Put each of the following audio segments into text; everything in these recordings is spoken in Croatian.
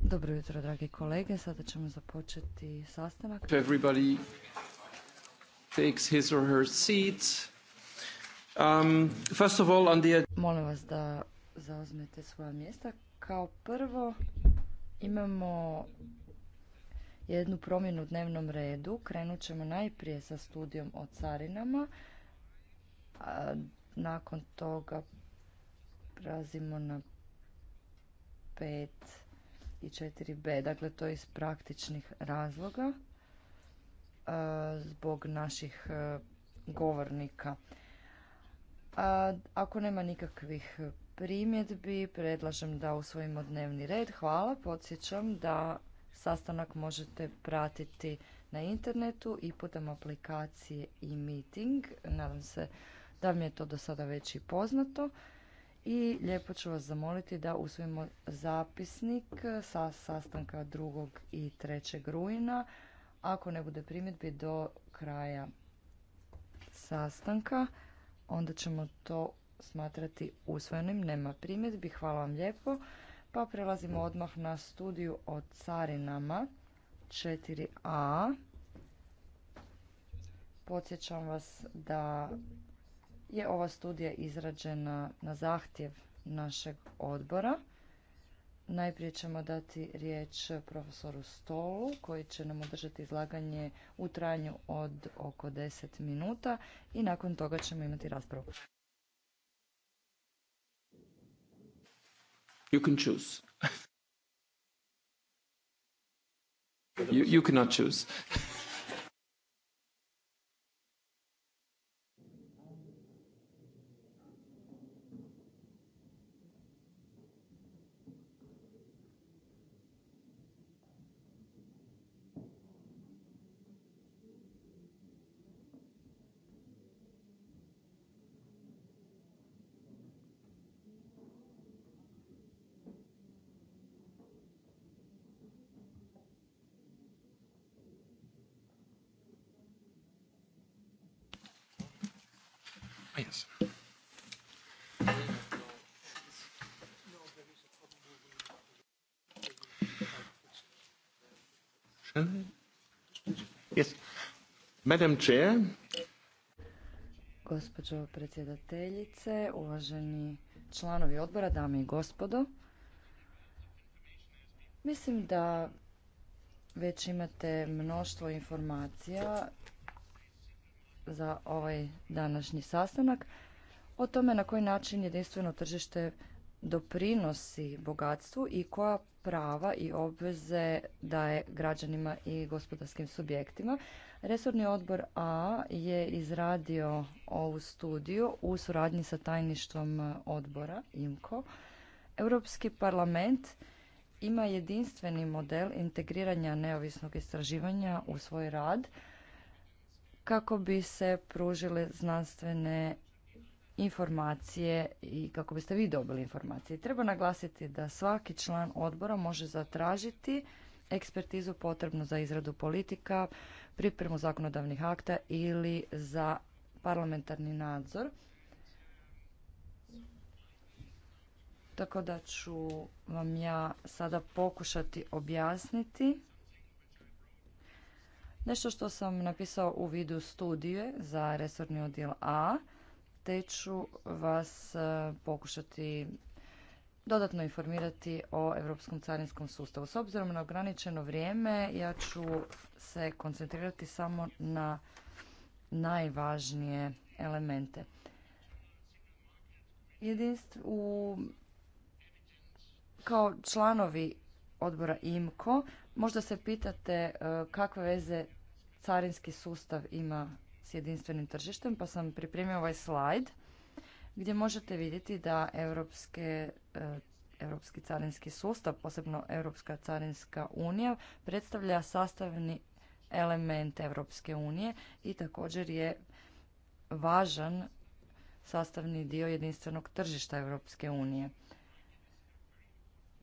Dobro jutro, dragi kolege. Sada ćemo započeti sastanak. takes his or her seat. Um, first of all, Molim vas da zauzmete svoja mjesta. Kao prvo imamo jednu promjenu u dnevnom redu. Krenut ćemo najprije sa studijom o carinama. A nakon toga prazimo na pet i 4b. Dakle, to je iz praktičnih razloga e, zbog naših e, govornika. Ako nema nikakvih primjedbi, predlažem da usvojimo dnevni red. Hvala, podsjećam da sastanak možete pratiti na internetu i putem aplikacije i meeting. Nadam se da mi je to do sada već i poznato i lijepo ću vas zamoliti da usvojimo zapisnik sa sastanka 2. i 3. rujna. Ako ne bude primjedbi do kraja sastanka, onda ćemo to smatrati usvojenim. Nema primjedbi, hvala vam lijepo. Pa prelazimo odmah na studiju o carinama 4a. Podsjećam vas da je ova studija izrađena na zahtjev našeg odbora. Najprije ćemo dati riječ profesoru Stolu koji će nam održati izlaganje u trajanju od oko 10 minuta i nakon toga ćemo imati raspravu. You can choose. You, cannot choose. Gospođo predsjedateljice, uvaženi članovi odbora, dame i gospodo. Mislim da već imate mnoštvo informacija za ovaj današnji sastanak o tome na koji način jedinstveno tržište doprinosi bogatstvu i koja prava i obveze daje građanima i gospodarskim subjektima. Resorni odbor A je izradio ovu studiju u suradnji sa tajništvom odbora IMCO. Europski parlament ima jedinstveni model integriranja neovisnog istraživanja u svoj rad kako bi se pružile znanstvene informacije i kako biste vi dobili informacije. Treba naglasiti da svaki član odbora može zatražiti ekspertizu potrebnu za izradu politika, pripremu zakonodavnih akta ili za parlamentarni nadzor. Tako da ću vam ja sada pokušati objasniti nešto što sam napisao u vidu studije za resorni odjel A te ću vas e, pokušati dodatno informirati o Europskom carinskom sustavu. S obzirom na ograničeno vrijeme, ja ću se koncentrirati samo na najvažnije elemente. Jedinstvo, u, kao članovi odbora IMCO, možda se pitate e, kakve veze carinski sustav ima s jedinstvenim tržištem, pa sam pripremio ovaj slajd gdje možete vidjeti da e, Europski carinski sustav, posebno Europska carinska unija, predstavlja sastavni element Europske unije i također je važan sastavni dio jedinstvenog tržišta Europske unije.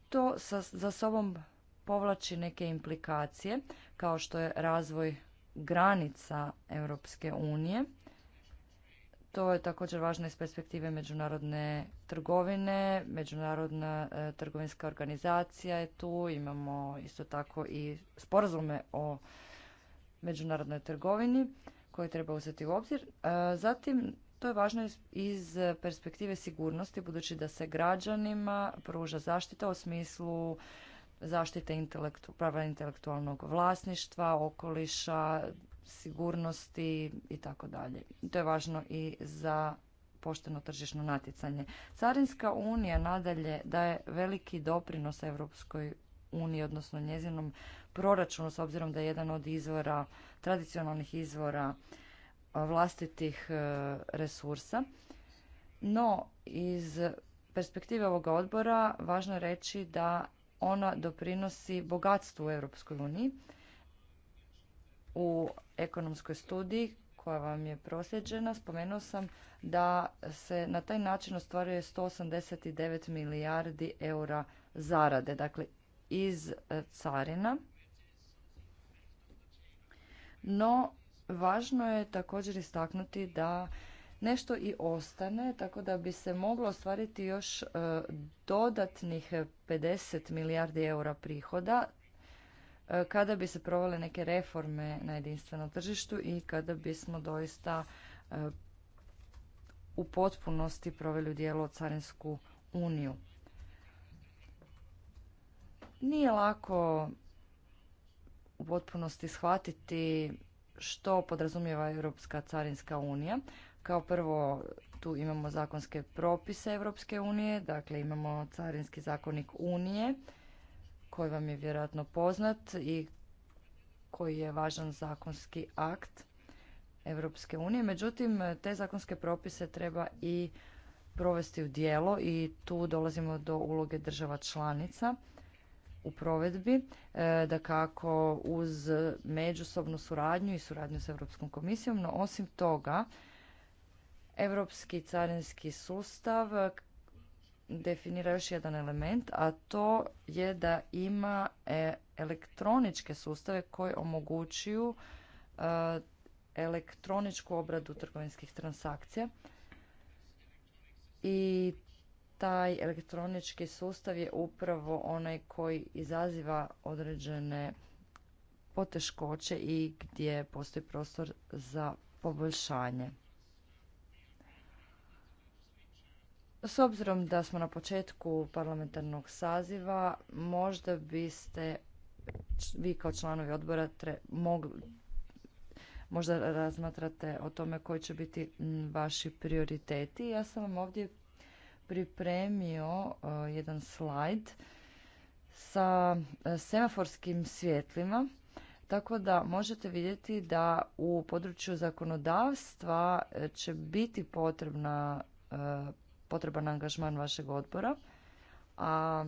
To za sobom povlači neke implikacije, kao što je razvoj granica Europske unije. To je također važno iz perspektive međunarodne trgovine. Međunarodna e, trgovinska organizacija je tu. Imamo isto tako i sporazume o međunarodnoj trgovini koje treba uzeti u obzir. E, zatim, to je važno iz, iz perspektive sigurnosti, budući da se građanima pruža zaštita u smislu zaštite intelektu, prava intelektualnog vlasništva, okoliša, sigurnosti i tako dalje. To je važno i za pošteno tržišno natjecanje. Carinska unija nadalje daje veliki doprinos Europskoj uniji, odnosno njezinom proračunu, s obzirom da je jedan od izvora, tradicionalnih izvora vlastitih e, resursa. No, iz perspektive ovoga odbora važno je reći da ona doprinosi bogatstvu u Europskoj uniji. U ekonomskoj studiji koja vam je prosjeđena spomenuo sam da se na taj način ostvaruje 189 milijardi eura zarade, dakle iz e, carina. No, važno je također istaknuti da nešto i ostane, tako da bi se moglo ostvariti još e, dodatnih 50 milijardi eura prihoda e, kada bi se provale neke reforme na jedinstvenom tržištu i kada bismo doista e, u potpunosti proveli u dijelu Carinsku uniju. Nije lako u potpunosti shvatiti što podrazumijeva Europska carinska unija, kao prvo, tu imamo zakonske propise Europske unije, dakle imamo carinski zakonik Unije, koji vam je vjerojatno poznat i koji je važan zakonski akt Europske unije. Međutim, te zakonske propise treba i provesti u dijelo i tu dolazimo do uloge država članica u provedbi, e, da kako uz međusobnu suradnju i suradnju s Europskom komisijom, no osim toga Europski carinski sustav definira još jedan element, a to je da ima e, elektroničke sustave koji omogućuju e, elektroničku obradu trgovinskih transakcija. I taj elektronički sustav je upravo onaj koji izaziva određene poteškoće i gdje postoji prostor za poboljšanje. S obzirom da smo na početku parlamentarnog saziva, možda biste vi kao članovi odbora tre, mogli, možda razmatrate o tome koji će biti vaši prioriteti. Ja sam vam ovdje pripremio e, jedan slajd sa e, semaforskim svjetlima tako da možete vidjeti da u području zakonodavstva e, će biti potrebna potreban angažman vašeg odbora. A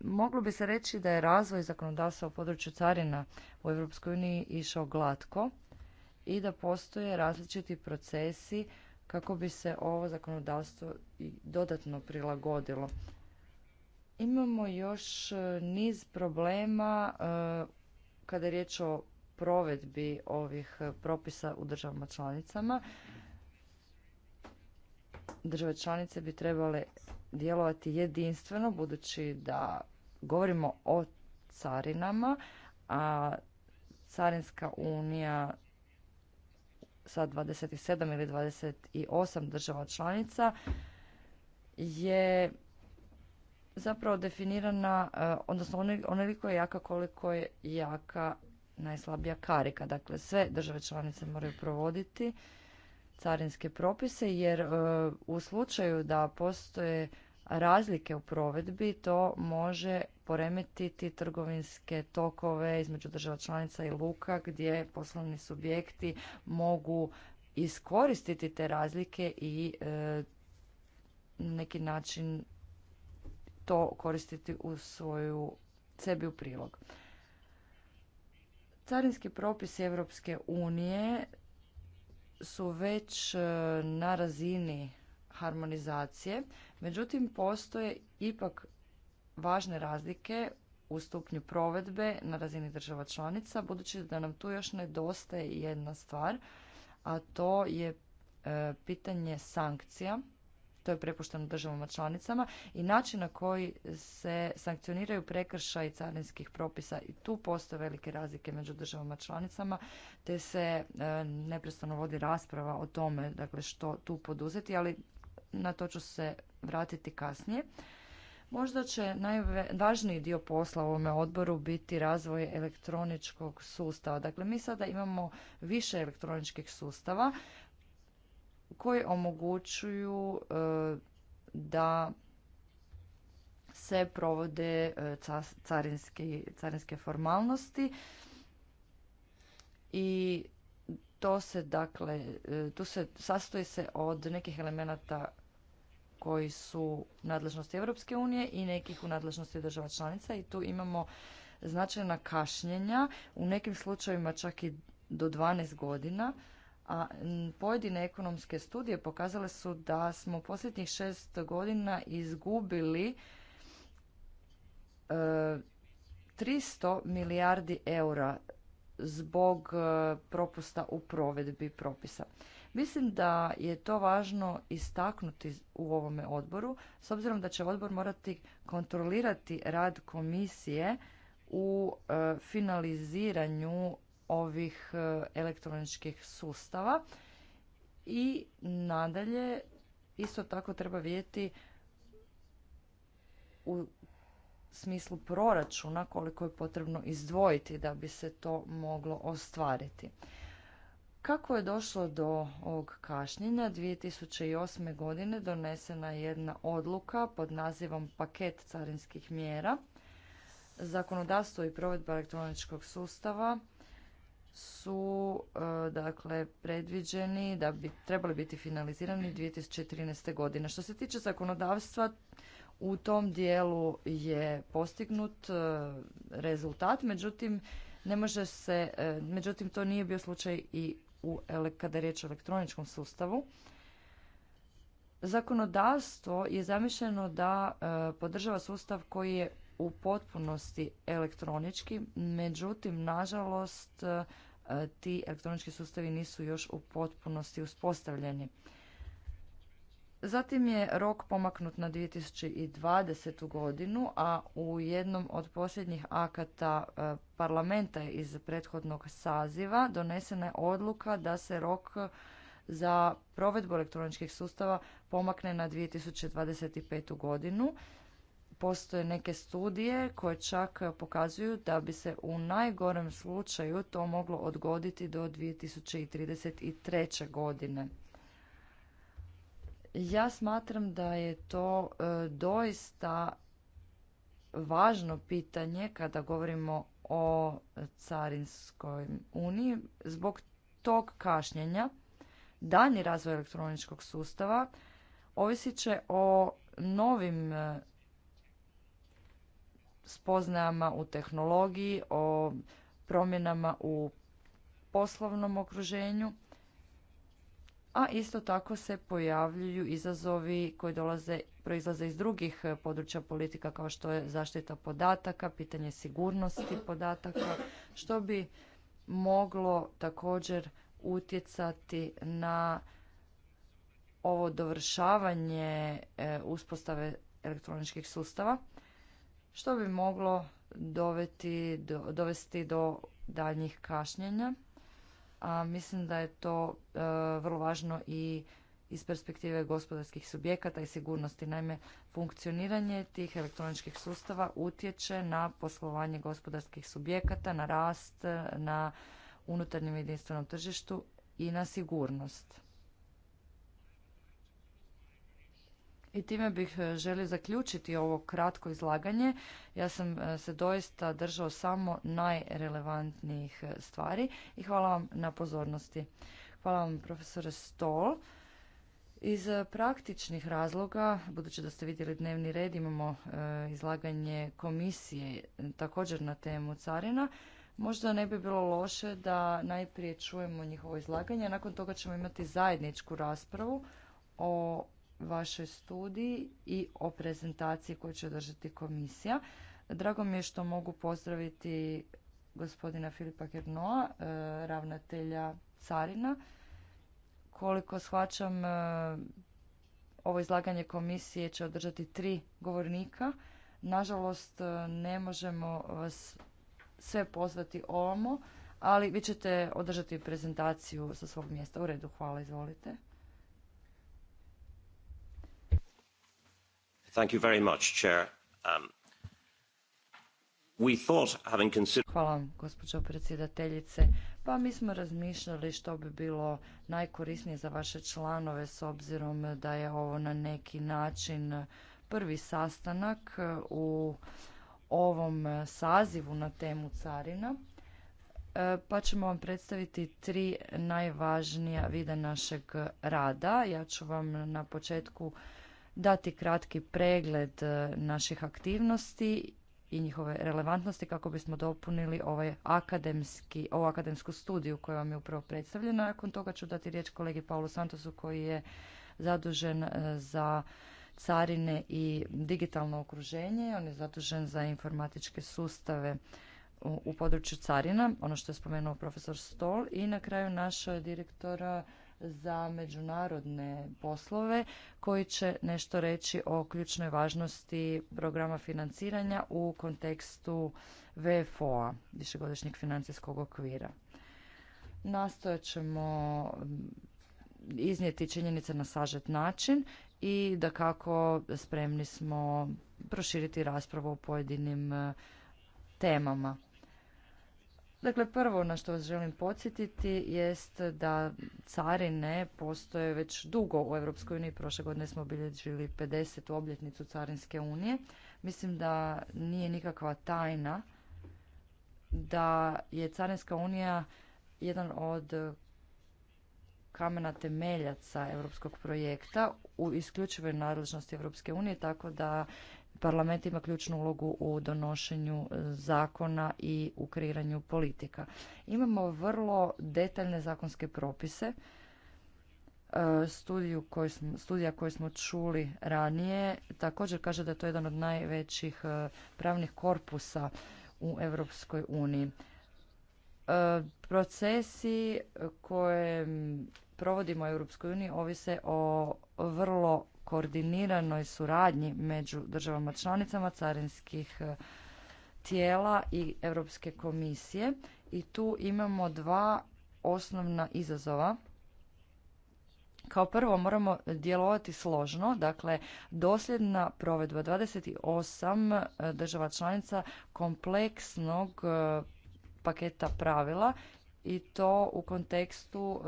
moglo bi se reći da je razvoj zakonodavstva u području carina u EU išao glatko i da postoje različiti procesi kako bi se ovo zakonodavstvo i dodatno prilagodilo. Imamo još e, niz problema e, kada je riječ o provedbi ovih propisa u državama članicama države članice bi trebale djelovati jedinstveno budući da govorimo o carinama, a carinska unija sa 27 ili 28 država članica je zapravo definirana, e, odnosno onoliko je jaka koliko je jaka najslabija karika. Dakle, sve države članice moraju provoditi carinske propise jer e, u slučaju da postoje razlike u provedbi to može poremetiti trgovinske tokove između država članica i luka gdje poslovni subjekti mogu iskoristiti te razlike i e, na neki način to koristiti u svoju sebi u prilog. Carinski propisi Europske unije su već e, na razini harmonizacije, međutim postoje ipak važne razlike u stupnju provedbe na razini država članica, budući da nam tu još nedostaje jedna stvar, a to je e, pitanje sankcija to je prepušteno državama članicama i način na koji se sankcioniraju prekršaj carinskih propisa i tu postoje velike razlike među državama članicama te se e, neprestano vodi rasprava o tome dakle što tu poduzeti ali na to ću se vratiti kasnije. Možda će najvažniji dio posla u ovome odboru biti razvoj elektroničkog sustava. Dakle, mi sada imamo više elektroničkih sustava koji omogućuju e, da se provode e, carinske formalnosti i to se dakle, e, tu se sastoji se od nekih elemenata koji su u nadležnosti Europske unije i nekih u nadležnosti država članica i tu imamo značajna kašnjenja, u nekim slučajevima čak i do 12 godina a pojedine ekonomske studije pokazale su da smo posljednjih šest godina izgubili e, 300 milijardi eura zbog e, propusta u provedbi propisa. Mislim da je to važno istaknuti u ovome odboru, s obzirom da će odbor morati kontrolirati rad komisije u e, finaliziranju ovih e, elektroničkih sustava i nadalje isto tako treba vidjeti u smislu proračuna koliko je potrebno izdvojiti da bi se to moglo ostvariti. Kako je došlo do ovog kašnjenja, 2008. godine donesena je jedna odluka pod nazivom paket carinskih mjera. Zakonodavstvo i provedba elektroničkog sustava su e, dakle predviđeni da bi trebali biti finalizirani 2013. godine. Što se tiče zakonodavstva, u tom dijelu je postignut e, rezultat, međutim ne može se, e, međutim to nije bio slučaj i u, kada je riječ o elektroničkom sustavu. Zakonodavstvo je zamišljeno da podržava sustav koji je u potpunosti elektronički, međutim, nažalost, e, ti elektronički sustavi nisu još u potpunosti uspostavljeni. Zatim je rok pomaknut na 2020. godinu, a u jednom od posljednjih akata e, parlamenta iz prethodnog saziva donesena je odluka da se rok za provedbu elektroničkih sustava pomakne na 2025. godinu postoje neke studije koje čak pokazuju da bi se u najgorem slučaju to moglo odgoditi do 2033. godine. Ja smatram da je to e, doista važno pitanje kada govorimo o carinskoj uniji. Zbog tog kašnjenja daljnji razvoj elektroničkog sustava ovisit će o novim e, spoznajama u tehnologiji, o promjenama u poslovnom okruženju, a isto tako se pojavljuju izazovi koji dolaze, proizlaze iz drugih područja politika kao što je zaštita podataka, pitanje sigurnosti podataka, što bi moglo također utjecati na ovo dovršavanje e, uspostave elektroničkih sustava što bi moglo do, dovesti do daljnjih kašnjenja. A mislim da je to e, vrlo važno i iz perspektive gospodarskih subjekata i sigurnosti. Naime, funkcioniranje tih elektroničkih sustava utječe na poslovanje gospodarskih subjekata, na rast, na unutarnjem jedinstvenom tržištu i na sigurnost. I time bih e, želio zaključiti ovo kratko izlaganje. Ja sam e, se doista držao samo najrelevantnijih e, stvari i hvala vam na pozornosti. Hvala vam profesore Stol. Iz praktičnih razloga, budući da ste vidjeli dnevni red, imamo izlaganje komisije također na temu carina. Možda ne bi bilo loše da najprije čujemo njihovo izlaganje, a nakon toga ćemo imati zajedničku raspravu o vašoj studiji i o prezentaciji koju će održati komisija. Drago mi je što mogu pozdraviti gospodina Filipa Gernoa, e, ravnatelja Carina. Koliko shvaćam, e, ovo izlaganje komisije će održati tri govornika. Nažalost, e, ne možemo vas sve pozvati ovamo, ali vi ćete održati prezentaciju sa svog mjesta. U redu, hvala, izvolite. Um, Hvala vam, gospođo predsjedateljice. Pa mi smo razmišljali što bi bilo najkorisnije za vaše članove s obzirom da je ovo na neki način prvi sastanak u ovom sazivu na temu carina e, pa ćemo vam predstaviti tri najvažnija vide našeg rada. Ja ću vam na početku dati kratki pregled e, naših aktivnosti i njihove relevantnosti kako bismo dopunili ovaj akademski, ovu akademsku studiju koja vam je upravo predstavljena. Nakon toga ću dati riječ kolegi Paulu Santosu koji je zadužen e, za carine i digitalno okruženje. On je zadužen za informatičke sustave u području carina, ono što je spomenuo profesor Stol. I na kraju naš direktora za međunarodne poslove koji će nešto reći o ključnoj važnosti programa financiranja u kontekstu VFO-a, višegodišnjeg financijskog okvira. Nastojat ćemo mm, iznijeti činjenice na sažet način i da kako spremni smo proširiti raspravu o pojedinim e, temama. Dakle, prvo na što vas želim podsjetiti jest da carine postoje već dugo u EU. Prošle godine smo obilježili 50. obljetnicu Carinske unije. Mislim da nije nikakva tajna da je Carinska unija jedan od kamena temeljaca europskog projekta u isključivoj nadležnosti Europske unije, tako da parlament ima ključnu ulogu u donošenju e, zakona i u kreiranju politika. Imamo vrlo detaljne zakonske propise. E, studiju studija koju smo čuli ranije također kaže da je to jedan od najvećih e, pravnih korpusa u Europskoj uniji. Procesi koje provodimo u Europskoj uniji ovise o vrlo koordiniranoj suradnji među državama članicama carinskih e, tijela i Europske komisije i tu imamo dva osnovna izazova. Kao prvo moramo djelovati složno, dakle dosljedna provedba 28 e, država članica kompleksnog e, paketa pravila i to u kontekstu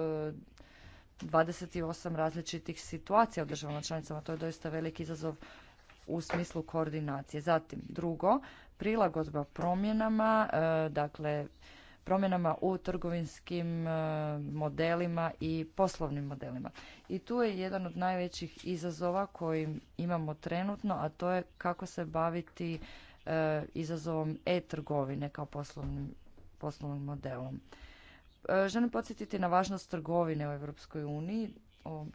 28 različitih situacija u državama članicama. To je doista veliki izazov u smislu koordinacije. Zatim, drugo, prilagodba promjenama, e, dakle, promjenama u trgovinskim e, modelima i poslovnim modelima. I tu je jedan od najvećih izazova koji imamo trenutno, a to je kako se baviti e, izazovom e-trgovine kao poslovnim modelom. E, želim podsjetiti na važnost trgovine u Europskoj uniji.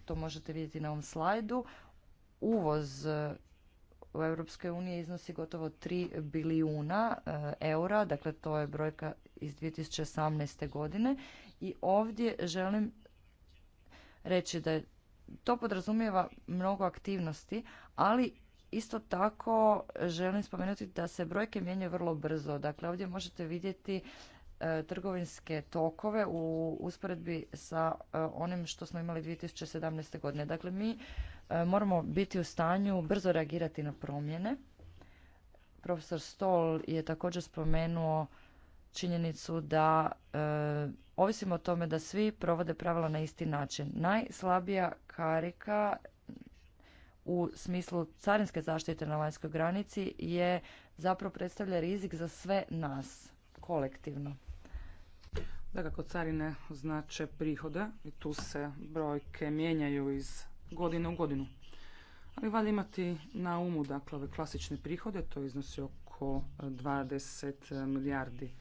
To možete vidjeti na ovom slajdu. Uvoz e, u Europskoj uniji iznosi gotovo 3 bilijuna e, eura, dakle to je brojka iz 2018. godine i ovdje želim reći da je to podrazumijeva mnogo aktivnosti, ali isto tako želim spomenuti da se brojke mijenjaju vrlo brzo. Dakle, ovdje možete vidjeti E, trgovinske tokove u usporedbi sa e, onim što smo imali 2017. godine. Dakle, mi e, moramo biti u stanju brzo reagirati na promjene. Profesor Stoll je također spomenuo činjenicu da ovisimo o tome da svi provode pravila na isti način. Najslabija karika u smislu carinske zaštite na vanjskoj granici je zapravo predstavlja rizik za sve nas kolektivno. Da kako carine znače prihode i tu se brojke mijenjaju iz godine u godinu. Ali valjda imati na umu dakle ove klasične prihode, to iznosi oko 20 milijardi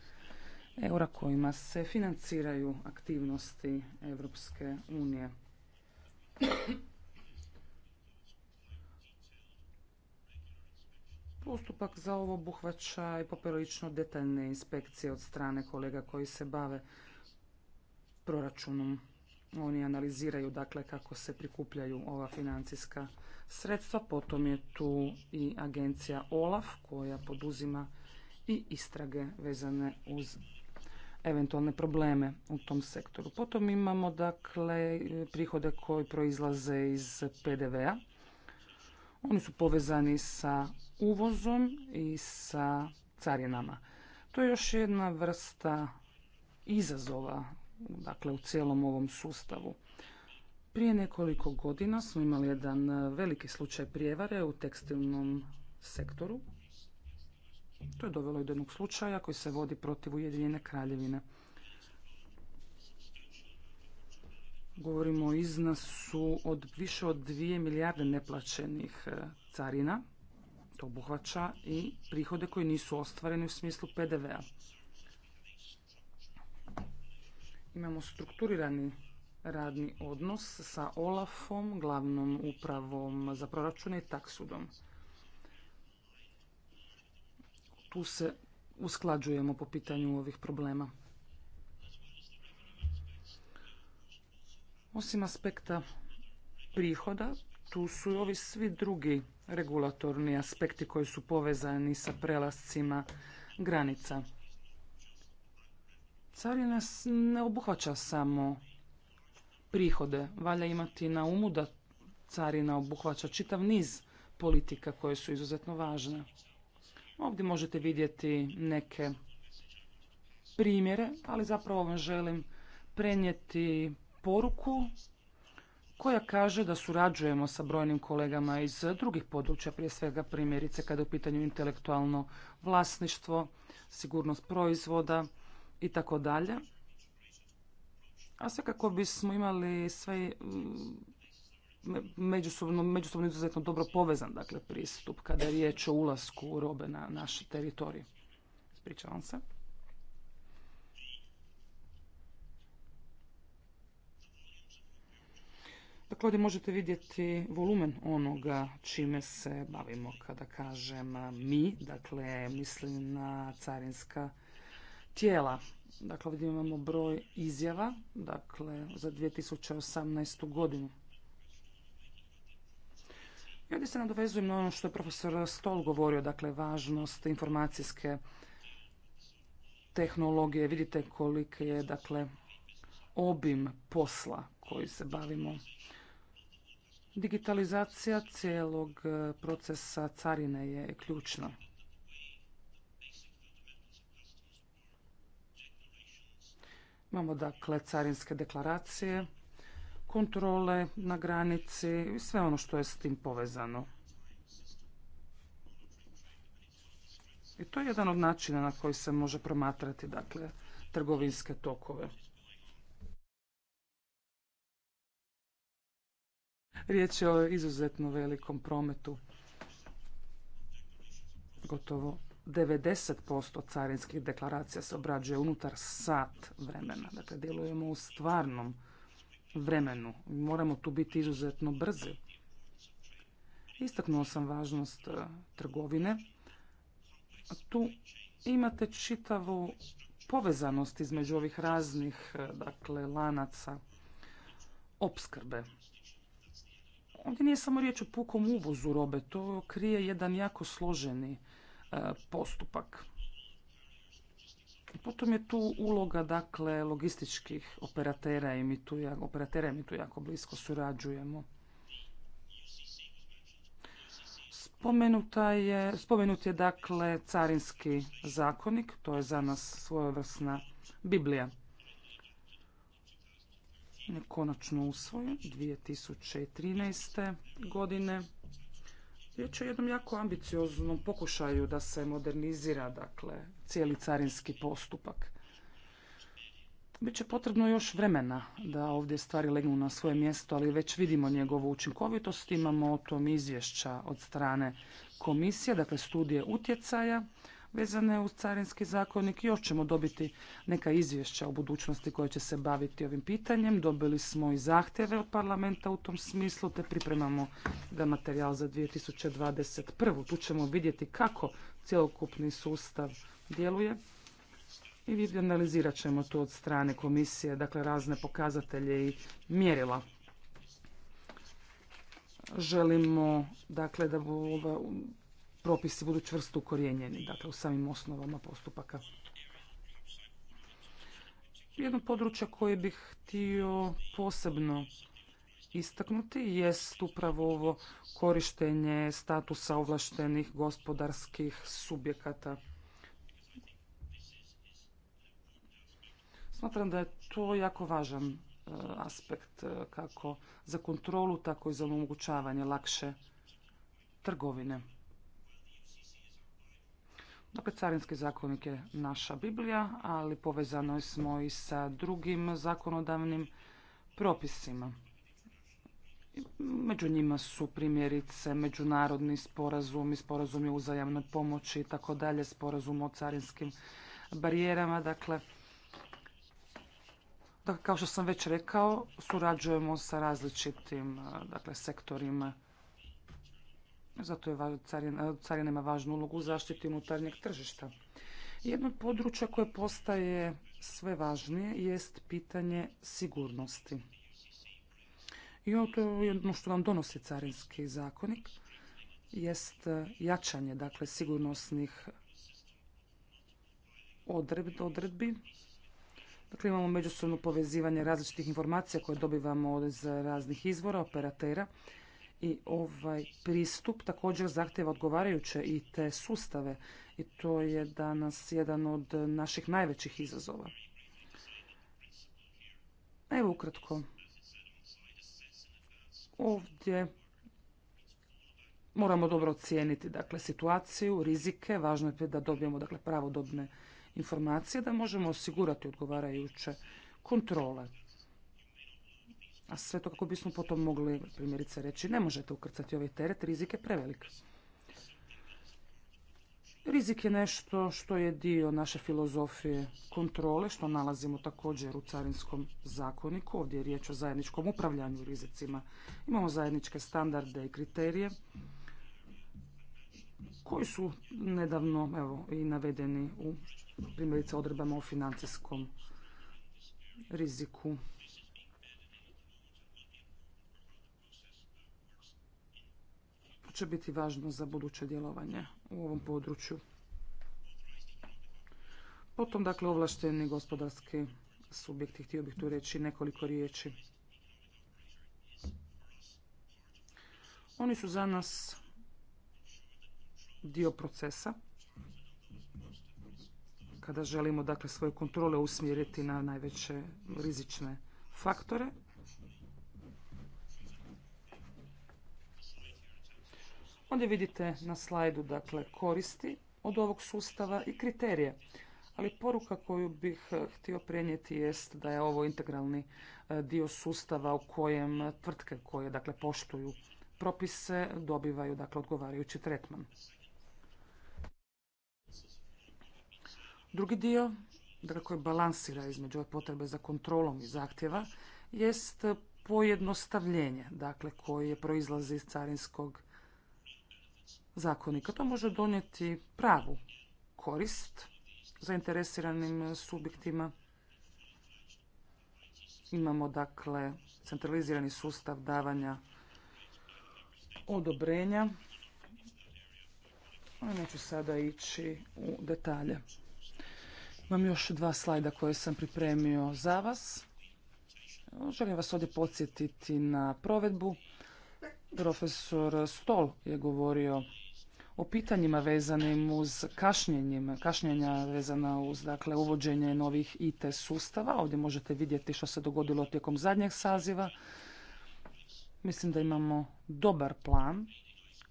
eura kojima se financiraju aktivnosti Europske unije. Postupak za ovo obuhvaća i poprilično detaljne inspekcije od strane kolega koji se bave proračunom. Oni analiziraju dakle kako se prikupljaju ova financijska sredstva. Potom je tu i agencija OLAF koja poduzima i istrage vezane uz eventualne probleme u tom sektoru. Potom imamo dakle prihode koji proizlaze iz PDV-a. Oni su povezani sa uvozom i sa carinama. To je još jedna vrsta izazova dakle, u cijelom ovom sustavu. Prije nekoliko godina smo imali jedan veliki slučaj prijevare u tekstilnom sektoru. To je dovelo i do jednog slučaja koji se vodi protiv Ujedinjene kraljevine. Govorimo o iznosu od više od 2 milijarde neplaćenih e, carina. To obuhvaća i prihode koji nisu ostvareni u smislu PDV-a. Imamo strukturirani radni odnos sa Olafom, glavnom upravom za proračune i taksudom. Tu se usklađujemo po pitanju ovih problema. Osim aspekta prihoda, tu su i ovi svi drugi regulatorni aspekti koji su povezani sa prelascima granica. Carina ne obuhvaća samo prihode. Valja imati na umu da carina obuhvaća čitav niz politika koje su izuzetno važne. Ovdje možete vidjeti neke primjere, ali zapravo vam želim prenijeti poruku koja kaže da surađujemo sa brojnim kolegama iz drugih područja, prije svega primjerice kada je u pitanju intelektualno vlasništvo, sigurnost proizvoda i tako dalje. A sve kako bismo imali sve međusobno, međusobno izuzetno dobro povezan dakle, pristup kada je riječ o ulasku robe na naš teritorij. Ispričavam se. Dakle, ovdje možete vidjeti volumen onoga čime se bavimo kada kažem mi, dakle mislim na carinska tijela. Dakle, ovdje imamo broj izjava, dakle za 2018. godinu. I ovdje se nadovezujem na ono što je profesor Stol govorio, dakle važnost informacijske tehnologije. Vidite koliko je dakle obim posla koji se bavimo. Digitalizacija cijelog e, procesa carine je ključna. Imamo dakle carinske deklaracije, kontrole na granici i sve ono što je s tim povezano. I to je jedan od načina na koji se može promatrati dakle trgovinske tokove. Riječ je o izuzetno velikom prometu. Gotovo 90% carinskih deklaracija se obrađuje unutar sat vremena. Dakle, djelujemo u stvarnom vremenu. Moramo tu biti izuzetno brzi. Istaknuo sam važnost e, trgovine. Tu imate čitavu povezanost između ovih raznih e, dakle, lanaca opskrbe. Ovdje nije samo riječ o pukom uvozu robe, to krije jedan jako složeni e, postupak. Potom je tu uloga dakle logističkih operatera i mi tu, operatera mi tu jako blisko surađujemo. Spomenuta je, spomenut je dakle carinski zakonik, to je za nas svojevrsna Biblija konačno usvojen 2013. godine. Riječ je o jednom jako ambicioznom pokušaju da se modernizira dakle, cijeli carinski postupak. Biće potrebno još vremena da ovdje stvari legnu na svoje mjesto, ali već vidimo njegovu učinkovitost. Imamo o tom izvješća od strane komisije, dakle studije utjecaja vezane uz carinski zakonik. Još ćemo dobiti neka izvješća o budućnosti koje će se baviti ovim pitanjem. Dobili smo i zahtjeve od parlamenta u tom smislu, te pripremamo da materijal za 2021. Tu ćemo vidjeti kako cjelokupni sustav djeluje i analizirat ćemo to od strane komisije, dakle razne pokazatelje i mjerila. Želimo dakle da propisi budu čvrsto ukorijenjeni, dakle u samim osnovama postupaka. Jedno područje koje bih htio posebno istaknuti jest upravo ovo korištenje statusa ovlaštenih gospodarskih subjekata. Smatram da je to jako važan e, aspekt e, kako za kontrolu, tako i za omogućavanje lakše trgovine. Dakle, carinski zakonik je naša Biblija, ali povezano smo i sa drugim zakonodavnim propisima. Među njima su primjerice međunarodni sporazum i sporazumi o uzajamnoj pomoći i tako dalje, sporazum o carinskim barijerama. Dakle, dakle kao što sam već rekao, surađujemo sa različitim dakle, sektorima zato je carina ima važnu ulogu u zaštiti unutarnjeg tržišta. Jedno od područja koje postaje sve važnije jest pitanje sigurnosti. I ono jedno što nam donosi carinski zakonik, jest e, jačanje dakle, sigurnosnih odredbi. Dakle, imamo međusobno povezivanje različitih informacija koje dobivamo iz raznih izvora, operatera i ovaj pristup također zahtjeva odgovarajuće i te sustave i to je danas jedan od naših najvećih izazova. Evo ukratko. Ovdje moramo dobro ocijeniti dakle, situaciju, rizike. Važno je da dobijemo dakle, pravodobne informacije, da možemo osigurati odgovarajuće kontrole. A sve to kako bismo potom mogli primjerice reći ne možete ukrcati ovaj teret, rizik je prevelik. Rizik je nešto što je dio naše filozofije kontrole, što nalazimo također u carinskom zakoniku. Ovdje je riječ o zajedničkom upravljanju rizicima. Imamo zajedničke standarde i kriterije koji su nedavno evo, i navedeni u primjerice odredbama o financijskom riziku. će biti važno za buduće djelovanje u ovom području. Potom, dakle, ovlašteni gospodarski subjekti, htio bih tu reći nekoliko riječi. Oni su za nas dio procesa kada želimo dakle svoje kontrole usmjeriti na najveće rizične faktore Onda vidite na slajdu dakle, koristi od ovog sustava i kriterije. Ali poruka koju bih eh, htio prenijeti jest da je ovo integralni eh, dio sustava u kojem tvrtke koje dakle, poštuju propise dobivaju dakle, odgovarajući tretman. Drugi dio dakle, koji balansira između potrebe za kontrolom i zahtjeva jest pojednostavljenje dakle, koje proizlazi iz carinskog zakonika. To može donijeti pravu korist zainteresiranim subjektima. Imamo dakle centralizirani sustav davanja odobrenja. Neću sada ići u detalje. Imam još dva slajda koje sam pripremio za vas. Želim vas ovdje podsjetiti na provedbu. Profesor Stol je govorio o pitanjima vezanim uz kašnjenjem, kašnjenja vezana uz dakle, uvođenje novih IT sustava. Ovdje možete vidjeti što se dogodilo tijekom zadnjeg saziva. Mislim da imamo dobar plan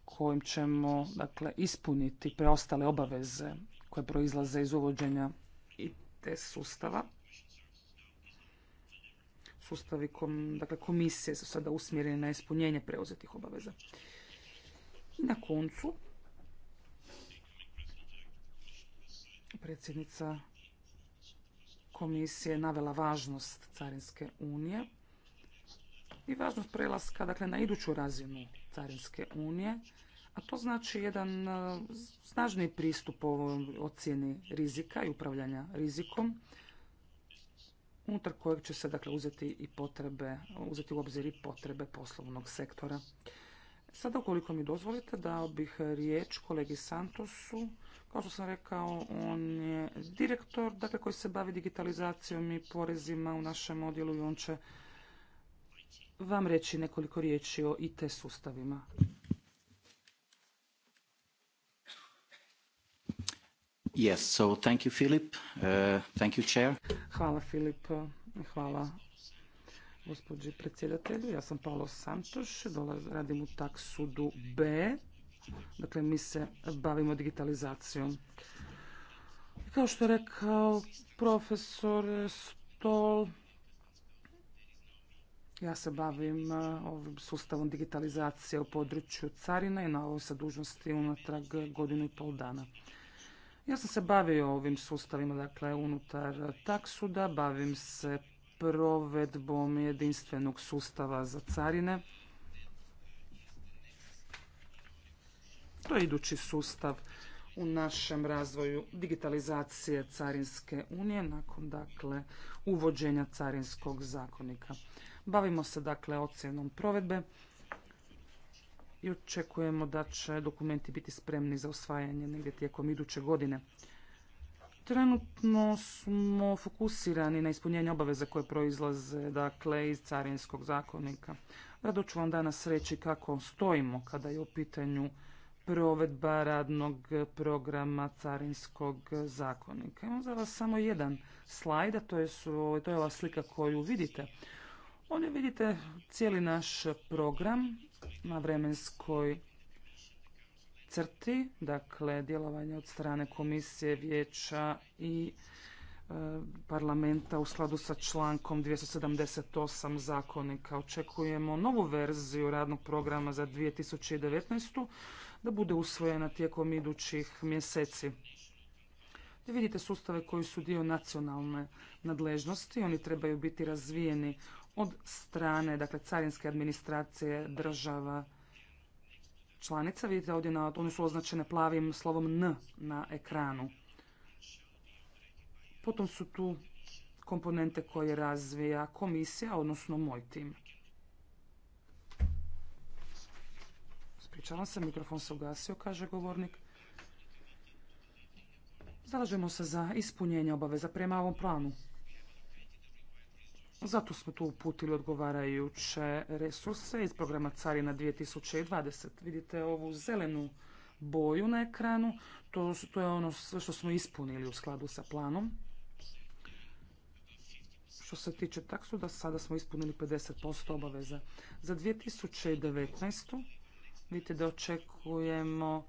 kojim ćemo dakle, ispuniti preostale obaveze koje proizlaze iz uvođenja IT sustava. Sustavi dakle, komisije su sada usmjereni na ispunjenje preuzetih obaveza. na koncu, Predsjednica komisije navela važnost Carinske unije i važnost prelaska dakle, na iduću razinu Carinske unije, a to znači jedan e, snažni pristup ovoj ocjeni rizika i upravljanja rizikom, unutar kojeg će se dakle, uzeti, i potrebe, uzeti u obzir i potrebe poslovnog sektora. Sada, ukoliko mi dozvolite, dao bih riječ kolegi Santosu. Kao što sam rekao, on je direktor dakle, koji se bavi digitalizacijom i porezima u našem odjelu i on će vam reći nekoliko riječi o IT sustavima. Yes, so uh, Hvala, Filip. Hvala gospođi predsjedatelju. Ja sam Paolo Santoš, radim u taksudu B. Dakle, mi se bavimo digitalizacijom. Kao što je rekao profesor Stol, ja se bavim e, ovim sustavom digitalizacije u području carina i na ovoj sa dužnosti unatrag godinu i pol dana. Ja sam se bavio ovim sustavima, dakle, unutar taksuda, bavim se provedbom jedinstvenog sustava za carine. To je idući sustav u našem razvoju digitalizacije Carinske unije nakon dakle uvođenja Carinskog zakonika. Bavimo se dakle ocjenom provedbe i očekujemo da će dokumenti biti spremni za usvajanje negdje tijekom iduće godine. Trenutno smo fokusirani na ispunjenje obaveza koje proizlaze dakle, iz carinskog zakonika. Rado ću vam danas reći kako stojimo kada je u pitanju provedba radnog programa carinskog zakonika. Imam za vas samo jedan slajd, a to je, to je ova slika koju vidite. Ovdje vidite cijeli naš program na vremenskoj crti, dakle djelovanje od strane komisije, vijeća i e, parlamenta u skladu sa člankom 278 zakonika. Očekujemo novu verziju radnog programa za 2019. da bude usvojena tijekom idućih mjeseci. da vidite sustave koji su dio nacionalne nadležnosti, oni trebaju biti razvijeni od strane dakle, carinske administracije država članica. Vidite ovdje, na, one su označene plavim slovom N na ekranu. Potom su tu komponente koje razvija komisija, odnosno moj tim. Ispričavam se, mikrofon se ugasio, kaže govornik. Zalažemo se za ispunjenje obaveza prema ovom planu. Zato smo tu uputili odgovarajuće resurse iz programa Carina 2020. Vidite ovu zelenu boju na ekranu. To, je ono sve što smo ispunili u skladu sa planom. Što se tiče taksu, da sada smo ispunili 50% obaveza. Za 2019. vidite da očekujemo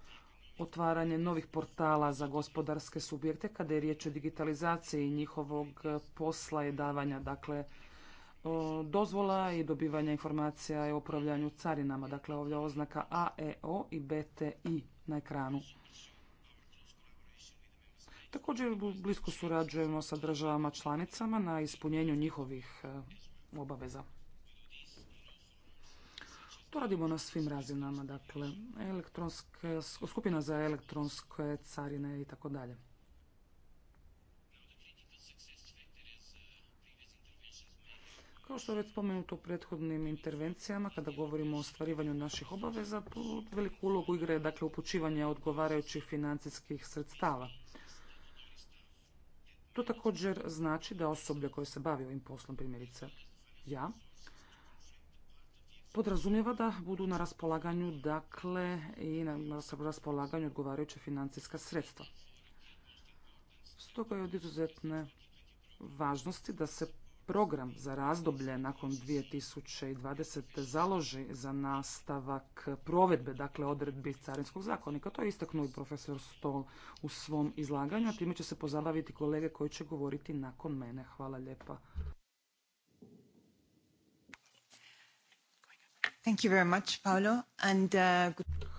otvaranje novih portala za gospodarske subjekte kada je riječ o digitalizaciji njihovog posla i davanja dakle E, dozvola i dobivanja informacija i upravljanju carinama. Dakle, ovdje oznaka AEO i BTI na ekranu. Također blisko surađujemo sa državama članicama na ispunjenju njihovih e, obaveza. To radimo na svim razinama, dakle, skupina za elektronske carine i tako dalje. Kao što je već spomenuto u prethodnim intervencijama, kada govorimo o ostvarivanju naših obaveza, veliku ulogu igra je dakle, upućivanje odgovarajućih financijskih sredstava. To također znači da osoblje koje se bavi ovim poslom, primjerice ja, podrazumijeva da budu na raspolaganju dakle i na raspolaganju odgovarajuća financijska sredstva. Stoga je od izuzetne važnosti da se program za razdoblje nakon 2020. založi za nastavak provedbe, dakle, odredbi Carinskog zakonika. To je istaknuo i profesor Stol u svom izlaganju, a time će se pozabaviti kolege koji će govoriti nakon mene. Hvala lijepa. Uh,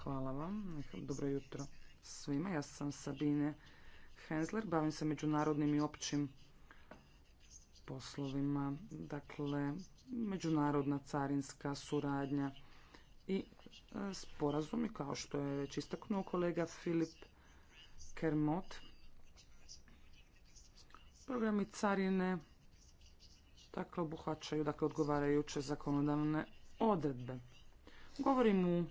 Hvala vam. Dobro jutro svima. Ja sam Sabine Hensler, bavim se međunarodnim i općim poslovima, dakle međunarodna carinska suradnja i e, sporazumi kao što je već istaknuo kolega Filip Kermot. Programi carine dakle obuhvaćaju dakle odgovarajuće zakonodavne odredbe. Govorim u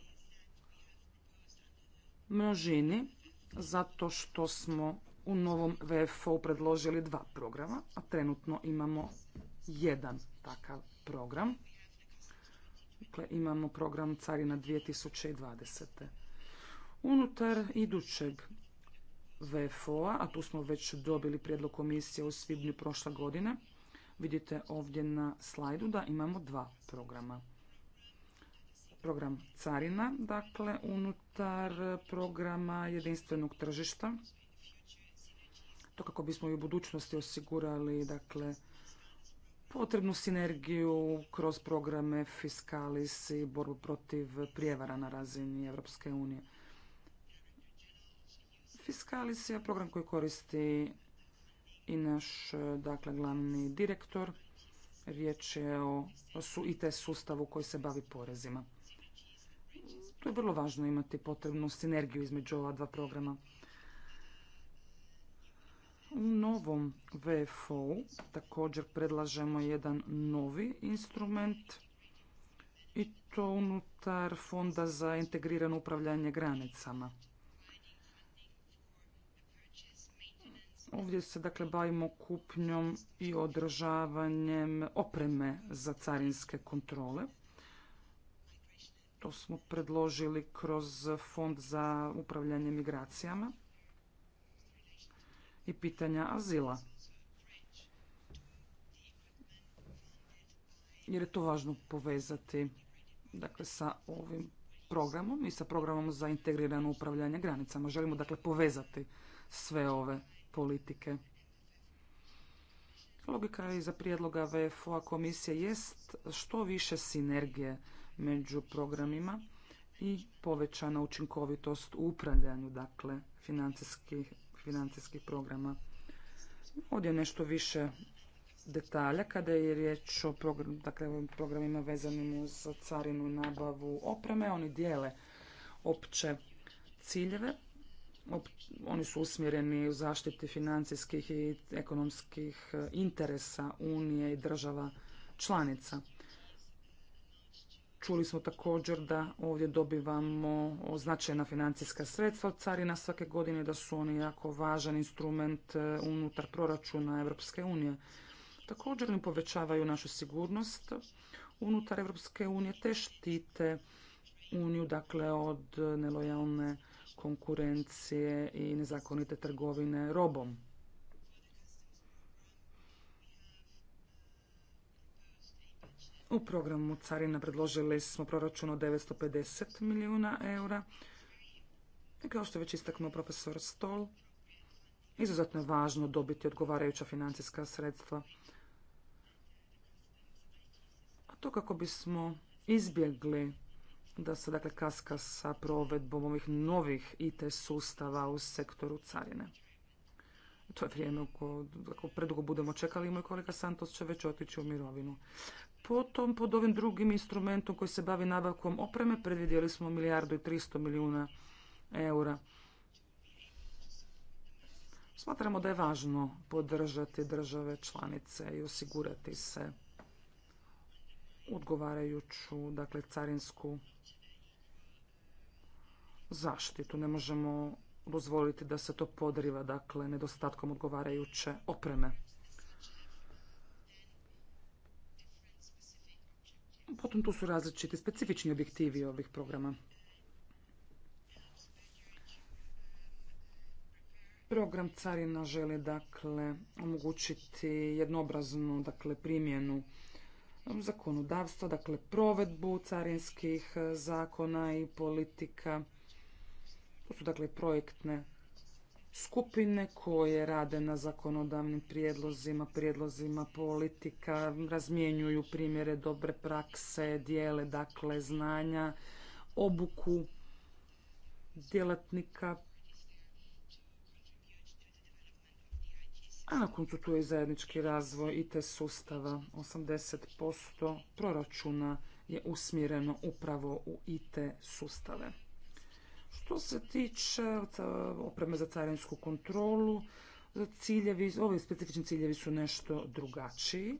množini zato što smo u novom VFO predložili dva programa, a trenutno imamo jedan takav program. Dakle, imamo program Carina 2020. Unutar idućeg VFO-a, a tu smo već dobili prijedlog komisije u svibnju prošle godine, vidite ovdje na slajdu da imamo dva programa. Program Carina, dakle, unutar programa jedinstvenog tržišta, kako bismo i u budućnosti osigurali dakle, potrebnu sinergiju kroz programe Fiskalis i borbu protiv prijevara na razini Europske unije. Fiskalis je program koji koristi i naš dakle, glavni direktor. Riječ je o su IT sustavu koji se bavi porezima. Tu je vrlo važno imati potrebnu sinergiju između ova dva programa. U novom VFO-u također predlažemo jedan novi instrument i to unutar Fonda za integrirano upravljanje granicama. Ovdje se dakle bavimo kupnjom i održavanjem opreme za carinske kontrole. To smo predložili kroz Fond za upravljanje migracijama i pitanja azila. Jer je to važno povezati dakle, sa ovim programom i sa programom za integrirano upravljanje granicama. Želimo dakle povezati sve ove politike. Logika iza prijedloga VFO-a komisije jest što više sinergije među programima i povećana učinkovitost u upravljanju dakle financijskih financijskih programa. Ovdje je nešto više detalja kada je riječ o dakle, programima vezanim uz carinu nabavu opreme. Oni dijele opće ciljeve. oni su usmjereni u zaštiti financijskih i ekonomskih eh, interesa Unije i država članica. Čuli smo također da ovdje dobivamo značajna financijska sredstva od carina svake godine, da su oni jako važan instrument e, unutar proračuna Evropske unije. Također im povećavaju našu sigurnost unutar Europske unije te štite uniju dakle od nelojalne konkurencije i nezakonite trgovine robom. U programu Carina predložili smo proračun od 950 milijuna eura. I kao što je već istaknuo profesor Stol, izuzetno je važno dobiti odgovarajuća financijska sredstva. A to kako bismo izbjegli da se dakle kaska sa provedbom ovih novih IT sustava u sektoru carine. To je vrijeme ako predugo budemo čekali i moj kolega Santos će već otići u mirovinu. Potom pod ovim drugim instrumentom koji se bavi nabavkom opreme predvidjeli smo milijardu i 300 milijuna eura. Smatramo da je važno podržati države članice i osigurati se odgovarajuću dakle, carinsku zaštitu. Ne možemo dozvoliti da se to podriva dakle, nedostatkom odgovarajuće opreme. Potom tu su različiti specifični objektivi ovih programa. Program Carina želi dakle omogućiti jednobraznu dakle primjenu zakonodavstva, dakle provedbu carinskih zakona i politika. To su dakle projektne skupine koje rade na zakonodavnim prijedlozima, prijedlozima politika, razmjenjuju primjere dobre prakse, dijele dakle znanja, obuku djelatnika. A nakon koncu tu je zajednički razvoj IT sustava. 80% proračuna je usmjereno upravo u IT sustave. Što se tiče opreme za carinsku kontrolu, ciljevi, ovi specifični ciljevi su nešto drugačiji.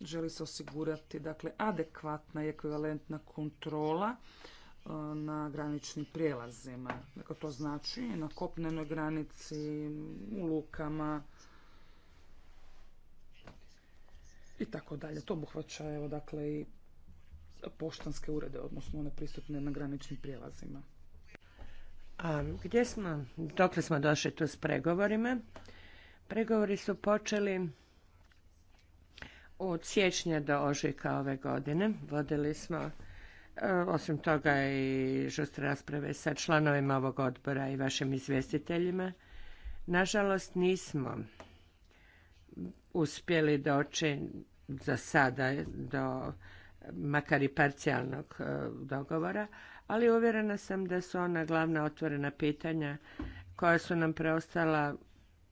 Želi se osigurati dakle, adekvatna i ekvivalentna kontrola e, na graničnim prijelazima. Dakle, to znači na kopnenoj granici, u lukama i tako dalje. To obuhvaća evo, dakle, i poštanske urede, odnosno one prisutne na graničnim prijelazima. A gdje smo, dokle smo došli tu s pregovorima? Pregovori su počeli od siječnja do ožujka ove godine. Vodili smo e, osim toga i žustre rasprave sa članovima ovog odbora i vašim izvjestiteljima. Nažalost nismo uspjeli doći za sada do makar i parcijalnog e, dogovora, ali uvjerena sam da su ona glavna otvorena pitanja koja su nam preostala,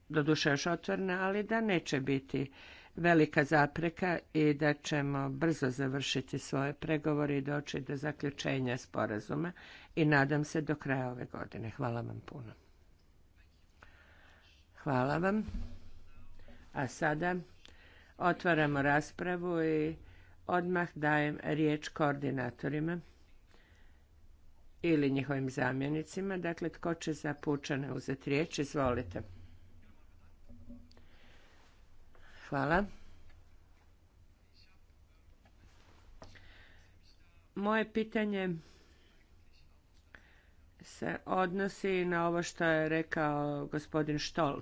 doduše još otvorena, ali da neće biti velika zapreka i da ćemo brzo završiti svoje pregovore i doći do zaključenja sporazuma i nadam se do kraja ove godine. Hvala vam puno. Hvala vam. A sada otvaramo raspravu i Odmah dajem riječ koordinatorima ili njihovim zamjenicima. Dakle, tko će za pučane uzeti riječ? Izvolite. Hvala. Moje pitanje se odnosi na ovo što je rekao gospodin Štol.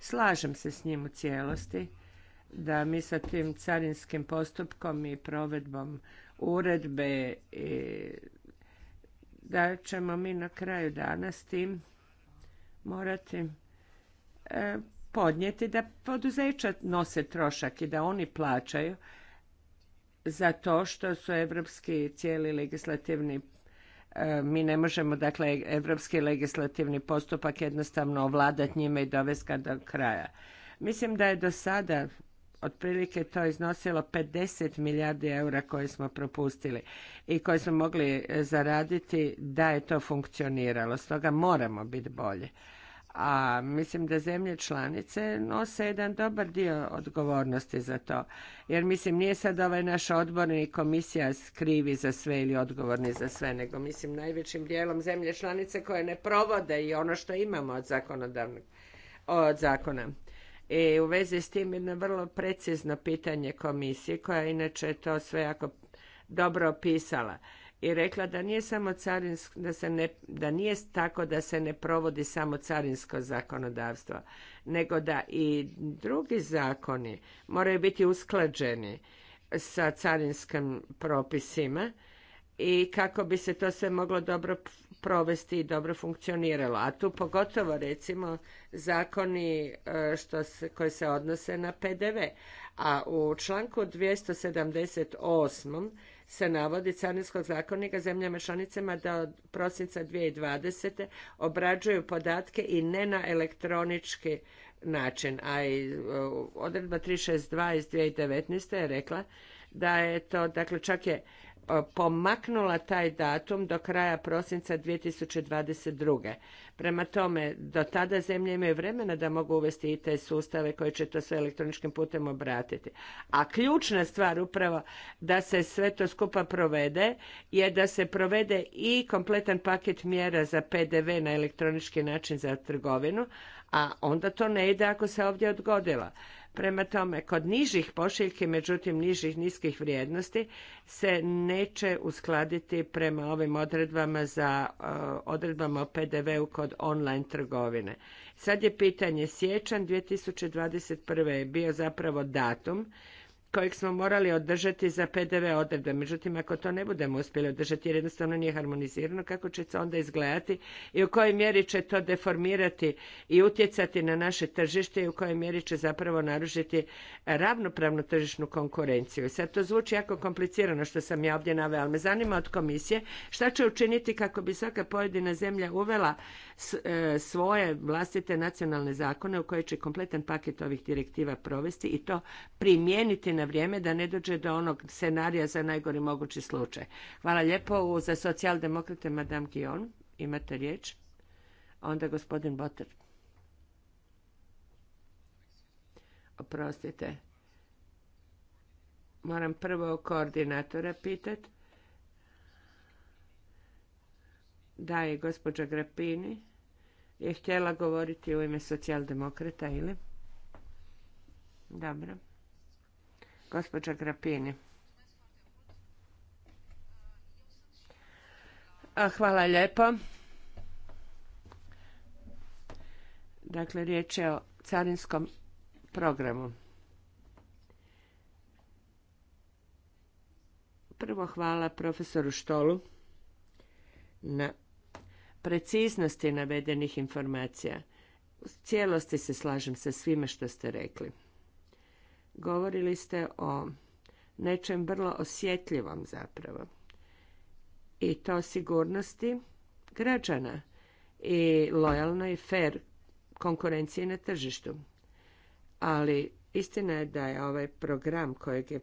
Slažem se s njim u cijelosti da mi sa tim carinskim postupkom i provedbom uredbe i e, da ćemo mi na kraju dana s tim morati e, podnijeti da poduzeća nose trošak i da oni plaćaju za to što su evropski cijeli legislativni e, mi ne možemo, dakle, evropski legislativni postupak jednostavno ovladati njime i dovesti ga do kraja. Mislim da je do sada otprilike to iznosilo 50 milijardi eura koje smo propustili i koje smo mogli e, zaraditi da je to funkcioniralo. Stoga moramo biti bolji. A mislim da zemlje članice nose jedan dobar dio odgovornosti za to. Jer mislim nije sad ovaj naš odborni komisija krivi za sve ili odgovorni za sve, nego mislim najvećim dijelom zemlje članice koje ne provode i ono što imamo od zakonodavnog od zakona. I u vezi s tim jedno vrlo precizno pitanje komisije, koja je inače to sve jako dobro opisala i rekla da nije samo carinsko, da, se ne, da nije tako da se ne provodi samo carinsko zakonodavstvo, nego da i drugi zakoni moraju biti usklađeni sa carinskim propisima i kako bi se to sve moglo dobro provesti i dobro funkcioniralo. A tu pogotovo recimo zakoni e, što se, koji se odnose na PDV. A u članku 278 se navodi Carinskog zakonika zemljama članicama da od prosinca 2020. obrađuju podatke i ne na elektronički način. A i e, odredba 362 iz 2019. je rekla da je to, dakle čak je pomaknula taj datum do kraja prosinca 2022. Prema tome, do tada zemlje imaju vremena da mogu uvesti i te sustave koje će to sve elektroničkim putem obratiti. A ključna stvar upravo da se sve to skupa provede je da se provede i kompletan paket mjera za PDV na elektronički način za trgovinu, a onda to ne ide ako se ovdje odgodila. Prema tome, kod nižih pošiljki, međutim nižih niskih vrijednosti, se neće uskladiti prema ovim odredbama za e, odredbama o PDV-u kod online trgovine. Sad je pitanje sječan 2021. je bio zapravo datum kojeg smo morali održati za PDV odredbe. Međutim, ako to ne budemo uspjeli održati jer jednostavno nije harmonizirano, kako će se onda izgledati i u kojoj mjeri će to deformirati i utjecati na naše tržište i u kojoj mjeri će zapravo narušiti ravnopravnu tržišnu konkurenciju. Sad to zvuči jako komplicirano što sam ja ovdje naveo, ali me zanima od komisije šta će učiniti kako bi svaka pojedina zemlja uvela E, svoje vlastite nacionalne zakone u koje će kompletan paket ovih direktiva provesti i to primijeniti na vrijeme da ne dođe do onog scenarija za najgori mogući slučaj. Hvala lijepo za socijaldemokrate Madame Gion. Imate riječ. Onda gospodin Boter. Oprostite. Moram prvo koordinatora pitati Da, i gospođa Grapini je htjela govoriti u ime socijaldemokrata ili? Dobro. Gospođa Grapini. hvala lijepo. Dakle, riječ je o carinskom programu. Prvo hvala profesoru Štolu na preciznosti navedenih informacija. U cijelosti se slažem sa svime što ste rekli. Govorili ste o nečem vrlo osjetljivom zapravo. I to sigurnosti građana i lojalnoj i fer konkurenciji na tržištu. Ali istina je da je ovaj program kojeg je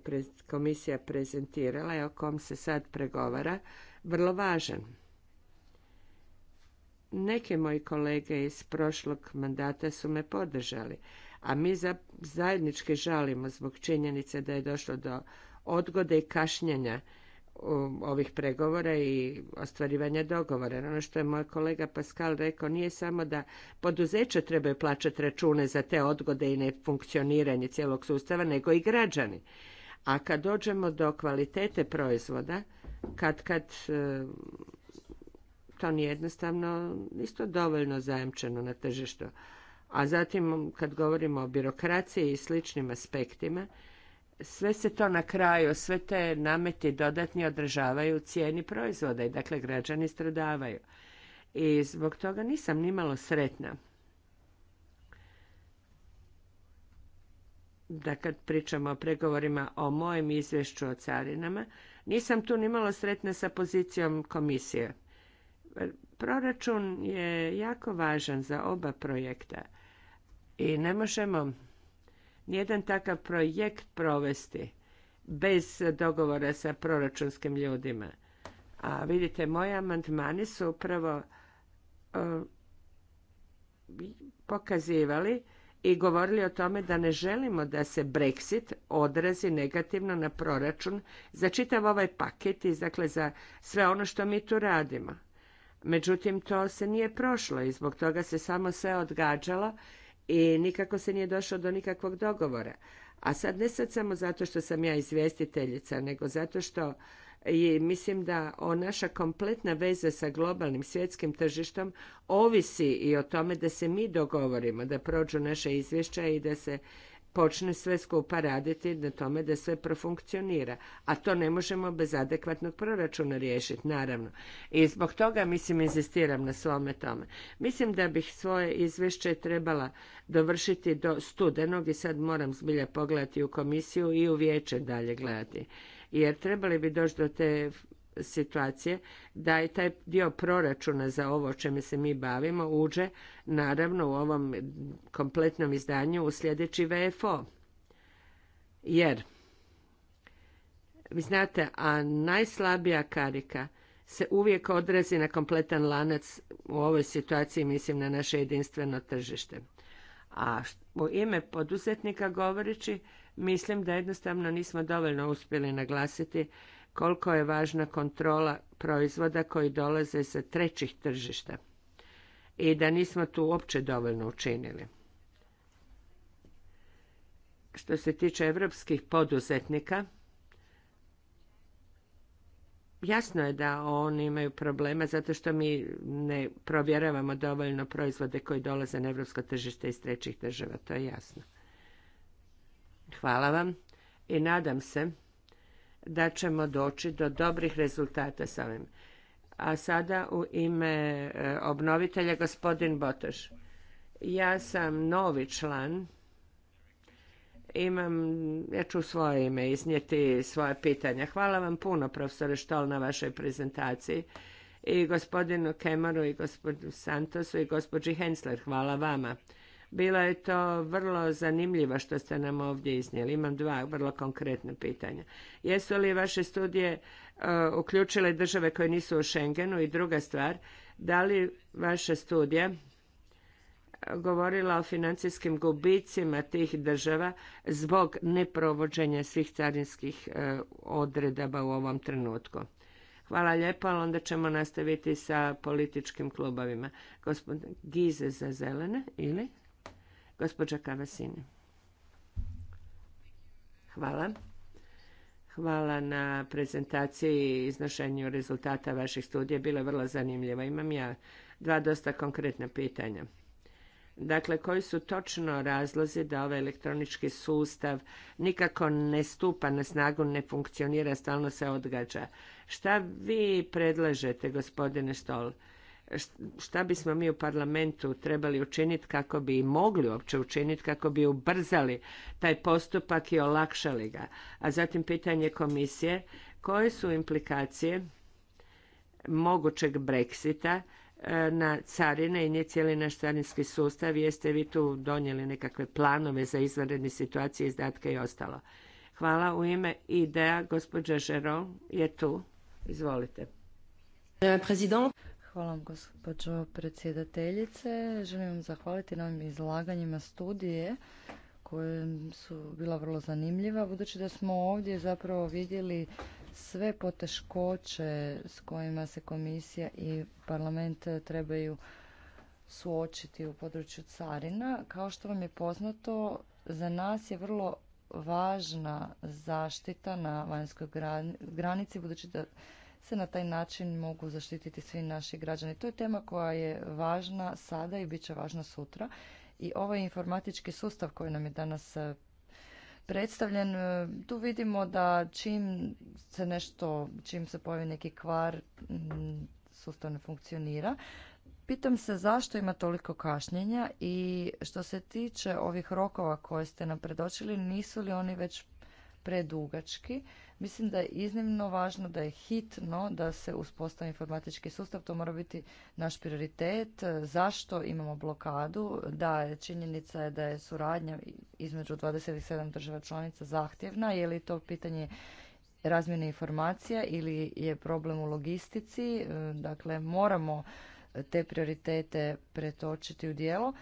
komisija prezentirala i o kom se sad pregovara vrlo važan. Neki moji kolege iz prošlog mandata su me podržali, a mi zajednički žalimo zbog činjenice da je došlo do odgode i kašnjenja ovih pregovora i ostvarivanja dogovora. Ono što je moj kolega Pascal rekao nije samo da poduzeće trebaju plaćati račune za te odgode i nefunkcioniranje cijelog sustava, nego i građani. A kad dođemo do kvalitete proizvoda, kad kad on jednostavno isto dovoljno zajamčeno na tržištu. A zatim kad govorimo o birokraciji i sličnim aspektima, sve se to na kraju, sve te nameti dodatni održavaju cijeni proizvoda i dakle građani stradavaju. I zbog toga nisam nimalo sretna. Da kad pričamo o pregovorima o mojem izvješću o carinama, nisam tu nimalo sretna sa pozicijom komisije. Proračun je jako važan za oba projekta i ne možemo nijedan takav projekt provesti bez dogovora sa proračunskim ljudima. A vidite, moji amandmani su upravo e, pokazivali i govorili o tome da ne želimo da se Brexit odrazi negativno na proračun za čitav ovaj paket i dakle za sve ono što mi tu radimo. Međutim, to se nije prošlo i zbog toga se samo sve odgađalo i nikako se nije došlo do nikakvog dogovora. A sad ne sad samo zato što sam ja izvjestiteljica, nego zato što i mislim da o naša kompletna veza sa globalnim svjetskim tržištom ovisi i o tome da se mi dogovorimo, da prođu naše izvješća i da se počne sve skupa raditi na tome da sve profunkcionira. A to ne možemo bez adekvatnog proračuna riješiti, naravno. I zbog toga, mislim, insistiram na svome tome. Mislim da bih svoje izvješće trebala dovršiti do studenog i sad moram zbilja pogledati u komisiju i u vijeće dalje gledati jer trebali bi doći do te situacije da je taj dio proračuna za ovo o čemu se mi bavimo uđe naravno u ovom kompletnom izdanju u sljedeći VFO. Jer, vi znate, a najslabija karika se uvijek odrazi na kompletan lanac u ovoj situaciji, mislim na naše jedinstveno tržište. A u ime poduzetnika govoreći, mislim da jednostavno nismo dovoljno uspjeli naglasiti koliko je važna kontrola proizvoda koji dolaze sa trećih tržišta i da nismo tu uopće dovoljno učinili. Što se tiče evropskih poduzetnika, jasno je da oni imaju problema zato što mi ne provjeravamo dovoljno proizvode koji dolaze na evropsko tržište iz trećih država, to je jasno. Hvala vam i nadam se da ćemo doći do dobrih rezultata sa ovim. A sada u ime e, obnovitelja gospodin Botoš. Ja sam novi član. Imam, ja ću svoje ime iznijeti svoje pitanja. Hvala vam puno, profesore Štol, na vašoj prezentaciji. I gospodinu Kemaru, i gospodinu Santosu, i gospođi Hensler. Hvala vama bilo je to vrlo zanimljivo što ste nam ovdje iznijeli. Imam dva vrlo konkretna pitanja. Jesu li vaše studije e, uključile države koje nisu u Schengenu? I druga stvar, da li vaša studija e, govorila o financijskim gubicima tih država zbog neprovođenja svih carinskih e, odredaba u ovom trenutku? Hvala lijepo, ali onda ćemo nastaviti sa političkim klubovima. Gospodin Gize za zelene ili? Gospođa Kavasini. Hvala. Hvala na prezentaciji i iznošenju rezultata vaših studija. Bilo je vrlo zanimljivo. Imam ja dva dosta konkretna pitanja. Dakle, koji su točno razlozi da ovaj elektronički sustav nikako ne stupa na snagu, ne funkcionira, stalno se odgađa? Šta vi predlažete, gospodine Stol? šta bismo mi u parlamentu trebali učiniti kako bi i mogli uopće učiniti, kako bi ubrzali taj postupak i olakšali ga. A zatim pitanje komisije, koje su implikacije mogućeg breksita e, na carine i nije cijeli naš carinski sustav. Jeste vi tu donijeli nekakve planove za izvanredne situacije, izdatke i ostalo. Hvala. U ime ideja gospođa Žeron je tu. Izvolite. Hvala vam gospođo predsjedateljice. Želim vam zahvaliti na ovim izlaganjima studije koje su bila vrlo zanimljiva. Budući da smo ovdje zapravo vidjeli sve poteškoće s kojima se komisija i parlament trebaju suočiti u području carina. Kao što vam je poznato, za nas je vrlo važna zaštita na vanjskoj granici, budući da se na taj način mogu zaštititi svi naši građani. To je tema koja je važna sada i bit će važna sutra. I ovaj informatički sustav koji nam je danas e, predstavljen, e, tu vidimo da čim se nešto, čim se pojavi neki kvar, sustav ne funkcionira. Pitam se zašto ima toliko kašnjenja i što se tiče ovih rokova koje ste nam predočili, nisu li oni već predugački? Mislim da je iznimno važno da je hitno da se uspostavi informatički sustav, to mora biti naš prioritet. Zašto imamo blokadu? Da, činjenica je da je suradnja između 27 država članica zahtjevna. Je li to pitanje razmjene informacija ili je problem u logistici? Dakle, moramo te prioritete pretočiti u dijelo.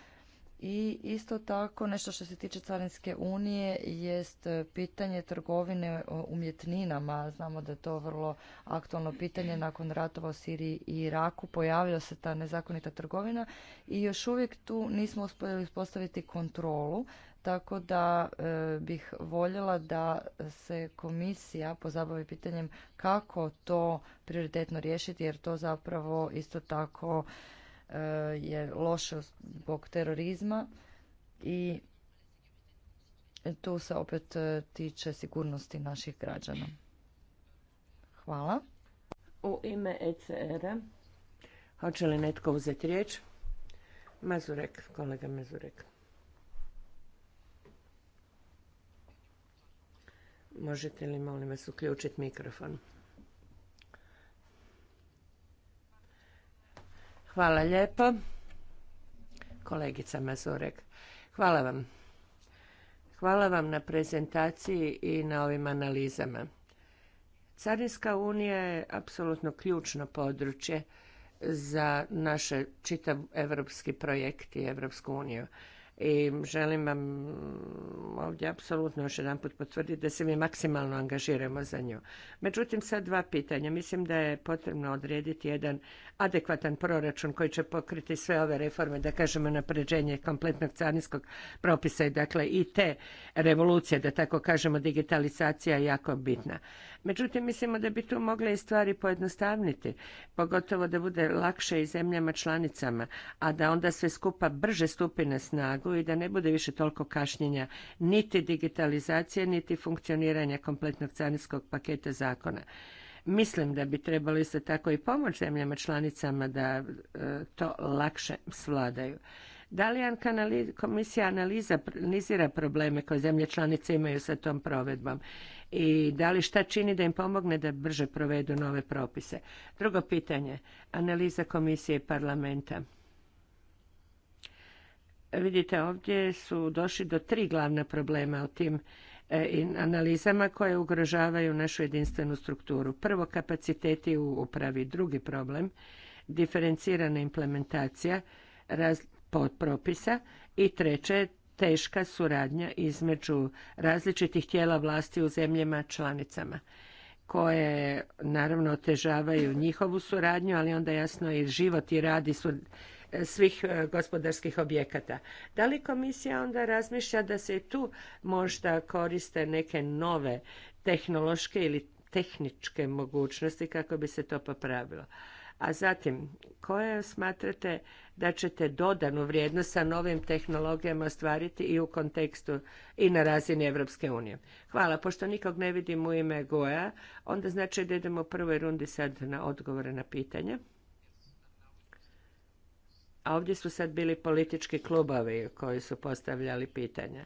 I isto tako nešto što se tiče Carinske unije jest pitanje trgovine e, umjetninama. Znamo da je to vrlo aktualno pitanje nakon ratova u Siriji i Iraku. Pojavila se ta nezakonita trgovina i još uvijek tu nismo uspjeli uspostaviti kontrolu. Tako da e, bih voljela da se komisija pozabavi pitanjem kako to prioritetno riješiti jer to zapravo isto tako Eh, je loše zbog terorizma i tu se opet eh, tiče sigurnosti naših građana. Hvala. U ime ecr hoće li netko uzeti riječ? Mazurek, kolega Mazurek. Možete li, molim vas, uključiti mikrofon? Hvala lijepo. Kolegica Mazurek, hvala vam. Hvala vam na prezentaciji i na ovim analizama. Carinska unija je apsolutno ključno područje za naše čitav evropski projekt i Evropsku uniju i želim vam ovdje apsolutno još jedanput potvrditi da se mi maksimalno angažiramo za nju. Međutim, sad dva pitanja. Mislim da je potrebno odrediti jedan adekvatan proračun koji će pokriti sve ove reforme, da kažemo napređenje kompletnog carinskog propisa i dakle i te revolucije, da tako kažemo digitalizacija je jako bitna. Međutim, mislimo da bi tu mogle i stvari pojednostavniti, pogotovo da bude lakše i zemljama članicama, a da onda sve skupa brže stupi na snagu i da ne bude više toliko kašnjenja niti digitalizacije, niti funkcioniranja kompletnog carinskog paketa zakona. Mislim da bi trebalo isto tako i pomoć zemljama članicama da e, to lakše svladaju. Da li komisija analiza, analizira probleme koje zemlje članice imaju sa tom provedbom i da li šta čini da im pomogne da brže provedu nove propise. Drugo pitanje, analiza komisije i parlamenta. Vidite, ovdje su došli do tri glavna problema o tim e, analizama koje ugrožavaju našu jedinstvenu strukturu. Prvo, kapaciteti u upravi. Drugi problem, diferencirana implementacija propisa. I treće, teška suradnja između različitih tijela vlasti u zemljama članicama koje naravno otežavaju njihovu suradnju, ali onda jasno i život i radi svih e, gospodarskih objekata. Da li komisija onda razmišlja da se i tu možda koriste neke nove tehnološke ili tehničke mogućnosti kako bi se to popravilo? A zatim, koje smatrate da ćete dodanu vrijednost sa novim tehnologijama ostvariti i u kontekstu i na razini Evropske unije? Hvala. Pošto nikog ne vidim u ime Goja, onda znači da idemo u prvoj rundi sad na odgovore na pitanja. A ovdje su sad bili politički klubovi koji su postavljali pitanja.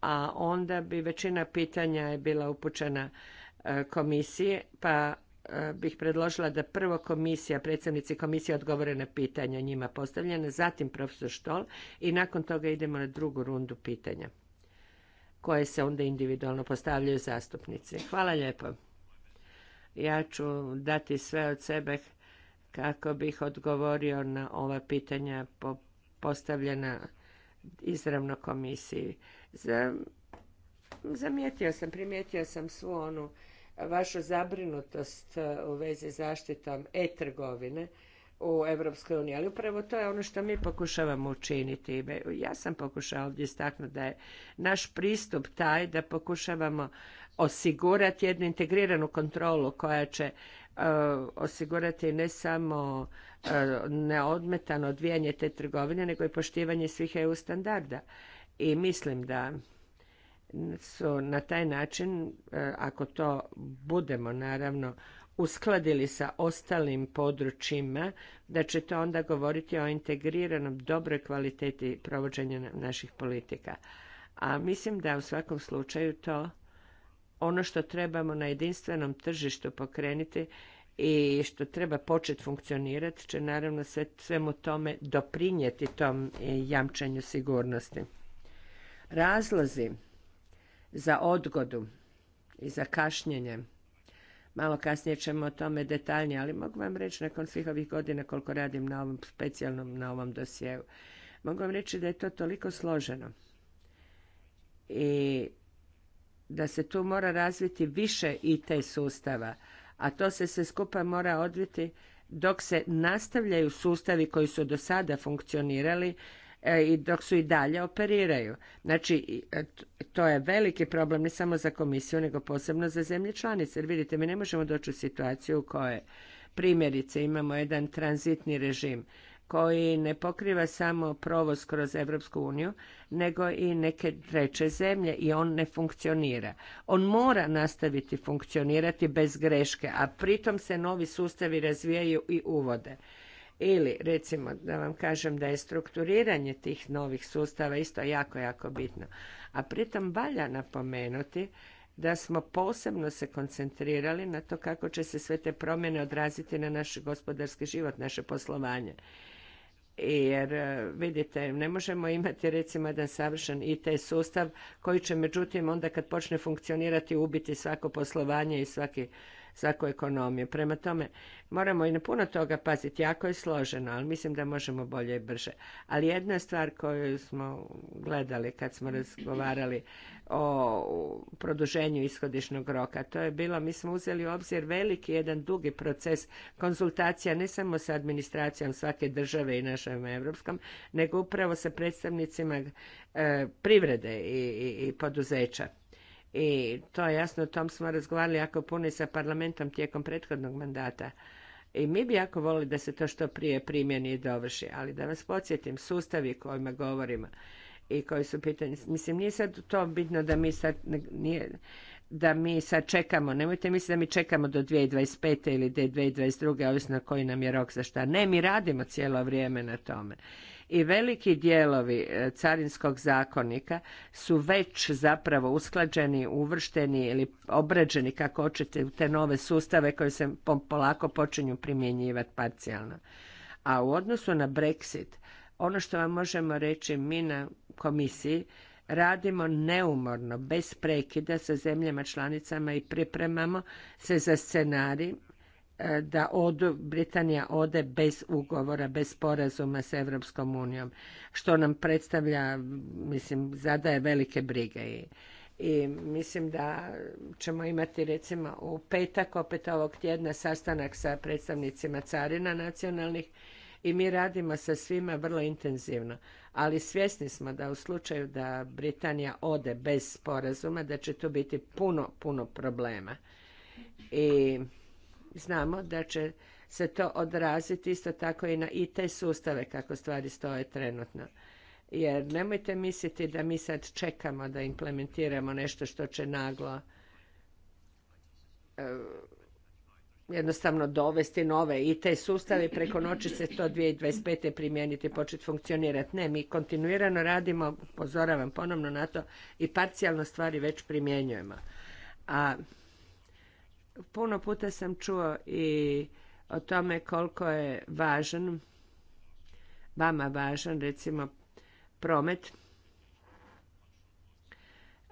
A onda bi većina pitanja je bila upućena e, komisije, pa bih predložila da prvo komisija, predsjednici komisije odgovore na pitanja njima postavljene, zatim profesor Štol i nakon toga idemo na drugu rundu pitanja koje se onda individualno postavljaju zastupnici. Hvala lijepo. Ja ću dati sve od sebe kako bih odgovorio na ova pitanja postavljena izravno komisiji. Zamijetio sam, primijetio sam svu onu vašu zabrinutost e, u vezi zaštitom e-trgovine u Europskoj uniji, ali upravo to je ono što mi pokušavamo učiniti. Ja sam pokušala ovdje istaknuti da je naš pristup taj da pokušavamo osigurati jednu integriranu kontrolu koja će e, osigurati ne samo e, neodmetano odvijanje te trgovine, nego i poštivanje svih EU standarda. I mislim da su na taj način, e, ako to budemo naravno uskladili sa ostalim područjima, da će to onda govoriti o integriranom dobroj kvaliteti provođenja naših politika. A mislim da u svakom slučaju to ono što trebamo na jedinstvenom tržištu pokrenuti i što treba početi funkcionirati će naravno sve, svemu tome doprinijeti tom e, jamčanju sigurnosti. Razlozi za odgodu i za kašnjenje. Malo kasnije ćemo o tome detaljnije, ali mogu vam reći nakon svih ovih godina koliko radim na ovom specijalnom, na ovom dosjeu, mogu vam reći da je to toliko složeno i da se tu mora razviti više i te sustava, a to se sve skupa mora odviti dok se nastavljaju sustavi koji su do sada funkcionirali, E, i dok su i dalje operiraju. Znači, e, to je veliki problem ne samo za komisiju, nego posebno za zemlje članice. Jer vidite, mi ne možemo doći u situaciju u kojoj primjerice imamo jedan tranzitni režim koji ne pokriva samo provoz kroz Europsku uniju, nego i neke treće zemlje i on ne funkcionira. On mora nastaviti funkcionirati bez greške, a pritom se novi sustavi razvijaju i uvode. Ili, recimo, da vam kažem da je strukturiranje tih novih sustava isto jako, jako bitno. A pritom valja napomenuti da smo posebno se koncentrirali na to kako će se sve te promjene odraziti na naš gospodarski život, naše poslovanje. Jer e, vidite, ne možemo imati recimo jedan savršen IT sustav koji će međutim onda kad počne funkcionirati ubiti svako poslovanje i svaki svaku ekonomiju. Prema tome, moramo i na puno toga paziti. Jako je složeno, ali mislim da možemo bolje i brže. Ali jedna stvar koju smo gledali kad smo razgovarali o produženju ishodišnog roka, to je bilo, mi smo uzeli u obzir veliki jedan dugi proces konzultacija ne samo sa administracijom svake države i našom europskom, nego upravo sa predstavnicima e, privrede i poduzeća i to je jasno, o tom smo razgovarali jako puno i sa parlamentom tijekom prethodnog mandata. I mi bi jako volili da se to što prije primjeni i dovrši, ali da vas podsjetim, sustavi kojima govorimo i koji su pitanje, mislim nije sad to bitno da mi sad nije, da mi sad čekamo, nemojte misliti da mi čekamo do 2025. ili do 2022. ovisno koji nam je rok za šta. Ne, mi radimo cijelo vrijeme na tome i veliki dijelovi e, carinskog zakonika su već zapravo usklađeni, uvršteni ili obrađeni kako hoćete u te nove sustave koje se polako počinju primjenjivati parcijalno. A u odnosu na Brexit, ono što vam možemo reći mi na komisiji, radimo neumorno, bez prekida sa zemljama članicama i pripremamo se za scenarij E, da od, Britanija ode bez ugovora, bez sporazuma s Europskom unijom, što nam predstavlja, mislim, zadaje velike brige i i mislim da ćemo imati recimo u petak opet ovog tjedna sastanak sa predstavnicima carina nacionalnih i mi radimo sa svima vrlo intenzivno. Ali svjesni smo da u slučaju da Britanija ode bez sporazuma da će to biti puno, puno problema. I znamo da će se to odraziti isto tako i na IT sustave kako stvari stoje trenutno. Jer nemojte misliti da mi sad čekamo da implementiramo nešto što će naglo e, jednostavno dovesti nove IT sustave preko noći se to 2025. primijeniti, početi funkcionirati. Ne, mi kontinuirano radimo, pozoravam ponovno na to, i parcijalno stvari već primjenjujemo. A puno puta sam čuo i o tome koliko je važan, vama važan, recimo, promet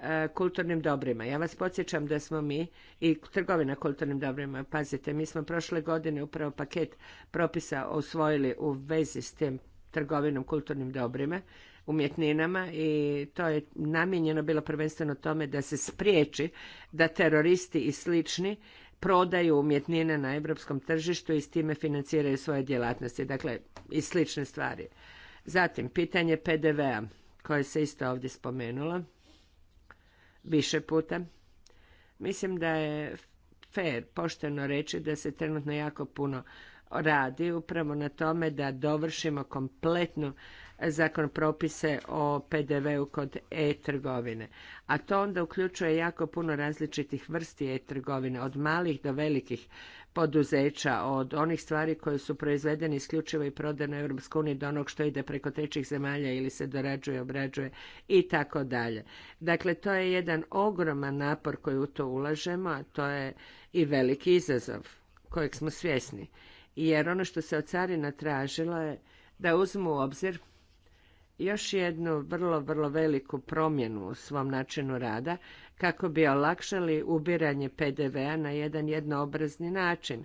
e, kulturnim dobrima. Ja vas podsjećam da smo mi i trgovina kulturnim dobrima, pazite, mi smo prošle godine upravo paket propisa osvojili u vezi s tim trgovinom kulturnim dobrima umjetninama i to je namijenjeno bilo prvenstveno tome da se spriječi da teroristi i slični prodaju umjetnine na europskom tržištu i s time financiraju svoje djelatnosti, dakle i slične stvari. Zatim, pitanje PDV-a koje se isto ovdje spomenulo više puta. Mislim da je fair, pošteno reći da se trenutno jako puno radi upravo na tome da dovršimo kompletnu zakon propise o PDV-u kod e-trgovine. A to onda uključuje jako puno različitih vrsti e-trgovine, od malih do velikih poduzeća, od onih stvari koje su proizvedene isključivo i prodane u EU uniji do onog što ide preko trećih zemalja ili se dorađuje, obrađuje i tako dalje. Dakle, to je jedan ogroman napor koji u to ulažemo, a to je i veliki izazov kojeg smo svjesni. Jer ono što se od carina tražilo je da uzmu u obzir još jednu vrlo, vrlo veliku promjenu u svom načinu rada kako bi olakšali ubiranje PDV-a na jedan jednoobrazni način.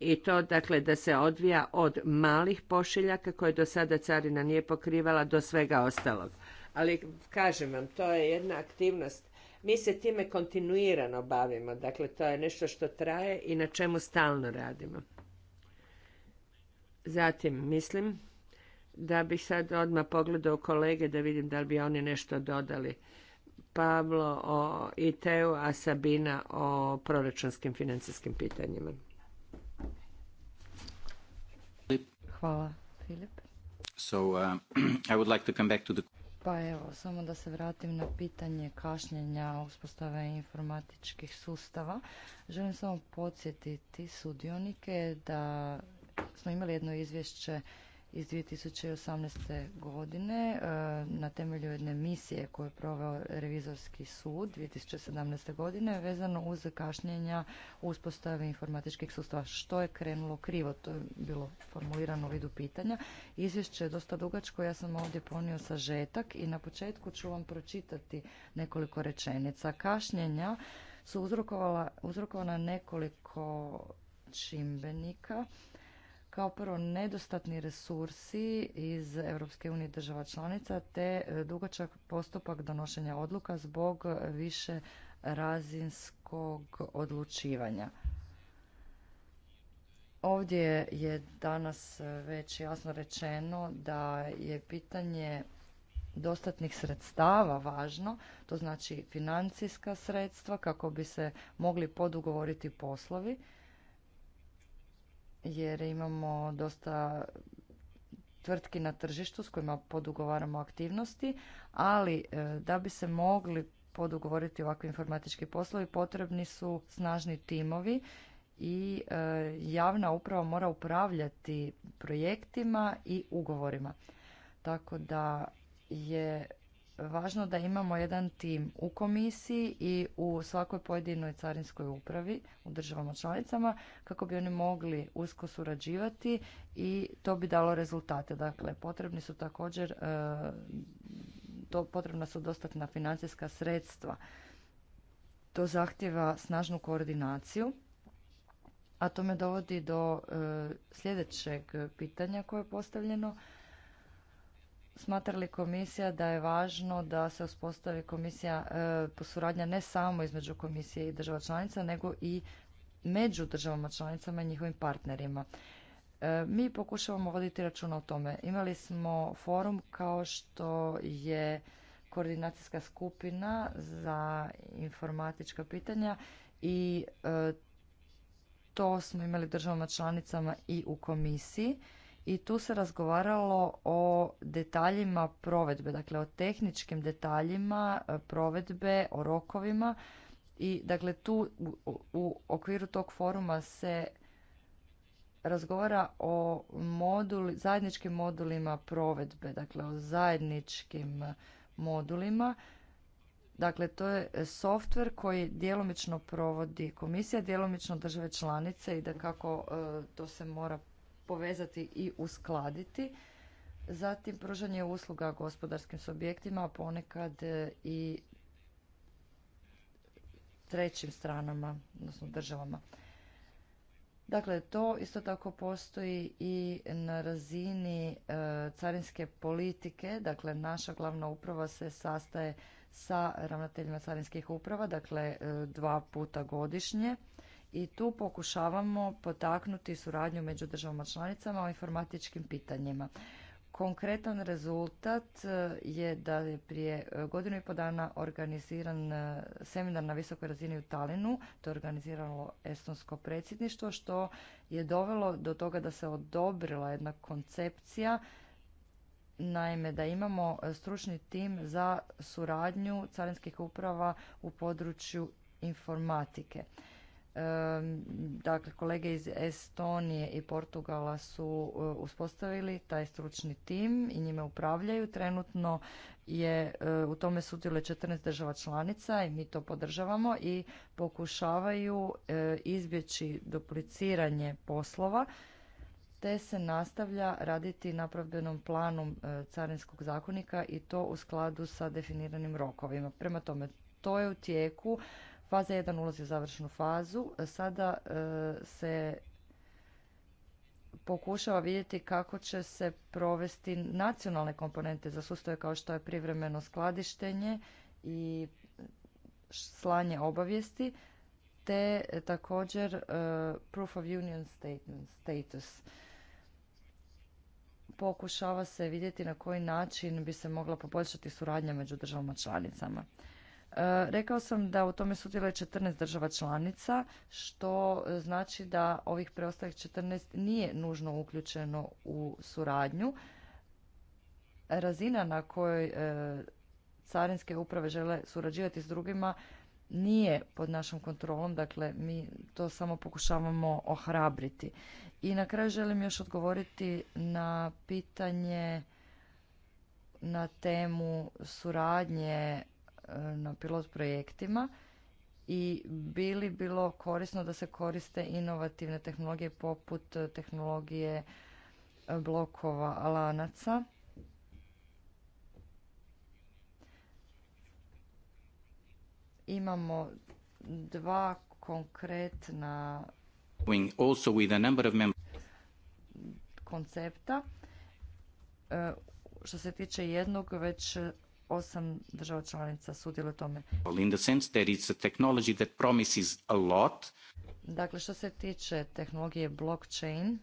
I to dakle da se odvija od malih pošiljaka koje do sada carina nije pokrivala do svega ostalog. Ali kažem vam, to je jedna aktivnost. Mi se time kontinuirano bavimo, dakle to je nešto što traje i na čemu stalno radimo. Zatim, mislim, da bih sad odmah pogledao kolege da vidim da li bi oni nešto dodali. Pavlo o IT-u, a Sabina o proračunskim financijskim pitanjima. Hvala, Filip. So, uh, I would like to come back to the... Pa evo, samo da se vratim na pitanje kašnjenja uspostave informatičkih sustava. Želim samo podsjetiti sudionike da smo imali jedno izvješće iz 2018. godine e, na temelju jedne misije koju je proveo revizorski sud 2017. godine vezano uz kašnjenja uspostave informatičkih sustava. Što je krenulo krivo? To je bilo formulirano u vidu pitanja. Izvješće je dosta dugačko, ja sam ovdje ponio sažetak i na početku ću vam pročitati nekoliko rečenica. Kašnjenja su uzrokovana nekoliko čimbenika kao prvo, nedostatni resursi iz Europske unije država članica te e, dugačak postupak donošenja odluka zbog više razinskog odlučivanja. Ovdje je danas već jasno rečeno da je pitanje dostatnih sredstava važno, to znači financijska sredstva kako bi se mogli podugovoriti poslovi jer imamo dosta tvrtki na tržištu s kojima podugovaramo aktivnosti, ali e, da bi se mogli podugovoriti ovakvi informatički poslovi potrebni su snažni timovi i e, javna uprava mora upravljati projektima i ugovorima. Tako da je važno da imamo jedan tim u komisiji i u svakoj pojedinoj carinskoj upravi u državama članicama kako bi oni mogli usko surađivati i to bi dalo rezultate. Dakle, potrebni su također, e, to potrebna su dostatna financijska sredstva. To zahtjeva snažnu koordinaciju. A to me dovodi do e, sljedećeg pitanja koje je postavljeno smatra li komisija da je važno da se uspostavi komisija e, posuradnja ne samo između komisije i država članica nego i među državama članicama i njihovim partnerima e, mi pokušavamo voditi računa o tome imali smo forum kao što je koordinacijska skupina za informatička pitanja i e, to smo imali državama članicama i u komisiji i tu se razgovaralo o detaljima provedbe, dakle o tehničkim detaljima e, provedbe, o rokovima i dakle tu u, okviru tog foruma se razgovara o zajedničkim modulima provedbe, dakle o zajedničkim modulima. Dakle, to je softver koji djelomično provodi komisija, djelomično države članice i da kako e, to se mora povezati i uskladiti. Zatim pružanje usluga gospodarskim subjektima, a ponekad e, i trećim stranama, odnosno državama. Dakle, to isto tako postoji i na razini e, carinske politike. Dakle, naša glavna uprava se sastaje sa ravnateljima carinskih uprava, dakle e, dva puta godišnje i tu pokušavamo potaknuti suradnju među državama članicama o informatičkim pitanjima. Konkretan rezultat e, je da je prije e, godinu i po dana organiziran e, seminar na visokoj razini u Talinu, to je organiziralo Estonsko predsjedništvo, što je dovelo do toga da se odobrila jedna koncepcija, naime da imamo stručni tim za suradnju carinskih uprava u području informatike. Dakle, kolege iz Estonije i Portugala su eh, uspostavili taj stručni tim i njime upravljaju. Trenutno je eh, u tome sudjeluje 14 država članica i mi to podržavamo i pokušavaju eh, izbjeći dupliciranje poslova te se nastavlja raditi napravbenom planu carinskog zakonika i to u skladu sa definiranim rokovima. Prema tome, to je u tijeku. Faza 1 ulazi u završnu fazu. Sada e, se pokušava vidjeti kako će se provesti nacionalne komponente za sustoje kao što je privremeno skladištenje i slanje obavijesti, te također e, proof of union status. Pokušava se vidjeti na koji način bi se mogla poboljšati suradnja među državama članicama. E, rekao sam da u tome sudjeluje 14 država članica, što znači da ovih preostalih 14 nije nužno uključeno u suradnju. Razina na kojoj e, carinske uprave žele surađivati s drugima nije pod našom kontrolom, dakle mi to samo pokušavamo ohrabriti. I na kraju želim još odgovoriti na pitanje na temu suradnje na pilot projektima i bili bilo korisno da se koriste inovativne tehnologije poput tehnologije e, blokova lanaca. Imamo dva konkretna koncepta. E, što se tiče jednog, već osam država članica sudjeluje u tome. In the sense that it's a technology that promises a lot. Dakle, što se tiče tehnologije blockchain,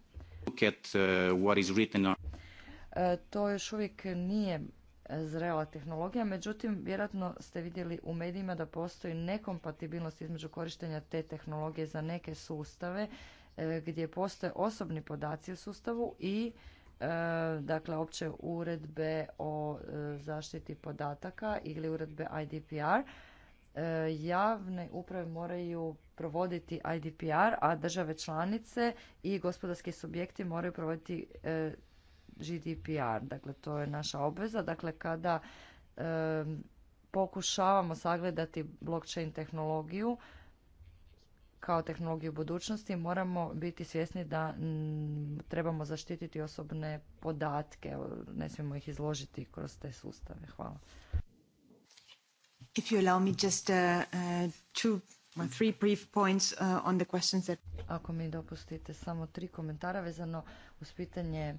look at uh, what is written on. E, to još uvijek nije zrela tehnologija, međutim, vjerojatno ste vidjeli u medijima da postoji nekompatibilnost između korištenja te tehnologije za neke sustave e, gdje postoje osobni podaci u sustavu i E, dakle opće uredbe o e, zaštiti podataka ili uredbe IDPR. E, javne uprave moraju provoditi IDPR, a države članice i gospodarski subjekti moraju provoditi GDPR. Dakle, to je naša obveza. Dakle, kada pokušavamo sagledati blockchain tehnologiju, kao tehnologiju budućnosti moramo biti svjesni da mm, trebamo zaštititi osobne podatke, ne smijemo ih izložiti kroz te sustave. Hvala. Ako mi dopustite samo tri komentara vezano uz pitanje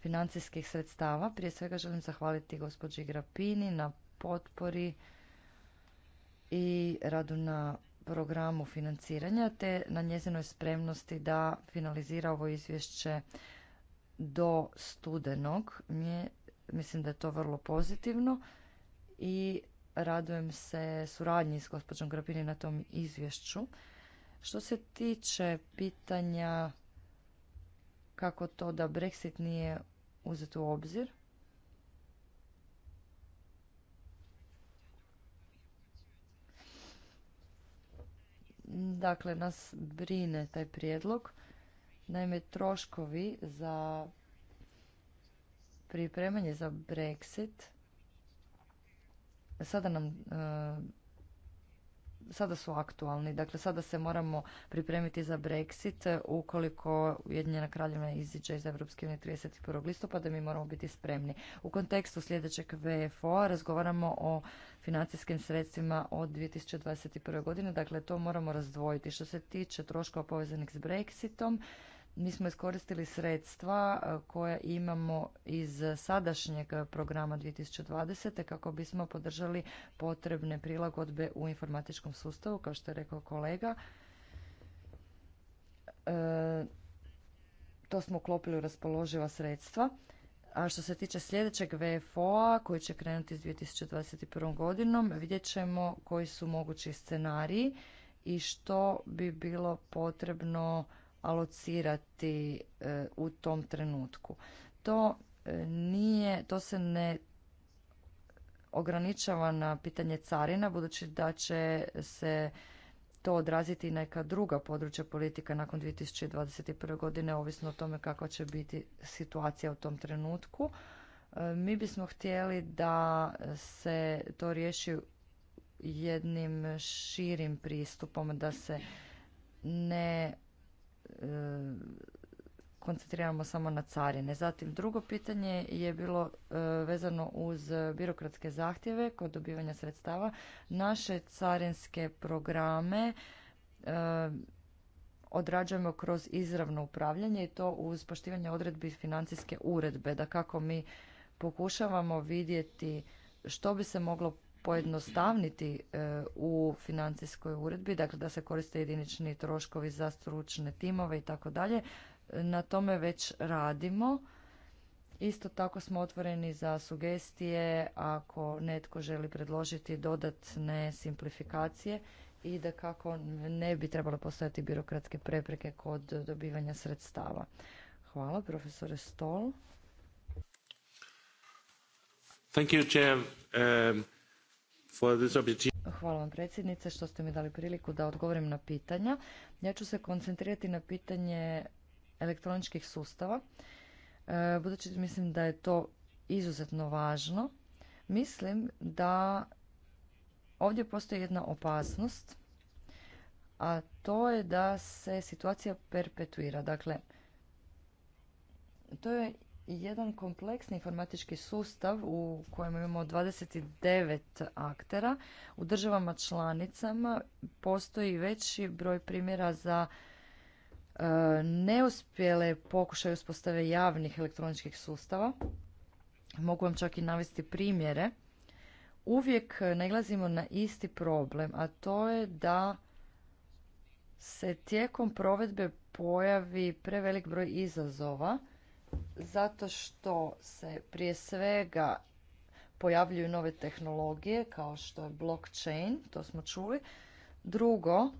financijskih sredstava. Prije svega želim zahvaliti gospođi Grapini na potpori i radu na programu financiranja te na njezinoj spremnosti da finalizira ovo izvješće do studenog. Mislim da je to vrlo pozitivno i radujem se suradnji s gospođom Grabini na tom izvješću. Što se tiče pitanja kako to da Brexit nije uzet u obzir, Dakle, nas brine taj prijedlog. Naime, troškovi za pripremanje za Brexit sada nam e, sada su aktualni. Dakle, sada se moramo pripremiti za Brexit e, ukoliko Ujedinjena kraljevina iziđe iz Evropske unije 31. listopada, mi moramo biti spremni. U kontekstu sljedećeg vfo razgovaramo o financijskim sredstvima od 2021. godine, dakle to moramo razdvojiti. Što se tiče troškova povezanih s Brexitom, mi smo iskoristili sredstva e, koja imamo iz sadašnjeg programa 2020. kako bismo podržali potrebne prilagodbe u informatičkom sustavu, kao što je rekao kolega. E, to smo uklopili u raspoloživa sredstva. A što se tiče sljedećeg VFO-a koji će krenuti s 2021. godinom, vidjet ćemo koji su mogući scenariji i što bi bilo potrebno alocirati e, u tom trenutku. To e, nije, to se ne ograničava na pitanje carina, budući da će se to odraziti i neka druga područja politika nakon 2021. godine, ovisno o tome kakva će biti situacija u tom trenutku. E, mi bismo htjeli da se to riješi jednim širim pristupom, da se ne E, koncentriramo samo na carine. Zatim drugo pitanje je bilo e, vezano uz birokratske zahtjeve kod dobivanja sredstava. Naše carinske programe e, odrađujemo kroz izravno upravljanje i to uz poštivanje odredbi financijske uredbe. Da kako mi pokušavamo vidjeti što bi se moglo pojednostavniti e, u financijskoj uredbi, dakle da se koriste jedinični troškovi za stručne timove i tako dalje. Na tome već radimo. Isto tako smo otvoreni za sugestije ako netko želi predložiti dodatne simplifikacije i da kako ne bi trebalo postojati birokratske prepreke kod dobivanja sredstava. Hvala, profesore Stol. Thank you, Chair. Um, Hvala vam predsjednice što ste mi dali priliku da odgovorim na pitanja. Ja ću se koncentrirati na pitanje elektroničkih sustava. E, budući mislim da je to izuzetno važno, mislim da ovdje postoji jedna opasnost, a to je da se situacija perpetuira. Dakle, to je jedan kompleksni informatički sustav u kojem imamo 29 aktera. U državama članicama postoji veći broj primjera za e, neuspjele pokušaje uspostave javnih elektroničkih sustava. Mogu vam čak i navesti primjere. Uvijek nailazimo na isti problem, a to je da se tijekom provedbe pojavi prevelik broj izazova – zato što se prije svega pojavljuju nove tehnologije kao što je blockchain, to smo čuli. Drugo,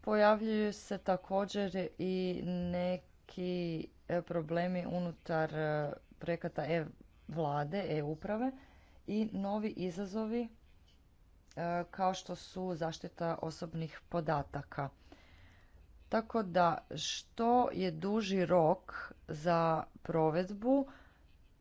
pojavljuju se također i neki e, problemi unutar e, projekata e-vlade, e-uprave i novi izazovi e, kao što su zaštita osobnih podataka. Tako da što je duži rok za provedbu,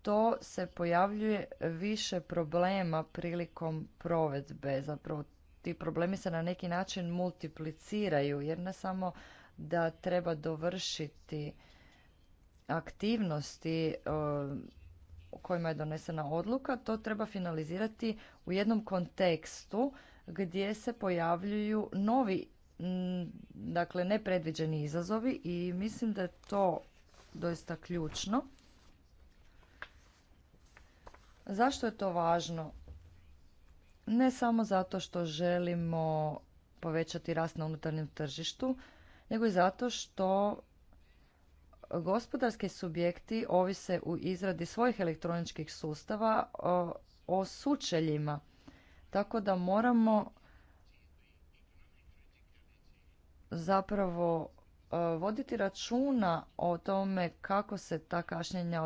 to se pojavljuje više problema prilikom provedbe. Zapravo ti problemi se na neki način multipliciraju jer ne samo da treba dovršiti aktivnosti e, u kojima je donesena odluka, to treba finalizirati u jednom kontekstu gdje se pojavljuju novi dakle nepredviđeni izazovi i mislim da je to doista ključno. Zašto je to važno? Ne samo zato što želimo povećati rast na unutarnjem tržištu, nego i zato što gospodarski subjekti ovise u izradi svojih elektroničkih sustava o sučeljima. Tako da moramo zapravo e, voditi računa o tome kako se ta kašnjenja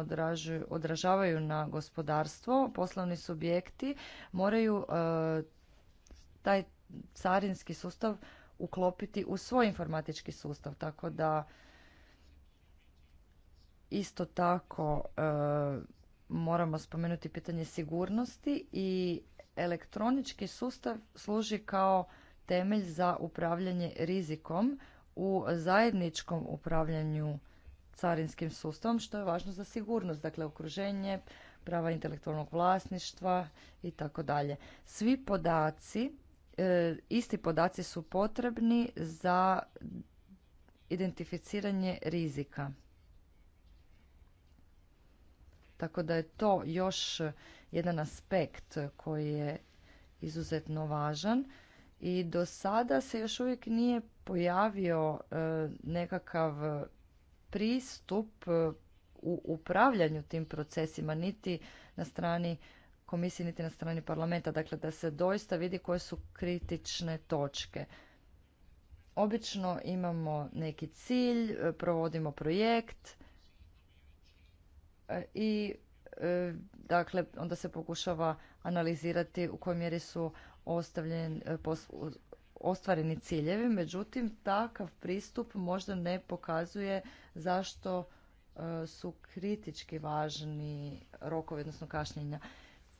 odražavaju na gospodarstvo, poslovni subjekti moraju e, taj carinski sustav uklopiti u svoj informatički sustav, tako da isto tako e, moramo spomenuti pitanje sigurnosti i elektronički sustav služi kao temelj za upravljanje rizikom u zajedničkom upravljanju carinskim sustavom, što je važno za sigurnost, dakle okruženje, prava intelektualnog vlasništva i tako dalje. Svi podaci, e, isti podaci su potrebni za identificiranje rizika. Tako da je to još jedan aspekt koji je izuzetno važan i do sada se još uvijek nije pojavio e, nekakav pristup e, u upravljanju tim procesima niti na strani komisije niti na strani parlamenta dakle da se doista vidi koje su kritične točke obično imamo neki cilj e, provodimo projekt i dakle onda se pokušava analizirati u kojoj mjeri su ostavljen, e, pos, ostvareni ciljevi, međutim takav pristup možda ne pokazuje zašto e, su kritički važni rokovi, odnosno kašnjenja.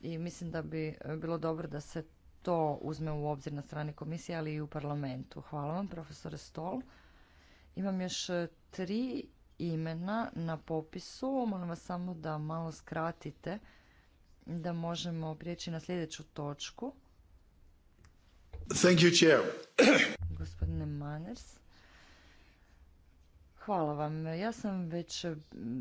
I mislim da bi e, bilo dobro da se to uzme u obzir na strani komisije, ali i u parlamentu. Hvala vam, profesore Stol. Imam još tri imena na popisu. Molim vas samo da malo skratite da možemo prijeći na sljedeću točku. Thank Gospodine Manners. Hvala vam. Ja sam već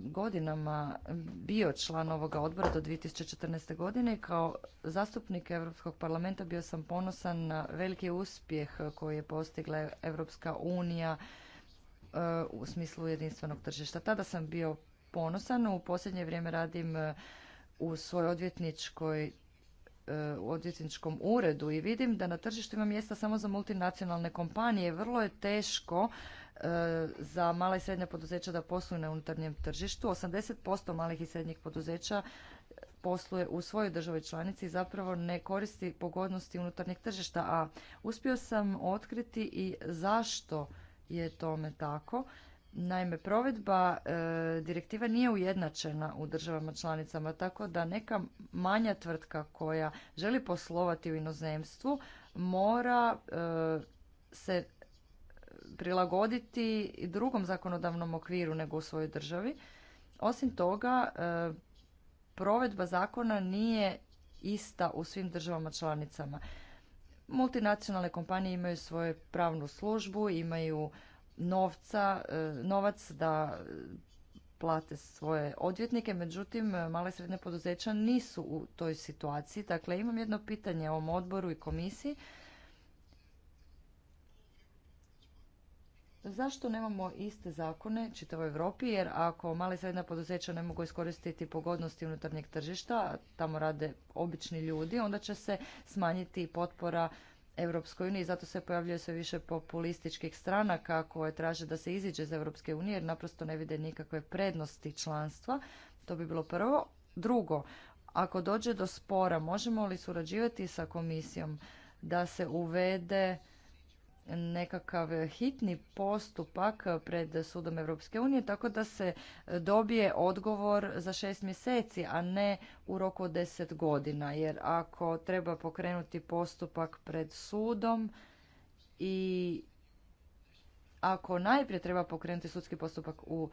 godinama bio član ovoga odbora do 2014. godine. Kao zastupnik Europskog parlamenta bio sam ponosan na veliki uspjeh koji je postigla Europska unija uh, u smislu jedinstvenog tržišta. Tada sam bio ponosan. U posljednje vrijeme radim uh, u svojoj odvjetničkoj E, u odvjetničkom uredu i vidim da na tržištu ima mjesta samo za multinacionalne kompanije. Vrlo je teško e, za mala i srednja poduzeća da posluju na unutarnjem tržištu. 80% malih i srednjih poduzeća posluje u svojoj državi članici i zapravo ne koristi pogodnosti unutarnjeg tržišta. A uspio sam otkriti i zašto je tome tako. Naime, provedba e, direktiva nije ujednačena u državama članicama, tako da neka manja tvrtka koja želi poslovati u inozemstvu mora e, se prilagoditi drugom zakonodavnom okviru nego u svojoj državi. Osim toga, e, provedba zakona nije ista u svim državama članicama. Multinacionalne kompanije imaju svoju pravnu službu, imaju novca, e, novac da plate svoje odvjetnike, međutim male i srednje poduzeća nisu u toj situaciji. Dakle, imam jedno pitanje ovom odboru i komisiji. Zašto nemamo iste zakone čitavoj Europi? Jer ako male i srednja poduzeća ne mogu iskoristiti pogodnosti unutarnjeg tržišta, tamo rade obični ljudi, onda će se smanjiti potpora Europskoj uniji, zato se pojavljuje sve više populističkih stranaka koje traže da se iziđe iz Europske unije jer naprosto ne vide nikakve prednosti članstva. To bi bilo prvo. Drugo, ako dođe do spora, možemo li surađivati sa komisijom da se uvede nekakav hitni postupak pred sudom Europske unije tako da se dobije odgovor za šest mjeseci, a ne u roku od deset godina. Jer ako treba pokrenuti postupak pred sudom i ako najprije treba pokrenuti sudski postupak u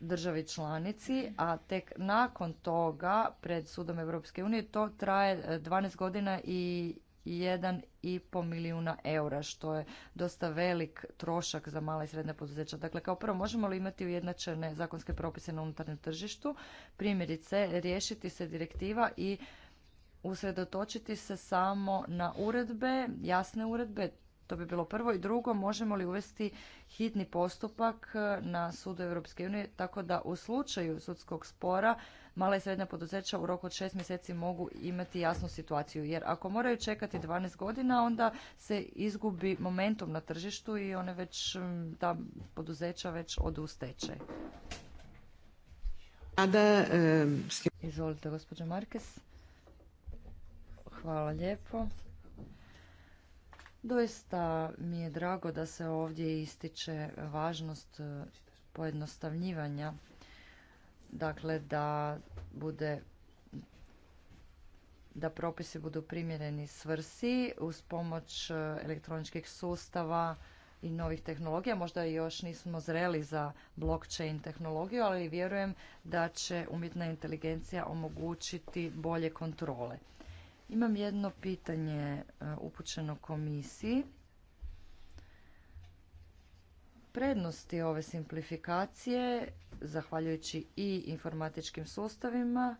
državi članici, a tek nakon toga pred sudom Europske unije to traje 12 godina i 1,5 milijuna eura, što je dosta velik trošak za mala i srednja poduzeća. Dakle, kao prvo, možemo li imati ujednačene zakonske propise na unutarnjem tržištu? Primjerice, riješiti se direktiva i usredotočiti se samo na uredbe, jasne uredbe, to bi bilo prvo. I drugo, možemo li uvesti hitni postupak na sudu Europske unije tako da u slučaju sudskog spora mala i srednja poduzeća u roku od šest mjeseci mogu imati jasnu situaciju. Jer ako moraju čekati 12 godina, onda se izgubi momentum na tržištu i one već, ta poduzeća već odu u stečaj. E, Izvolite, gospođo Markes. Hvala lijepo. Doista mi je drago da se ovdje ističe važnost e, pojednostavljivanja, dakle da bude da propisi budu primjereni svrsi uz pomoć e, elektroničkih sustava i novih tehnologija. Možda još nismo zreli za blockchain tehnologiju, ali vjerujem da će umjetna inteligencija omogućiti bolje kontrole. Imam jedno pitanje e, upućeno komisiji. Prednosti ove simplifikacije, zahvaljujući i informatičkim sustavima,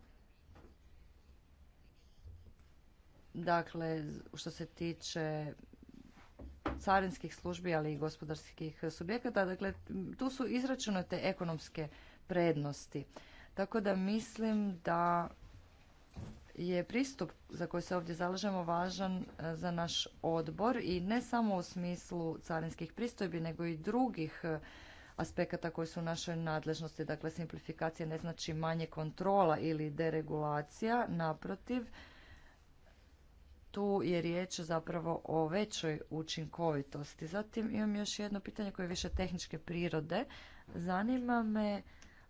dakle, što se tiče carinskih službi, ali i gospodarskih subjekata, dakle, tu su izračunate ekonomske prednosti. Tako da mislim da je pristup za koji se ovdje zalažemo važan e, za naš odbor i ne samo u smislu carinskih pristojbi nego i drugih e, aspekata koji su u našoj nadležnosti. Dakle, simplifikacija ne znači manje kontrola ili deregulacija, naprotiv, tu je riječ zapravo o većoj učinkovitosti. Zatim imam još jedno pitanje koje je više tehničke prirode. Zanima me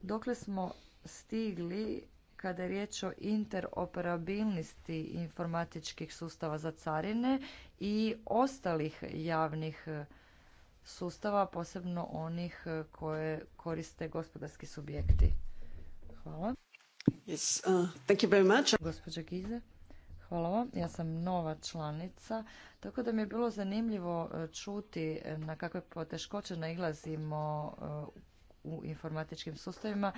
dokle smo stigli kada je riječ o interoperabilnosti informatičkih sustava za carine i ostalih javnih sustava, posebno onih koje koriste gospodarski subjekti. Hvala. Yes, uh, thank you very much. Gospođa Gize, hvala vam. Ja sam nova članica, tako da mi je bilo zanimljivo uh, čuti uh, na kakve poteškoće nailazimo uh, u informatičkim sustavima.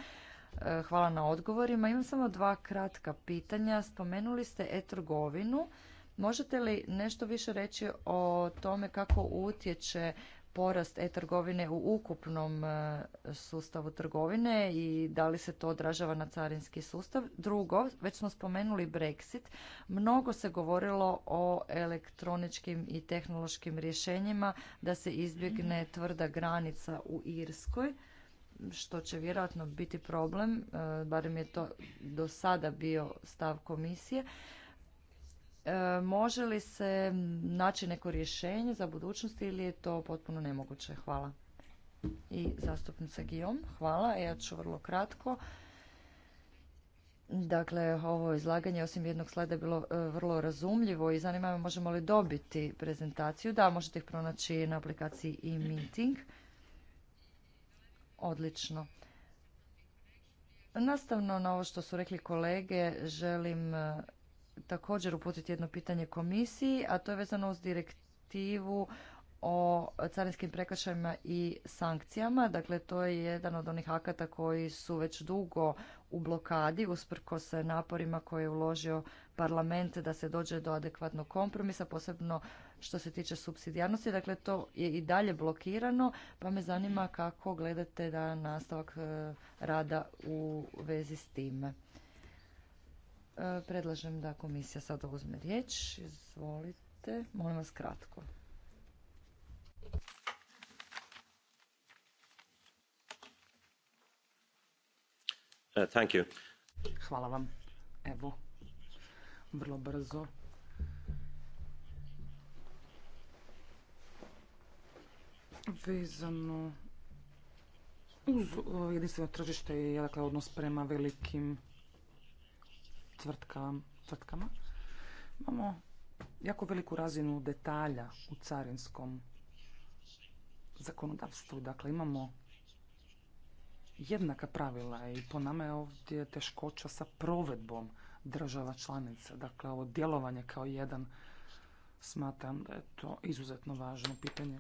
E, hvala na odgovorima. Imam samo dva kratka pitanja. Spomenuli ste e-trgovinu. Možete li nešto više reći o tome kako utječe porast e-trgovine u ukupnom e, sustavu trgovine i da li se to odražava na carinski sustav. Drugo, već smo spomenuli Brexit. Mnogo se govorilo o elektroničkim i tehnološkim rješenjima da se izbjegne tvrda granica u Irskoj što će vjerojatno biti problem, e, barem je to do sada bio stav komisije, e, može li se naći neko rješenje za budućnost ili je to potpuno nemoguće? Hvala. I zastupnica Gijom, hvala. E, ja ću vrlo kratko. Dakle, ovo izlaganje osim jednog slajda je bilo vrlo razumljivo i zanima me možemo li dobiti prezentaciju. Da, možete ih pronaći na aplikaciji e-meeting. Odlično. Nastavno na ovo što su rekli kolege, želim e, također uputiti jedno pitanje komisiji, a to je vezano uz direktivu o carinskim prekršajima i sankcijama. Dakle, to je jedan od onih akata koji su već dugo u blokadi, usprko se naporima koje je uložio parlament da se dođe do adekvatnog kompromisa, posebno što se tiče subsidijarnosti. Dakle, to je i dalje blokirano, pa me zanima kako gledate da nastavak e, rada u vezi s time. Predlažem da komisija sada uzme riječ. Izvolite, molim vas kratko. Uh, Hvala vam. Evo, vrlo brzo. Vezano uz jedinstveno tržište i dakle, odnos prema velikim tvrtkama. Imamo jako veliku razinu detalja u carinskom zakonodavstvu. Dakle, imamo jednaka pravila i po nama je ovdje teškoća sa provedbom država članica. Dakle, ovo djelovanje kao jedan smatram da je to izuzetno važno pitanje.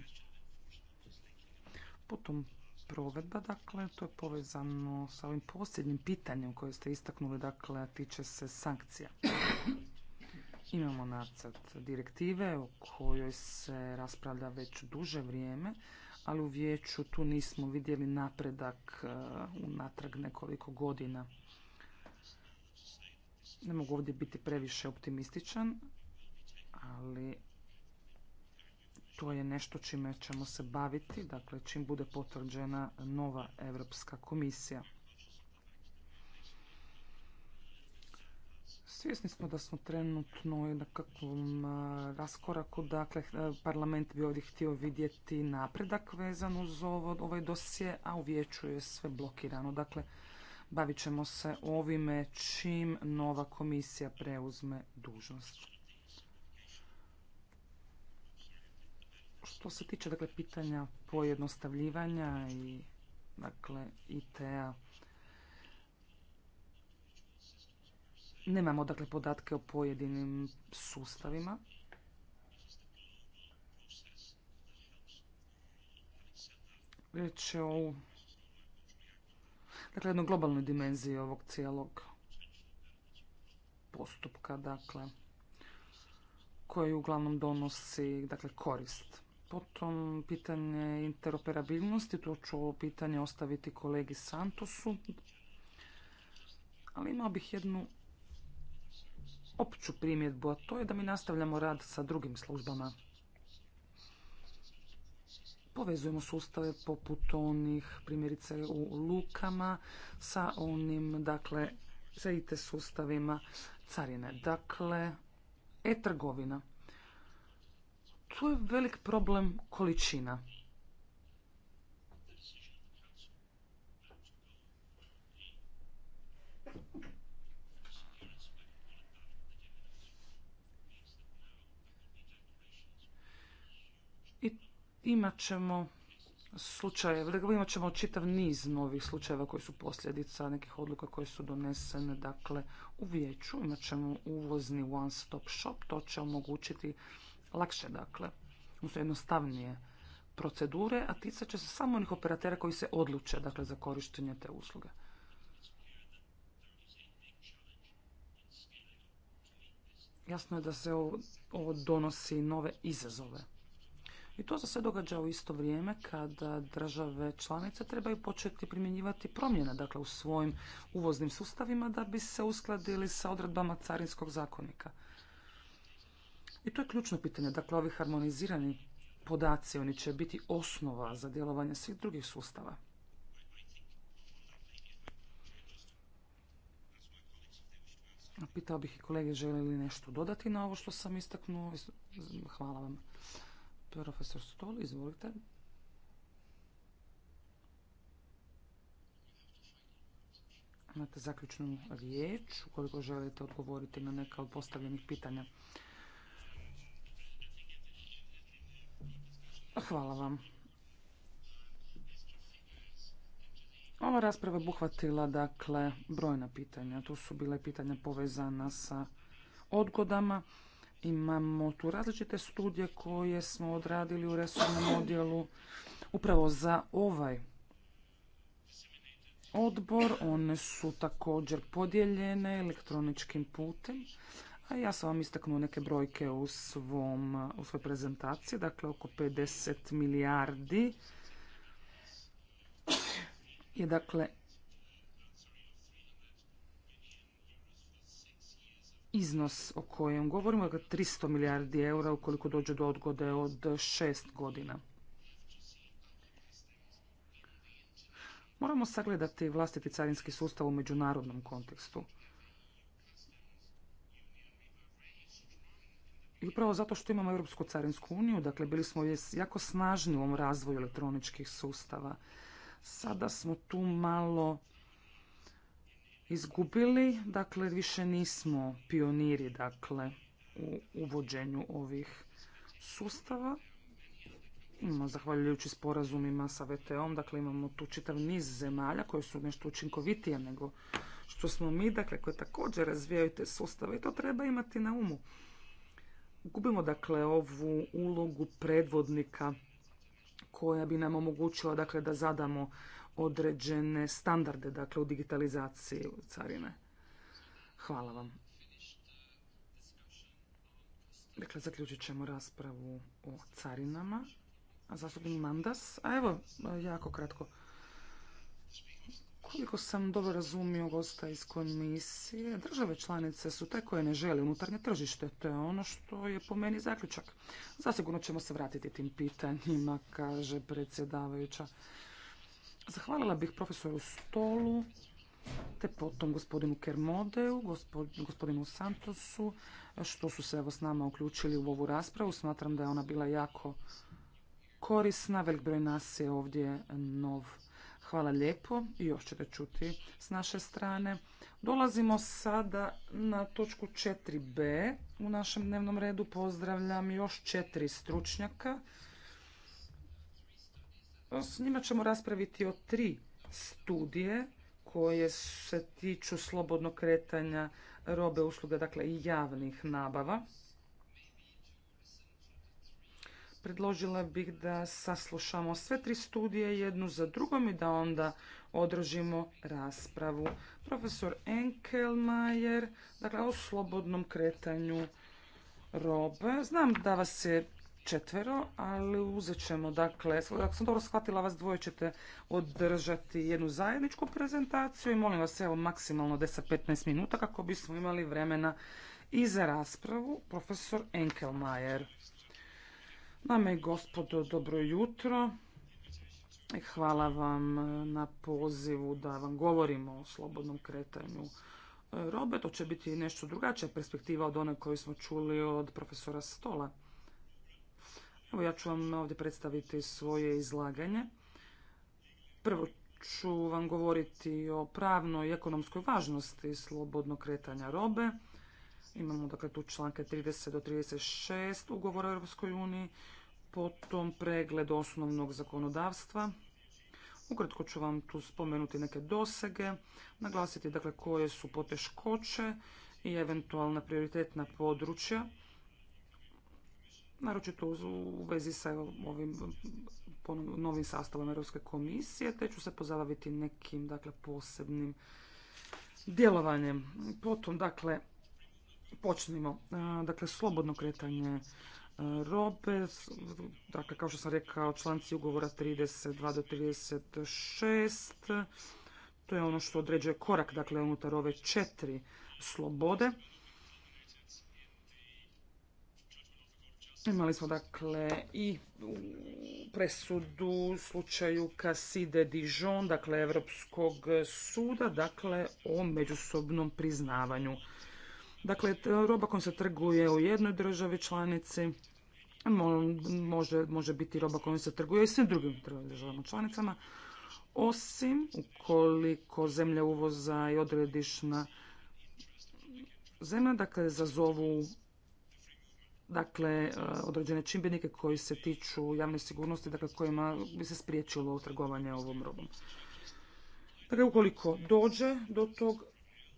Potom provedba, dakle, to je povezano sa ovim posljednjim pitanjem koje ste istaknuli, dakle, tiče se sankcija. Imamo nacrt direktive o kojoj se raspravlja već duže vrijeme ali u vijeću tu nismo vidjeli napredak e, unatrag nekoliko godina. Ne mogu ovdje biti previše optimističan, ali to je nešto čime ćemo se baviti, dakle čim bude potvrđena nova Europska komisija. Svjesni smo da smo trenutno na kakvom e, raskoraku, dakle e, parlament bi ovdje htio vidjeti napredak vezan uz ovo, ovaj dosje, a u vijeću je sve blokirano. Dakle, bavit ćemo se ovime čim nova komisija preuzme dužnost. Što se tiče dakle, pitanja pojednostavljivanja i dakle, Nemamo dakle podatke o pojedinim sustavima. Riječ je o dakle, jednoj globalnoj dimenziji ovog cijelog postupka, dakle, koji uglavnom donosi dakle, korist. Potom pitanje interoperabilnosti, to ću ovo pitanje ostaviti kolegi Santosu. Ali imao bih jednu opću primjedbu, a to je da mi nastavljamo rad sa drugim službama. Povezujemo sustave poput onih, primjerice u lukama, sa onim, dakle, sa IT sustavima carine. Dakle, e-trgovina. Tu je velik problem količina. imat ćemo slučajeve, dakle, imat ćemo čitav niz novih slučajeva koji su posljedica nekih odluka koje su donesene dakle, u vijeću. Imat ćemo uvozni one-stop shop, to će omogućiti lakše, dakle, odnosno jednostavnije procedure, a ticat će se samo onih operatera koji se odluče dakle, za korištenje te usluge. Jasno je da se ovo donosi nove izazove. I to se sve događa u isto vrijeme kada države članice trebaju početi primjenjivati promjene dakle, u svojim uvoznim sustavima da bi se uskladili sa odredbama carinskog zakonika. I to je ključno pitanje. Dakle, ovi harmonizirani podaci, oni će biti osnova za djelovanje svih drugih sustava. Pitao bih i kolege žele li nešto dodati na ovo što sam istaknuo. Hvala vam. Profesor Stol, izvolite. Imate zaključnu riječ, ukoliko želite odgovoriti na neka od postavljenih pitanja. Hvala vam. Ova rasprava je obuhvatila dakle brojna pitanja. Tu su bile pitanja povezana sa odgodama, Imamo tu različite studije koje smo odradili u resornom odjelu upravo za ovaj odbor. One su također podijeljene elektroničkim putem. A ja sam vam istaknuo neke brojke u, svom, svojoj prezentaciji, dakle oko 50 milijardi je dakle iznos o kojem govorimo, dakle 300 milijardi eura ukoliko dođe do odgode od šest godina. Moramo sagledati vlastiti carinski sustav u međunarodnom kontekstu. I upravo zato što imamo Europsku carinsku uniju, dakle bili smo jako snažni u ovom razvoju elektroničkih sustava. Sada smo tu malo izgubili, dakle više nismo pioniri dakle u uvođenju ovih sustava. Imamo, zahvaljujući sporazumima sa VTO-om, dakle imamo tu čitav niz zemalja koje su nešto učinkovitije nego što smo mi, dakle koje također razvijaju te sustave i to treba imati na umu. Gubimo dakle ovu ulogu predvodnika koja bi nam omogućila dakle da zadamo određene standarde, dakle u digitalizaciji carine. Hvala vam. Dakle, zaključit ćemo raspravu o carinama. A zastupnik Mandas, a evo, jako kratko. Koliko sam dobro razumio gosta iz komisije, države članice su te koje ne žele unutarnje tržište. To je ono što je po meni zaključak. Zasigurno ćemo se vratiti tim pitanjima, kaže predsjedavajuća. Zahvalila bih profesoru Stolu, te potom gospodinu Kermodeu, gospodinu Santosu, što su se evo s nama uključili u ovu raspravu. Smatram da je ona bila jako korisna. Velik broj nas je ovdje nov. Hvala lijepo i još ćete čuti s naše strane. Dolazimo sada na točku 4b u našem dnevnom redu. Pozdravljam još četiri stručnjaka s njima ćemo raspraviti o tri studije koje se tiču slobodnog kretanja robe, usluga, dakle i javnih nabava. Predložila bih da saslušamo sve tri studije jednu za drugom i da onda održimo raspravu. Profesor Enkelmajer, dakle o slobodnom kretanju robe. Znam da vas je četvero, ali uzet ćemo, dakle, ako sam dobro shvatila, vas dvoje ćete održati jednu zajedničku prezentaciju i molim vas, evo, maksimalno 10-15 minuta kako bismo imali vremena i za raspravu. Profesor Enkelmajer. Dame i gospodo, dobro jutro. Hvala vam na pozivu da vam govorimo o slobodnom kretanju robe. To će biti nešto drugačija perspektiva od one koju smo čuli od profesora Stola. Evo ja ću vam ovdje predstaviti svoje izlaganje. Prvo ću vam govoriti o pravnoj i ekonomskoj važnosti slobodnog kretanja robe. Imamo dakle tu članke 30 do 36 ugovora o EU, uniji, potom pregled osnovnog zakonodavstva. Ukratko ću vam tu spomenuti neke dosege, naglasiti dakle koje su poteškoće i eventualna prioritetna područja naročito u vezi sa ovim novim sastavom Europske komisije, te ću se pozabaviti nekim dakle, posebnim djelovanjem. Potom, dakle, počnimo. E, dakle, slobodno kretanje e, robe, dakle, kao što sam rekao, članci ugovora 32 do 36, to je ono što određuje korak, dakle, unutar ove četiri slobode. Imali smo dakle i presudu u slučaju Kaside Dijon, dakle Evropskog suda, dakle o međusobnom priznavanju. Dakle, roba kojom se trguje u jednoj državi članici može, biti roba kojom se trguje i svim drugim državama članicama, osim ukoliko zemlja uvoza i odredišna zemlja, dakle, zazovu dakle, e, određene čimbenike koji se tiču javne sigurnosti, dakle, kojima bi se spriječilo trgovanje ovom robom. Dakle, ukoliko dođe do tog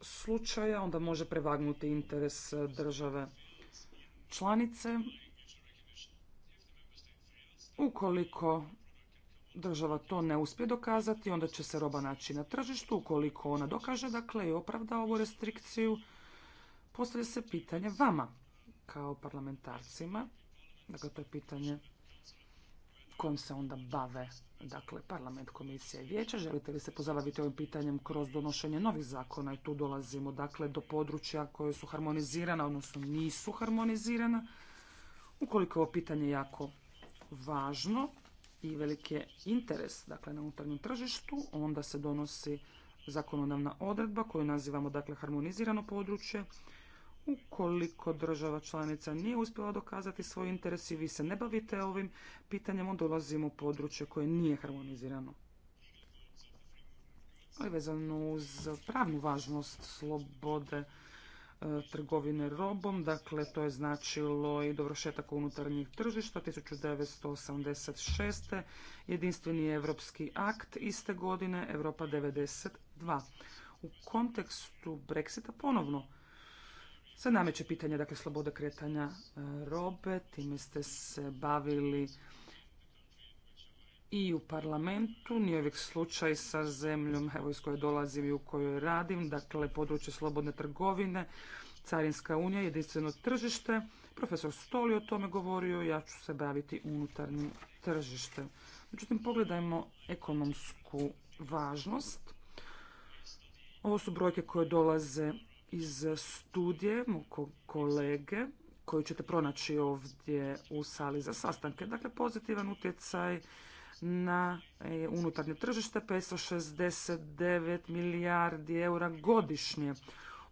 slučaja, onda može prevagnuti interes države članice. Ukoliko država to ne uspije dokazati, onda će se roba naći na tržištu. Ukoliko ona dokaže, dakle, i opravda ovu restrikciju, postavlja se pitanje vama kao parlamentarcima. Dakle, to je pitanje kojim se onda bave dakle, parlament, komisija i vijeća. Želite li se pozabaviti ovim pitanjem kroz donošenje novih zakona i tu dolazimo dakle, do područja koje su harmonizirana, odnosno nisu harmonizirana. Ukoliko je ovo pitanje jako važno i veliki je interes dakle, na unutarnjem tržištu, onda se donosi zakonodavna odredba koju nazivamo dakle, harmonizirano područje Ukoliko država članica nije uspjela dokazati svoj interes i vi se ne bavite ovim pitanjem, onda dolazimo u područje koje nije harmonizirano. Ali vezano uz pravnu važnost slobode e, trgovine robom, dakle to je značilo i dobrošetak unutarnjih tržišta 1986. Jedinstveni evropski akt iste godine, Europa 92. U kontekstu Brexita ponovno se nameće pitanje dakle, sloboda kretanja e, robe, time ste se bavili i u parlamentu, nije uvijek slučaj sa zemljom evo, iz koje dolazim i u kojoj radim, dakle područje slobodne trgovine, Carinska unija, jedinstveno tržište. Profesor Stoli o tome govorio, ja ću se baviti unutarnjim tržištem. Međutim, pogledajmo ekonomsku važnost. Ovo su brojke koje dolaze iz studije mog kolege koju ćete pronaći ovdje u sali za sastanke. Dakle, pozitivan utjecaj na e, unutarnje tržište 569 milijardi eura godišnje.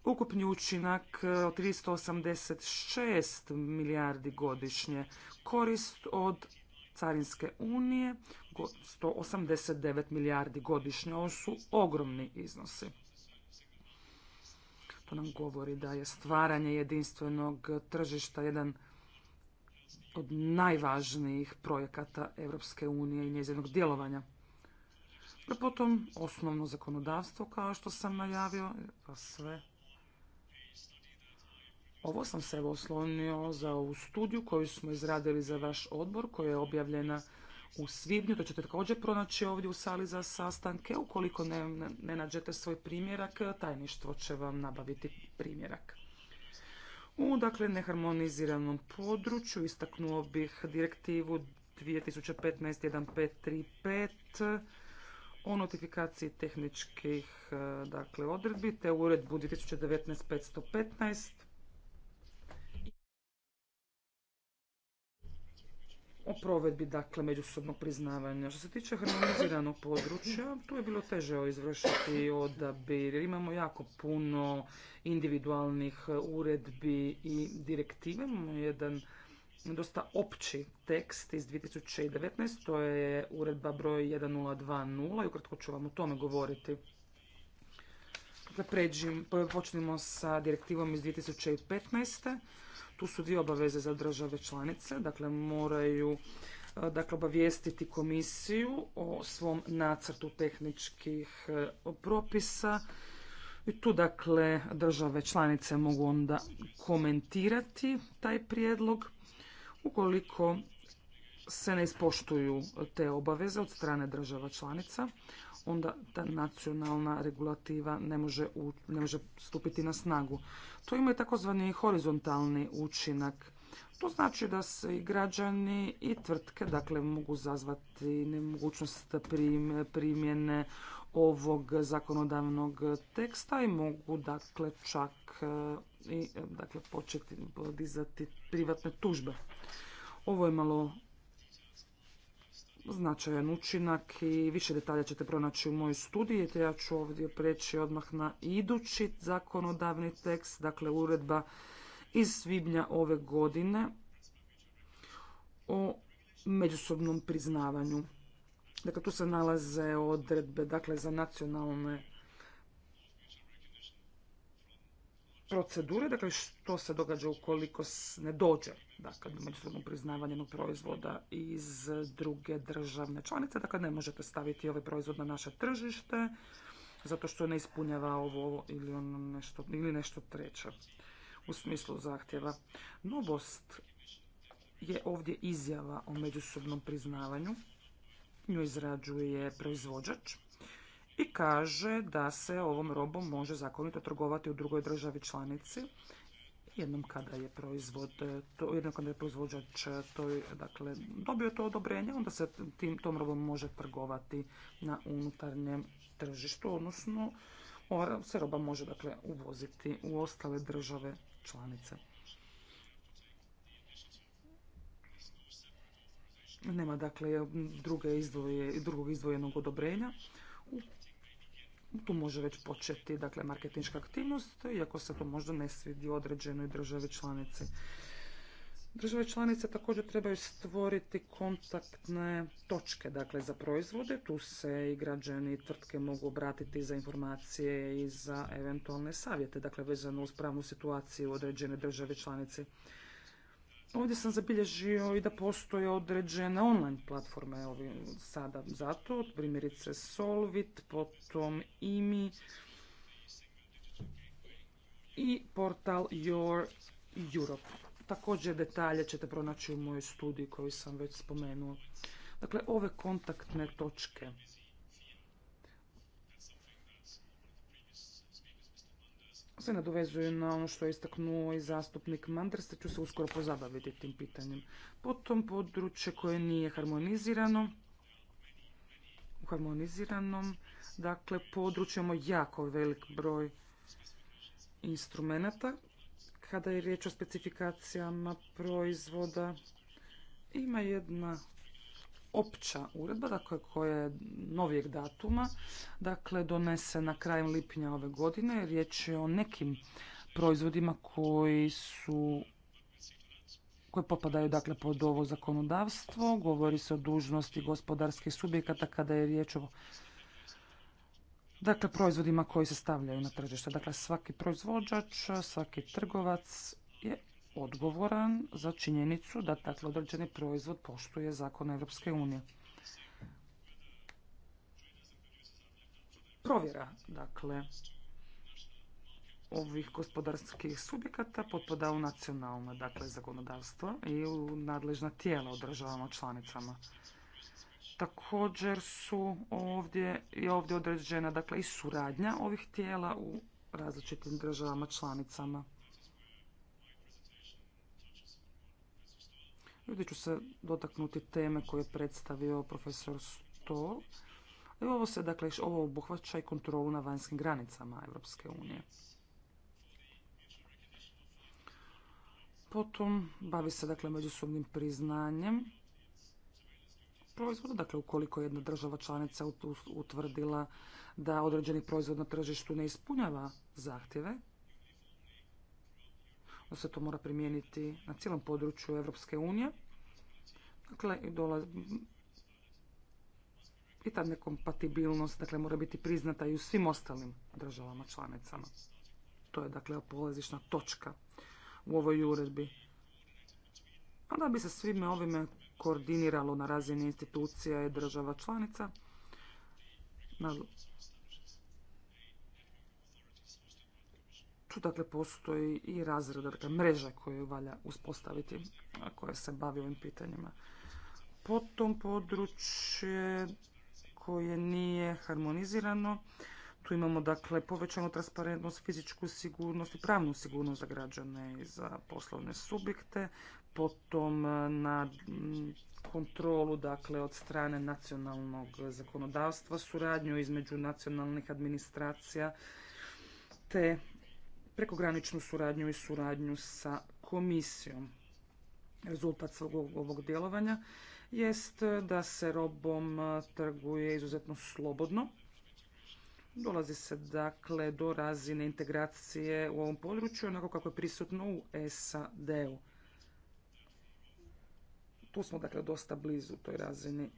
Ukupni učinak 386 e, milijardi godišnje. Korist od Carinske unije 189 milijardi godišnje. Ovo su ogromni iznosi nam govori da je stvaranje jedinstvenog tržišta jedan od najvažnijih projekata Europske unije i njezinog djelovanja. Pa potom osnovno zakonodavstvo, kao što sam najavio, pa sve. Ovo sam se oslonio za ovu studiju koju smo izradili za vaš odbor, koja je objavljena u svibnju, to ćete također pronaći ovdje u sali za sastanke. Ukoliko ne, ne nađete svoj primjerak, tajništvo će vam nabaviti primjerak. U dakle, neharmoniziranom području istaknuo bih direktivu 2015 o notifikaciji tehničkih e, dakle, odredbi te uredbu 2019-515 o provedbi dakle međusobnog priznavanja. Što se tiče harmoniziranog područja, tu je bilo teže izvršiti odabir. Imamo jako puno individualnih uredbi i direktive. Imamo jedan dosta opći tekst iz 2019. To je uredba broj 1020 i ukratko ću vam o tome govoriti. da dakle, počnemo sa direktivom iz 2015 tu su dvije obaveze za države članice, dakle moraju e, dakle, obavijestiti komisiju o svom nacrtu tehničkih e, propisa i tu dakle države članice mogu onda komentirati taj prijedlog ukoliko se ne ispoštuju te obaveze od strane država članica onda ta nacionalna regulativa ne može, ne može stupiti na snagu. To ima takozvani horizontalni učinak. To znači da se i građani i tvrtke dakle, mogu zazvati nemogućnost primjene ovog zakonodavnog teksta i mogu dakle čak eh, i eh, dakle početi podizati privatne tužbe. Ovo je malo značajan učinak i više detalja ćete pronaći u mojoj studiji. Te ja ću ovdje preći odmah na idući zakonodavni tekst, dakle uredba iz svibnja ove godine o međusobnom priznavanju. Dakle, tu se nalaze odredbe dakle, za nacionalne procedure, dakle što se događa ukoliko ne dođe dakle, do međusobnog priznavanja proizvoda iz druge državne članice, dakle ne možete staviti ovaj proizvod na naše tržište zato što ne ispunjava ovo, ovo ili ono nešto, ili nešto treće u smislu zahtjeva. Novost je ovdje izjava o međusobnom priznavanju. Nju izrađuje proizvođač i kaže da se ovom robom može zakonito trgovati u drugoj državi članici jednom kada je proizvod, to, jednom kada je proizvođač to, dakle, dobio to odobrenje, onda se tim, tom robom može trgovati na unutarnjem tržištu, odnosno se roba može dakle, uvoziti u ostale države članice. Nema dakle druge izdvoje, drugog izdvojenog odobrenja. U tu može već početi dakle, marketinška aktivnost, iako se to možda ne svidi određenoj državi članici. Države članice također trebaju stvoriti kontaktne točke dakle, za proizvode. Tu se i građani i tvrtke mogu obratiti za informacije i za eventualne savjete, dakle vezano uz pravnu situaciju određene države članice. Ovdje sam zabilježio i da postoje određene online platforme ovi sada zato, primjerice Solvit, potom IMI i portal Your Europe. Također detalje ćete pronaći u mojoj studiji koju sam već spomenuo. Dakle, ove kontaktne točke se nadovezuje na ono što je istaknuo i zastupnik Manders, ću se uskoro pozabaviti tim pitanjem. Potom područje koje nije harmonizirano, u harmoniziranom, dakle područjemo jako velik broj instrumenata. Kada je riječ o specifikacijama proizvoda, ima jedna opća uredba, dakle koja je novijeg datuma, dakle na krajem lipnja ove godine. Riječ je o nekim proizvodima koji su koje popadaju dakle pod ovo zakonodavstvo. Govori se o dužnosti gospodarskih subjekata kada je riječ o dakle proizvodima koji se stavljaju na tržište. Dakle svaki proizvođač, svaki trgovac odgovoran za činjenicu da dakle, određeni proizvod poštuje zakon Europske unije. Provjera, dakle, ovih gospodarskih subjekata potpada u nacionalno dakle, i u nadležna tijela u državama članicama. Također su ovdje, i ovdje određena dakle, i suradnja ovih tijela u različitim državama članicama. Ljudi ću se dotaknuti teme koje je predstavio profesor Stoll. ovo se, dakle, ovo obuhvaća i kontrolu na vanjskim granicama Europske unije. Potom bavi se, dakle, međusobnim priznanjem proizvoda. Dakle, ukoliko jedna država članica utvrdila da određeni proizvod na tržištu ne ispunjava zahtjeve, se to mora primijeniti na cijelom području Europske unije. Dakle, i ta nekompatibilnost, dakle, mora biti priznata i u svim ostalim državama članicama. To je, dakle, polazišna točka u ovoj uredbi. Onda bi se svime ovime koordiniralo na razini institucija i država članica. tu dakle postoji i razred, dakle mreža koju valja uspostaviti, a koja se bavi ovim pitanjima. Potom područje koje nije harmonizirano, tu imamo dakle povećanu transparentnost, fizičku sigurnost i pravnu sigurnost za građane i za poslovne subjekte, potom eh, na mm, kontrolu dakle od strane nacionalnog zakonodavstva, suradnju između nacionalnih administracija te prekograničnu suradnju i suradnju sa komisijom. Rezultat svog ovog djelovanja jest da se robom trguje izuzetno slobodno. Dolazi se dakle do razine integracije u ovom području, onako kako je prisutno u SAD-u. Tu smo dakle dosta blizu toj razini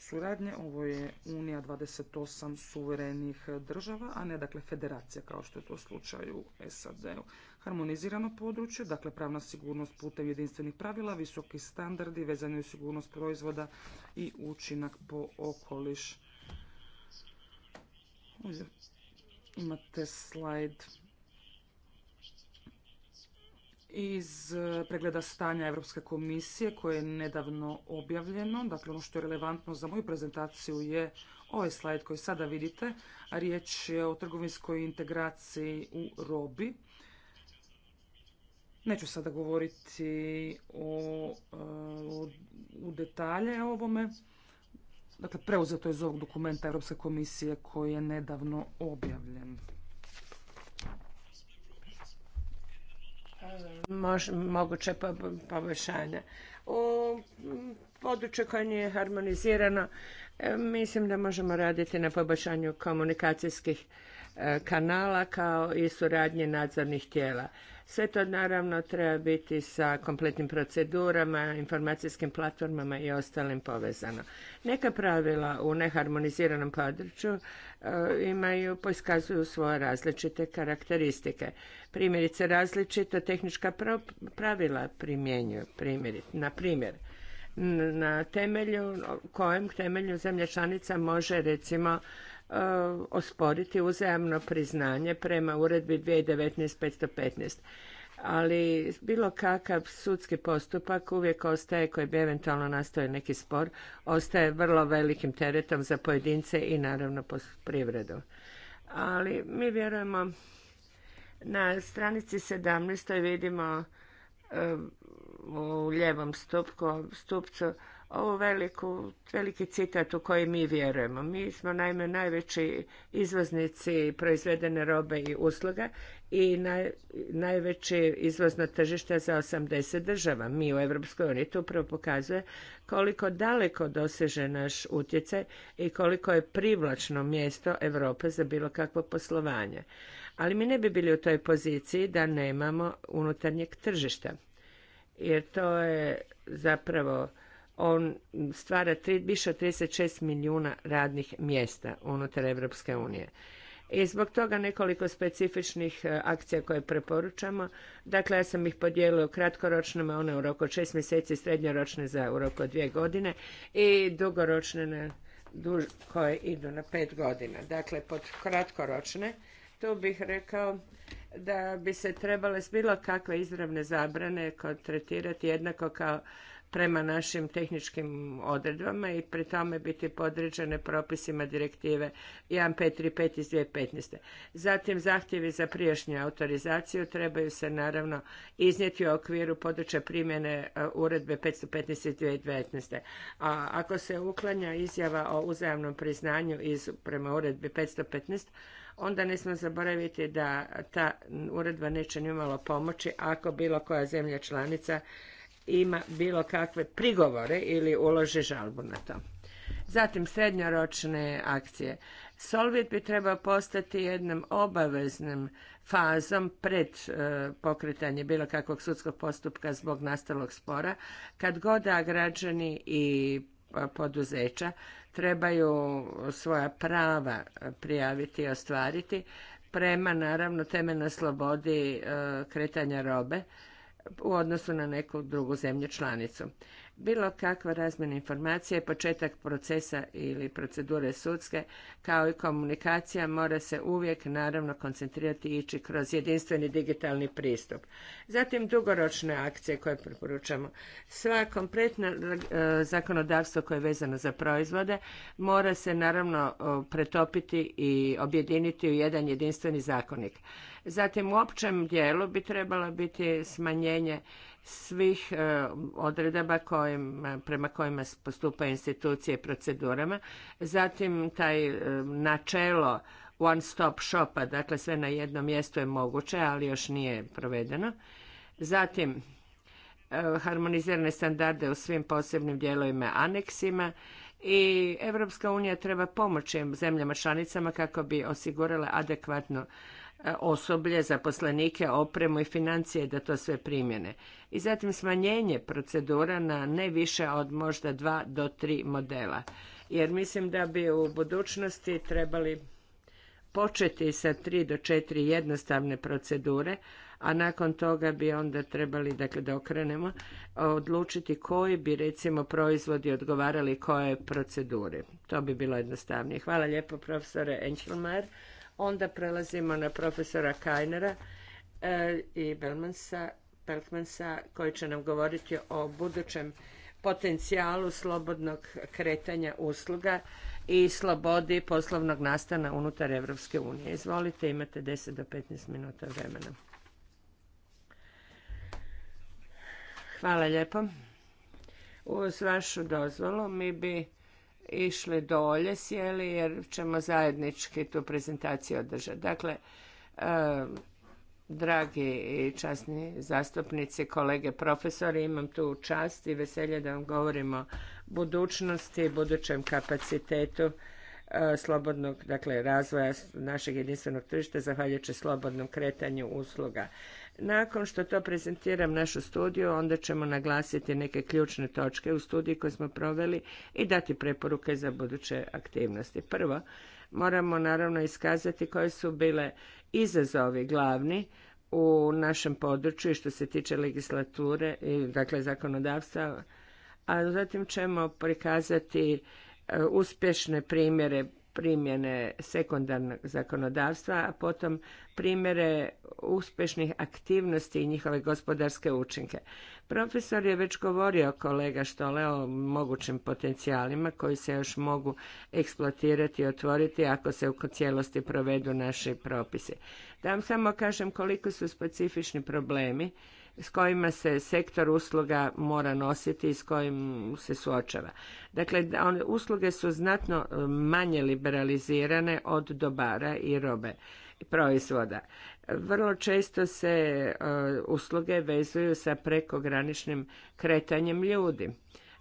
suradnje. Ovo je Unija 28 suverenih država, a ne dakle federacija kao što je to slučaj u SAD-u. Harmonizirano područje, dakle pravna sigurnost putem jedinstvenih pravila, visoki standardi vezani u sigurnost proizvoda i učinak po okoliš. Imate slajd iz eh, pregleda stanja Europske komisije koje je nedavno objavljeno. Dakle, ono što je relevantno za moju prezentaciju je ovaj slajd koji sada vidite. A riječ je o trgovinskoj integraciji u robi. Neću sada govoriti eh, u detalje o ovome. Dakle, preuzeto je iz ovog dokumenta Europske komisije koji je nedavno objavljen. mož, moguće poboljšanja. U području koje nije harmonizirano, e, mislim da možemo raditi na poboljšanju komunikacijskih E, kanala kao i suradnje nadzornih tijela. Sve to naravno treba biti sa kompletnim procedurama, informacijskim platformama i ostalim povezano. Neka pravila u neharmoniziranom području e, imaju, poiskazuju svoje različite karakteristike. Primjerice različita tehnička pravila primjenjuju, na primjer na temelju, kojem temelju zemlja članica može recimo Eh, osporiti uzajamno priznanje prema uredbi 2019-515. Ali bilo kakav sudski postupak uvijek ostaje, koji bi eventualno nastao neki spor, ostaje vrlo velikim teretom za pojedince i naravno privredu. Ali mi vjerujemo na stranici 17. vidimo eh, u ljevom stupku, stupcu ovu veliku, veliki citat u koji mi vjerujemo. Mi smo naime najveći izvoznici proizvedene robe i usluga i naj, najveće izvozno tržište za 80 država. Mi u Europskoj uniji to upravo pokazuje koliko daleko doseže naš utjecaj i koliko je privlačno mjesto Europe za bilo kakvo poslovanje. Ali mi ne bi bili u toj poziciji da nemamo unutarnjeg tržišta. Jer to je zapravo on stvara tri, više od 36 milijuna radnih mjesta unutar Europske unije. I zbog toga nekoliko specifičnih e, akcija koje preporučamo. Dakle, ja sam ih podijelio kratkoročnima, one u roku od šest mjeseci, srednjoročne za u roku od dvije godine i dugoročne na, duž, koje idu na pet godina. Dakle, pod kratkoročne, tu bih rekao da bi se trebale bilo kakve izravne zabrane tretirati jednako kao prema našim tehničkim odredbama i pri tome biti podređene propisima direktive 1535 iz 2015. Zatim zahtjevi za prijašnju autorizaciju trebaju se naravno iznijeti u okviru područja primjene e, uredbe 515 iz 2019. A ako se uklanja izjava o uzajamnom priznanju iz, prema uredbi 515, onda ne smo zaboraviti da ta uredba neće nimalo pomoći ako bilo koja zemlja članica ima bilo kakve prigovore ili uloži žalbu na to. Zatim srednjoročne akcije. Solvit bi trebao postati jednom obaveznom fazom pred e, pokretanje bilo kakvog sudskog postupka zbog nastalog spora, kad god građani i e, poduzeća trebaju svoja prava prijaviti i ostvariti prema naravno temeljnoj slobodi e, kretanja robe u odnosu na neku drugu zemlju članicu bilo kakva razmjena informacija početak procesa ili procedure sudske, kao i komunikacija mora se uvijek naravno koncentrirati i ići kroz jedinstveni digitalni pristup. Zatim dugoročne akcije koje preporučamo. Sva kompletna e, zakonodavstvo koje je vezano za proizvode mora se naravno pretopiti i objediniti u jedan jedinstveni zakonik. Zatim u općem dijelu bi trebalo biti smanjenje svih e, odredaba prema kojima postupaju institucije i procedurama. Zatim taj e, načelo one stop shopa, dakle sve na jednom mjestu je moguće, ali još nije provedeno. Zatim e, harmonizirane standarde u svim posebnim dijelovima aneksima i Europska unija treba pomoći zemljama članicama kako bi osigurala adekvatnu E, osoblje, zaposlenike, opremu i financije da to sve primjene. I zatim smanjenje procedura na ne više od možda dva do tri modela. Jer mislim da bi u budućnosti trebali početi sa tri do četiri jednostavne procedure, a nakon toga bi onda trebali, dakle da okrenemo, odlučiti koji bi recimo proizvodi odgovarali koje procedure. To bi bilo jednostavnije. Hvala lijepo profesore Enčelmar. Onda prelazimo na profesora Kajnera e, i Belmansa, koji će nam govoriti o budućem potencijalu slobodnog kretanja usluga i slobodi poslovnog nastana unutar Evropske unije. Izvolite, imate 10 do 15 minuta vremena. Hvala lijepo. Uz vašu dozvolu mi bi išli dolje, sjeli jer ćemo zajednički tu prezentaciju održati. Dakle, dragi i časni zastupnici, kolege, profesori, imam tu čast i veselje da vam govorimo o budućnosti, budućem kapacitetu e, slobodnog, dakle razvoja našeg jedinstvenog tržišta zahvaljujući slobodnom kretanju usluga. Nakon što to prezentiram našu studiju, onda ćemo naglasiti neke ključne točke u studiji koje smo proveli i dati preporuke za buduće aktivnosti. Prvo, moramo naravno iskazati koje su bile izazovi glavni u našem području i što se tiče legislature, dakle zakonodavstva, a zatim ćemo prikazati e, uspješne primjere primjene sekundarnog zakonodavstva, a potom primjere uspješnih aktivnosti i njihove gospodarske učinke. Profesor je već govorio kolega Štole o mogućim potencijalima koji se još mogu eksploatirati i otvoriti ako se u cijelosti provedu naši propisi. Da vam samo kažem koliko su specifični problemi s kojima se sektor usluga mora nositi i s kojim se suočava. Dakle, usluge su znatno e, manje liberalizirane od dobara i robe proizvoda. Vrlo često se e, usluge vezuju sa prekograničnim kretanjem ljudi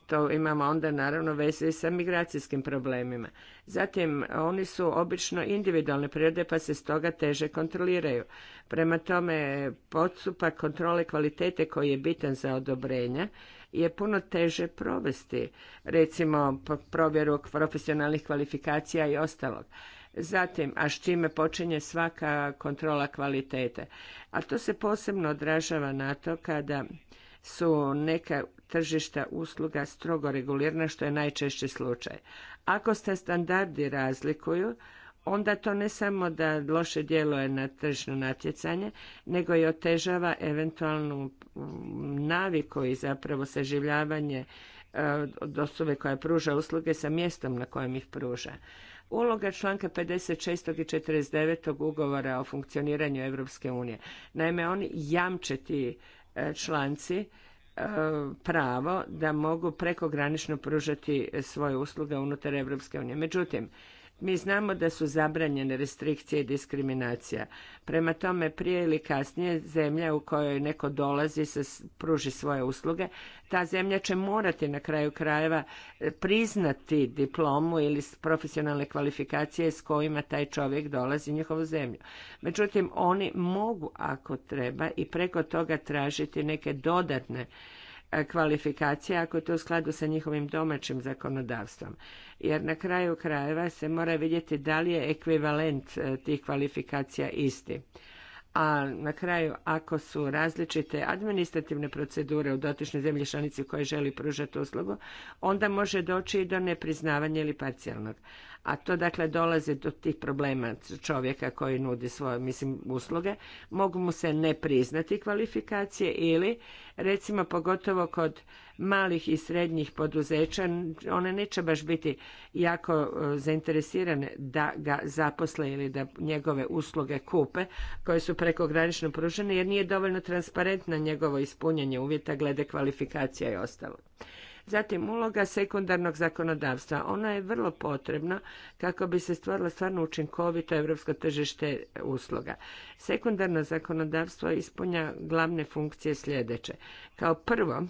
to imamo onda naravno veze i sa migracijskim problemima. Zatim, oni su obično individualne prirode pa se stoga teže kontroliraju. Prema tome, podsupak kontrole kvalitete koji je bitan za odobrenja je puno teže provesti, recimo provjeru profesionalnih kvalifikacija i ostalog. Zatim, a s čime počinje svaka kontrola kvalitete. A to se posebno odražava na to kada su neka tržišta usluga strogo regulirana, što je najčešći slučaj. Ako se standardi razlikuju, onda to ne samo da loše djeluje na tržno natjecanje, nego i otežava eventualnu mm, naviku i zapravo saživljavanje e, od osobe koja pruža usluge sa mjestom na kojem ih pruža. Uloga članka 56. i 49. ugovora o funkcioniranju Europske unije. Naime, oni jamče ti e, članci pravo da mogu prekogranično pružati svoje usluge unutar Europske unije. Međutim, mi znamo da su zabranjene restrikcije i diskriminacija. Prema tome, prije ili kasnije zemlja u kojoj neko dolazi se pruži svoje usluge, ta zemlja će morati na kraju krajeva e, priznati diplomu ili profesionalne kvalifikacije s kojima taj čovjek dolazi u njihovu zemlju. Međutim, oni mogu ako treba i preko toga tražiti neke dodatne kvalifikacija ako je to u skladu sa njihovim domaćim zakonodavstvom. Jer na kraju krajeva se mora vidjeti da li je ekvivalent e, tih kvalifikacija isti. A na kraju, ako su različite administrativne procedure u dotičnoj zemlji članici koja želi pružati uslugu, onda može doći i do nepriznavanja ili parcijalnog a to dakle dolazi do tih problema čovjeka koji nudi svoje, mislim, usluge, mogu mu se ne priznati kvalifikacije ili, recimo, pogotovo kod malih i srednjih poduzeća, one neće baš biti jako e, zainteresirane da ga zaposle ili da njegove usluge kupe koje su prekogranično pružene jer nije dovoljno transparentno njegovo ispunjanje uvjeta glede kvalifikacija i ostalo. Zatim uloga sekundarnog zakonodavstva. Ona je vrlo potrebna kako bi se stvorila stvarno učinkovito europsko tržište usluga. Sekundarno zakonodavstvo ispunja glavne funkcije sljedeće. Kao prvo,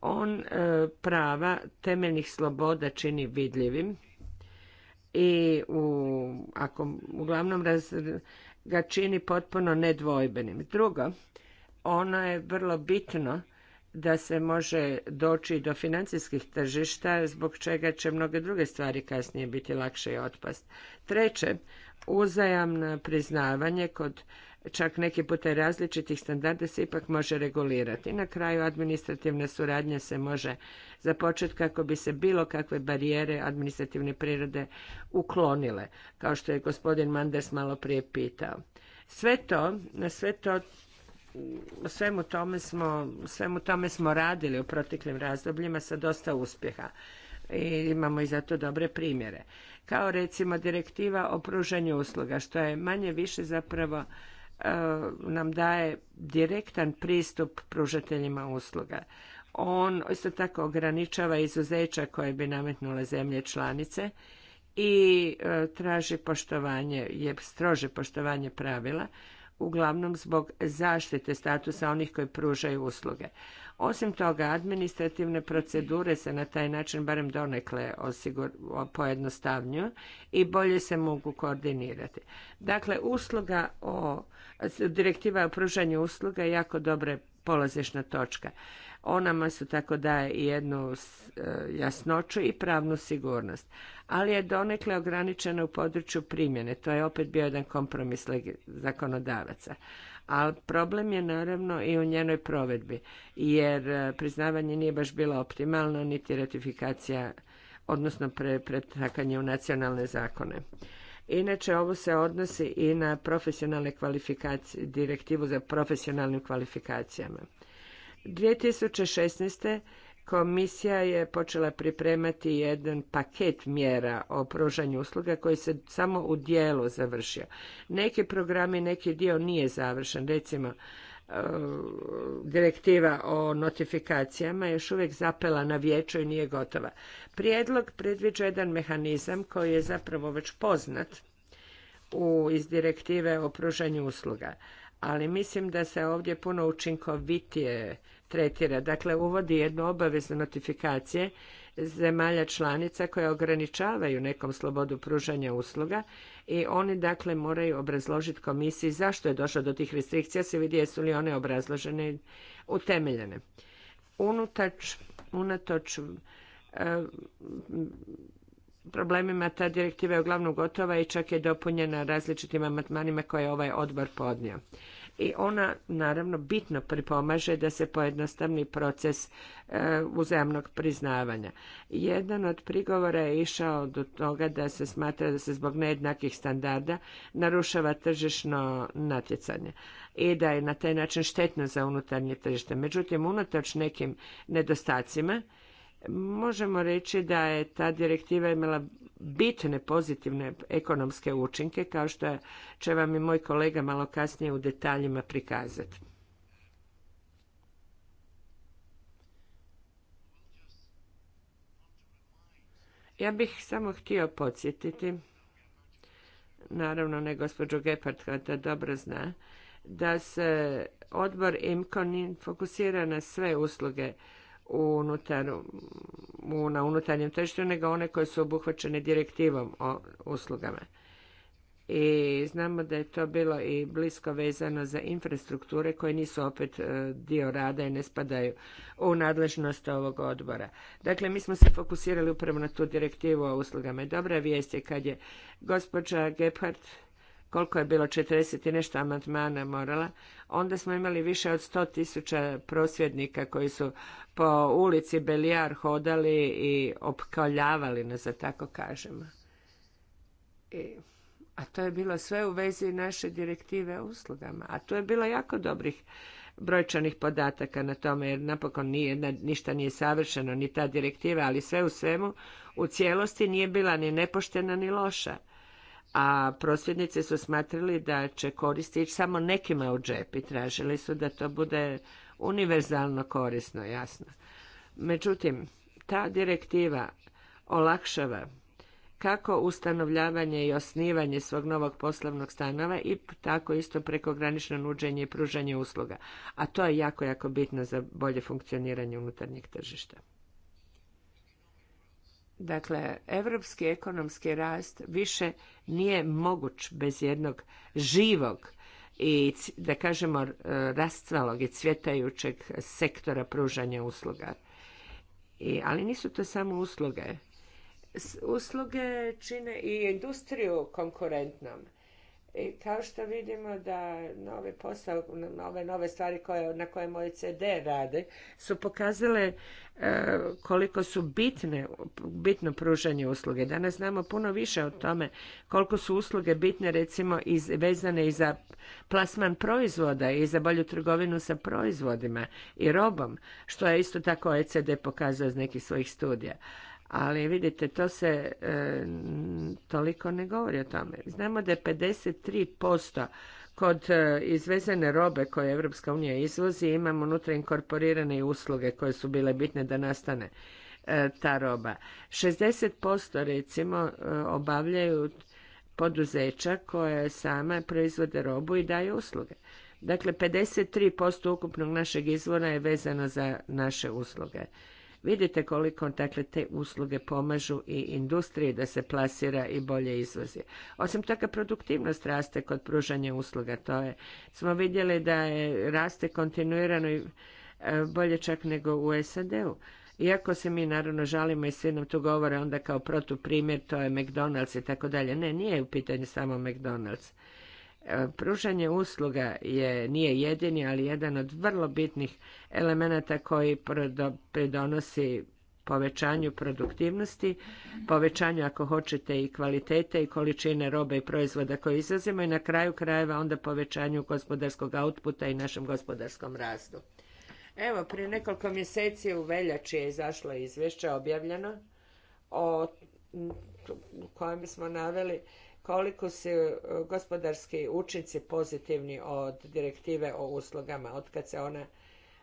on e, prava temeljnih sloboda čini vidljivim i u, ako uglavnom raz, ga čini potpuno nedvojbenim. Drugo, ono je vrlo bitno da se može doći do financijskih tržišta zbog čega će mnoge druge stvari kasnije biti lakše i otpast. Treće, uzajamno priznavanje kod čak neki puta različitih standarda se ipak može regulirati. Na kraju administrativna suradnja se može započeti kako bi se bilo kakve barijere administrativne prirode uklonile, kao što je gospodin Manders malo prije pitao. Sve to, na sve to svemu tome smo, svemu tome smo radili u proteklim razdobljima sa dosta uspjeha i imamo i zato dobre primjere. Kao recimo direktiva o pružanju usluga, što je manje više zapravo e, nam daje direktan pristup pružateljima usluga. On isto tako ograničava izuzeća koje bi nametnule zemlje članice i e, traži poštovanje, je strože poštovanje pravila uglavnom zbog zaštite statusa onih koji pružaju usluge. Osim toga, administrativne procedure se na taj način barem donekle pojednostavnju i bolje se mogu koordinirati. Dakle, usluga o, direktiva o pružanju usluga je jako dobra polazišna točka. Ona su tako daje i jednu e, jasnoću i pravnu sigurnost ali je donekle ograničena u području primjene. To je opet bio jedan kompromis zakonodavaca. A problem je naravno i u njenoj provedbi, jer e, priznavanje nije baš bilo optimalno, niti ratifikacija, odnosno pre, pretakanje u nacionalne zakone. Inače, ovo se odnosi i na profesionalne kvalifikacije, direktivu za profesionalnim kvalifikacijama. 2016. Komisija je počela pripremati jedan paket mjera o pružanju usluga koji se samo u dijelu završio. Neki programi, neki dio nije završen. Recimo, e, direktiva o notifikacijama još uvijek zapela na vijeću i nije gotova. Prijedlog predviđa jedan mehanizam koji je zapravo već poznat u, iz direktive o pružanju usluga. Ali mislim da se ovdje puno učinkovitije tretira. Dakle, uvodi jednu obaveznu notifikacije zemalja članica koje ograničavaju nekom slobodu pružanja usluga i oni dakle moraju obrazložiti komisiji zašto je došlo do tih restrikcija, se vidi jesu li one obrazložene i utemeljene. Unutač, unatoč e, problemima ta direktiva je uglavnom gotova i čak je dopunjena različitim amatmanima koje je ovaj odbor podnio i ona naravno bitno pripomaže da se pojednostavni proces e, uzajamnog priznavanja. Jedan od prigovora je išao do toga da se smatra da se zbog nejednakih standarda narušava tržišno natjecanje i da je na taj način štetno za unutarnje tržište. Međutim, unatoč nekim nedostacima Možemo reći da je ta direktiva imala bitne pozitivne ekonomske učinke, kao što će vam i moj kolega malo kasnije u detaljima prikazati. Ja bih samo htio podsjetiti, naravno ne gospođu Gepard kada dobro zna, da se odbor Imkonin fokusira na sve usluge unutar, na unutarnjem tržištu, nego one koje su obuhvaćene direktivom o uslugama. I znamo da je to bilo i blisko vezano za infrastrukture koje nisu opet e, dio rada i ne spadaju u nadležnost ovog odbora. Dakle, mi smo se fokusirali upravo na tu direktivu o uslugama. dobra vijest je kad je gospođa Gebhardt koliko je bilo 40 i nešto amandmana morala onda smo imali više od sto tisuća prosvjednika koji su po ulici Belijar hodali i opkaljavali nas, da tako kažemo. I, a to je bilo sve u vezi naše direktive o uslugama. A tu je bilo jako dobrih brojčanih podataka na tome, jer napokon ništa nije savršeno, ni ta direktiva, ali sve u svemu, u cijelosti nije bila ni nepoštena ni loša a prosvjednici su smatrali da će koristi ići samo nekima u džep i tražili su da to bude univerzalno korisno, jasno. Međutim, ta direktiva olakšava kako ustanovljavanje i osnivanje svog novog poslovnog stanova i tako isto prekogranično nuđenje i pružanje usluga. A to je jako, jako bitno za bolje funkcioniranje unutarnjeg tržišta. Dakle, evropski ekonomski rast više nije moguć bez jednog živog i da kažemo rastvalog i cvjetajućeg sektora pružanja usluga. I, ali nisu to samo usluge. Usluge čine i industriju konkurentnom. I kao što vidimo da nove posao, nove, nove stvari koje, na moje cd rade su pokazale e, koliko su bitne, bitno pružanje usluge. Danas znamo puno više o tome koliko su usluge bitne recimo iz, vezane i za plasman proizvoda i za bolju trgovinu sa proizvodima i robom, što je isto tako OECD pokazao iz nekih svojih studija ali vidite, to se e, toliko ne govori o tome. Znamo da je 53% kod e, izvezene robe koje Evropska unija izvozi imamo unutra inkorporirane usluge koje su bile bitne da nastane e, ta roba. 60% recimo obavljaju poduzeća koje sama proizvode robu i daju usluge. Dakle, 53% ukupnog našeg izvora je vezano za naše usluge. Vidite koliko dakle, te usluge pomažu i industriji da se plasira i bolje izvozi. Osim toga, produktivnost raste kod pružanja usluga. To je, smo vidjeli da je raste kontinuirano i e, bolje čak nego u SAD-u. Iako se mi naravno žalimo i svi nam tu govore onda kao protuprimjer, to je McDonald's i tako dalje. Ne, nije u pitanju samo McDonald's. Pružanje usluga je, nije jedini, ali jedan od vrlo bitnih elemenata koji pridonosi povećanju produktivnosti, povećanju ako hoćete i kvalitete i količine robe i proizvoda koje izvozimo i na kraju krajeva onda povećanju gospodarskog outputa i našem gospodarskom rastu. Evo, prije nekoliko mjeseci u veljači je izašlo izvješće objavljeno o kojem smo naveli koliko su e, gospodarski učinci pozitivni od direktive o uslugama od kad se ona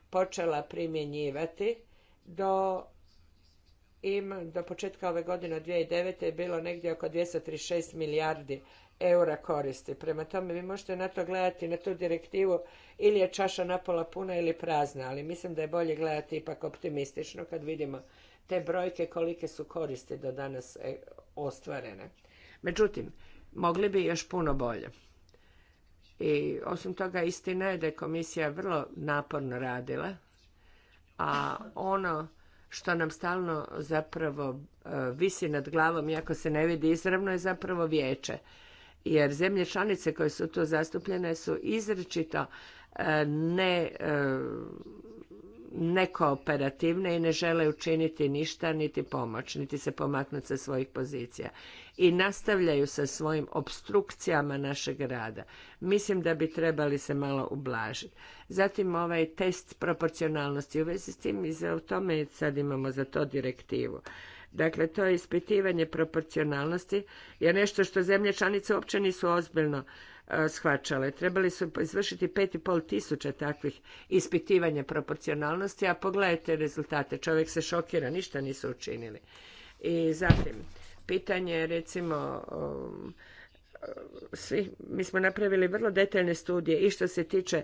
počela primjenjivati do, im, do početka ove godine 2009. je bilo negdje oko 236 milijardi eura koristi. Prema tome vi možete na to gledati, na tu direktivu ili je čaša napola puna ili prazna, ali mislim da je bolje gledati ipak optimistično kad vidimo te brojke kolike su koristi do danas e, ostvarene. Međutim, mogli bi još puno bolje. I osim toga istina je da je komisija vrlo naporno radila, a ono što nam stalno zapravo e, visi nad glavom, iako se ne vidi izravno, je zapravo vijeće. Jer zemlje članice koje su tu zastupljene su izričito e, ne e, nekooperativne i ne žele učiniti ništa, niti pomoć, niti se pomaknuti sa svojih pozicija. I nastavljaju sa svojim obstrukcijama našeg rada. Mislim da bi trebali se malo ublažiti. Zatim ovaj test proporcionalnosti u vezi s tim i za tome sad imamo za to direktivu. Dakle, to je ispitivanje proporcionalnosti je nešto što zemlje članice uopće nisu ozbiljno E, shvaćale. Trebali su izvršiti pol tisuća takvih ispitivanja proporcionalnosti, a pogledajte rezultate. Čovjek se šokira, ništa nisu učinili. I zatim, pitanje recimo um, svi, mi smo napravili vrlo detaljne studije i što se tiče e,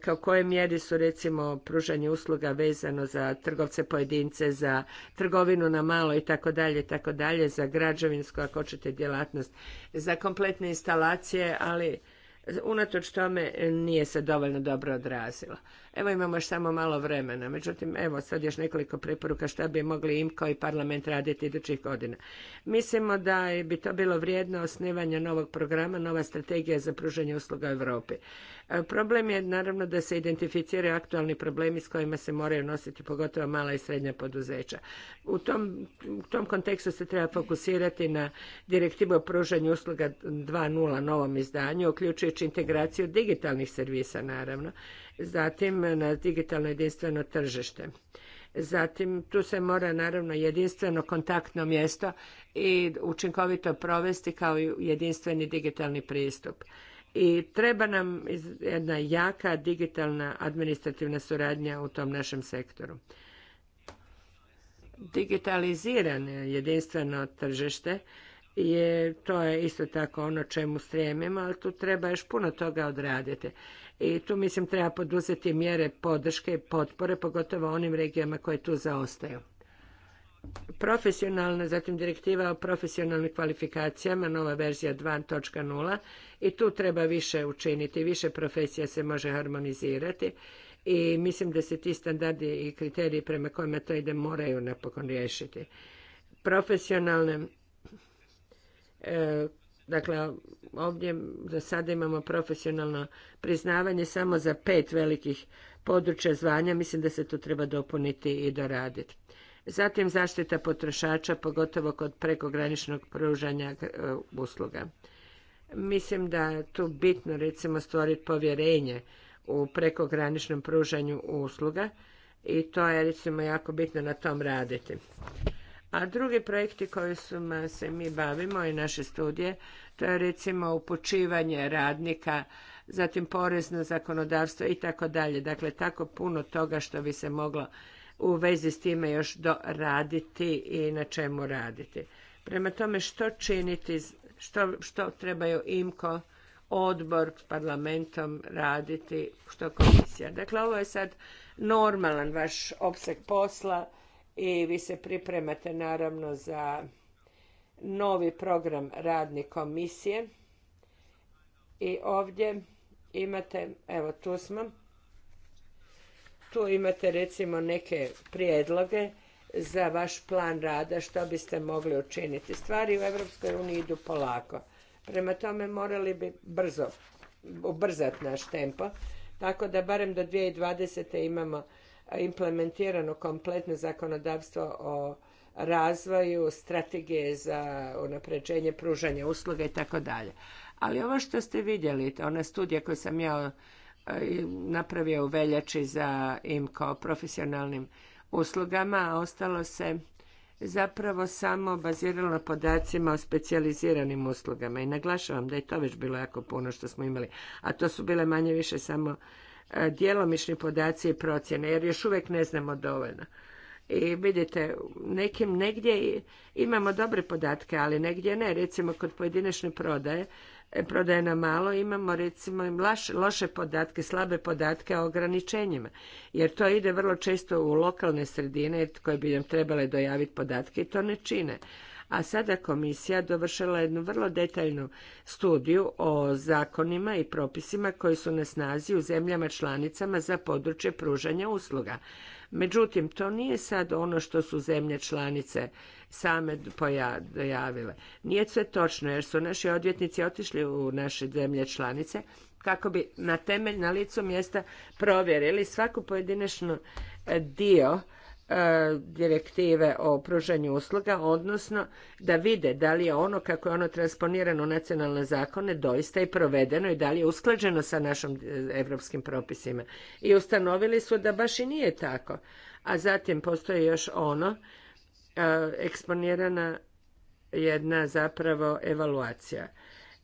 kao koje mjeri su recimo pružanje usluga vezano za trgovce pojedince, za trgovinu na malo i tako dalje, tako dalje, za građevinsku ako hoćete djelatnost, za kompletne instalacije, ali unatoč tome nije se dovoljno dobro odrazila. Evo imamo još samo malo vremena, međutim evo sad još nekoliko preporuka šta bi mogli im koji parlament raditi idućih godina. Mislimo da bi to bilo vrijedno osnivanje novog programa, nova strategija za pružanje usluga u Europi. E, problem je naravno da se identificiraju aktualni problemi s kojima se moraju nositi pogotovo mala i srednja poduzeća. U tom, u tom kontekstu se treba fokusirati na direktivu o pružanju usluga 2.0 novom izdanju, uključujući integraciju digitalnih servisa naravno, zatim na digitalno jedinstveno tržište. Zatim tu se mora naravno jedinstveno kontaktno mjesto i učinkovito provesti kao jedinstveni digitalni pristup. I treba nam jedna jaka digitalna administrativna suradnja u tom našem sektoru. Digitalizirano jedinstveno tržište je, to je isto tako ono čemu stremimo, ali tu treba još puno toga odraditi. I tu mislim treba poduzeti mjere podrške i potpore, pogotovo onim regijama koje tu zaostaju. Profesionalna, zatim direktiva o profesionalnim kvalifikacijama, nova verzija 2.0 i tu treba više učiniti, više profesija se može harmonizirati i mislim da se ti standardi i kriteriji prema kojima to ide moraju napokon riješiti. Profesionalne E, dakle, ovdje za sada imamo profesionalno priznavanje samo za pet velikih područja zvanja. Mislim da se to treba dopuniti i doraditi. Zatim zaštita potrošača, pogotovo kod prekograničnog pružanja e, usluga. Mislim da je tu bitno recimo stvoriti povjerenje u prekograničnom pružanju usluga i to je recimo jako bitno na tom raditi. A drugi projekti koji su se mi bavimo i naše studije, to je recimo upućivanje radnika, zatim porezno zakonodavstvo i tako dalje. Dakle, tako puno toga što bi se moglo u vezi s time još doraditi i na čemu raditi. Prema tome što činiti, što, što trebaju IMKO, odbor s parlamentom raditi, što komisija. Dakle, ovo je sad normalan vaš opseg posla i vi se pripremate naravno za novi program radne komisije i ovdje imate, evo tu smo, tu imate recimo neke prijedloge za vaš plan rada, što biste mogli učiniti. Stvari u Europskoj uniji idu polako. Prema tome morali bi brzo ubrzati naš tempo, tako da barem do 2020. imamo implementirano kompletno zakonodavstvo o razvoju, strategije za unapređenje pružanja usluga i tako dalje. Ali ovo što ste vidjeli, ona studija koju sam ja e, napravio u veljači za kao profesionalnim uslugama, a ostalo se zapravo samo baziralo na podacima o specijaliziranim uslugama. I naglašavam da je to već bilo jako puno što smo imali, a to su bile manje više samo E, djelomični podaci i procjene, jer još uvijek ne znamo dovoljno. I vidite, nekim negdje imamo dobre podatke, ali negdje ne. Recimo, kod pojedinačne prodaje, e, prodaje na malo, imamo recimo loše podatke, slabe podatke o ograničenjima. Jer to ide vrlo često u lokalne sredine koje bi nam trebale dojaviti podatke i to ne čine a sada komisija dovršila jednu vrlo detaljnu studiju o zakonima i propisima koji su na snazi u zemljama članicama za područje pružanja usluga. Međutim, to nije sad ono što su zemlje članice same pojavile. Nije sve točno jer su naši odvjetnici otišli u naše zemlje članice kako bi na temelj, na licu mjesta provjerili svaku pojedinačnu e, dio E, direktive o pružanju usluga, odnosno da vide da li je ono kako je ono transponirano u nacionalne zakone doista i provedeno i da li je usklađeno sa našim e, evropskim propisima. I ustanovili su da baš i nije tako. A zatim postoji još ono, e, eksponirana jedna zapravo evaluacija.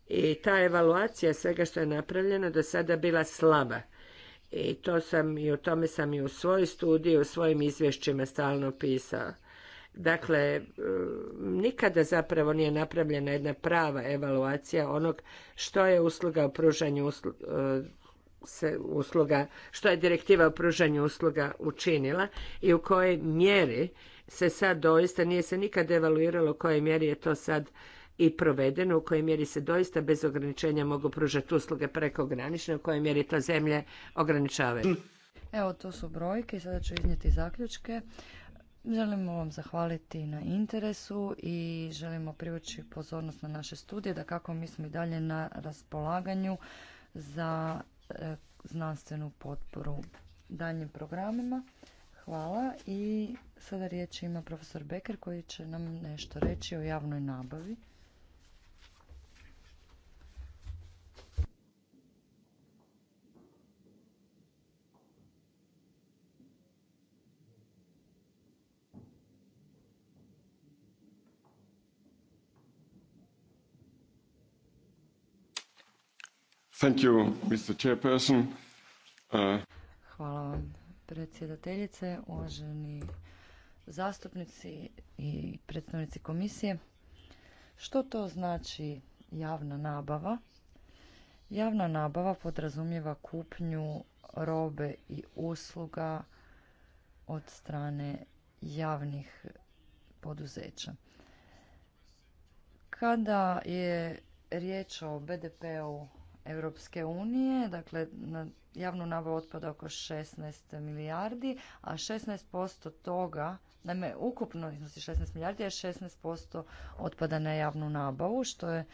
I ta evaluacija svega što je napravljeno do sada bila slaba i to sam i o tome sam i u svojoj studiji, u svojim izvješćima stalno pisao. Dakle, e, nikada zapravo nije napravljena jedna prava evaluacija onog što je usluga o pružanju e, usluga, što je direktiva o pružanju usluga učinila i u kojoj mjeri se sad doista, nije se nikad evaluiralo u kojoj mjeri je to sad i provedeno, u kojoj mjeri se doista bez ograničenja mogu pružati usluge prekogranične, u kojoj mjeri to zemlje ograničavaju. Evo, to su brojke i sada ću iznijeti zaključke. Želimo vam zahvaliti na interesu i želimo privući pozornost na naše studije, da kako mi smo i dalje na raspolaganju za e, znanstvenu potporu daljnjim programima. Hvala i sada riječ ima profesor Becker koji će nam nešto reći o javnoj nabavi. Uh, Hvala vam, predsjedateljice, uvaženi zastupnici i predstavnici komisije. Što to znači javna nabava? Javna nabava podrazumijeva kupnju robe i usluga od strane javnih poduzeća. Kada je riječ o BDP-u Europske unije, dakle na javnu nabavu otpada oko 16 milijardi, a 16% toga, naime ukupno iznosi 16 milijardi, a 16% otpada na javnu nabavu, što je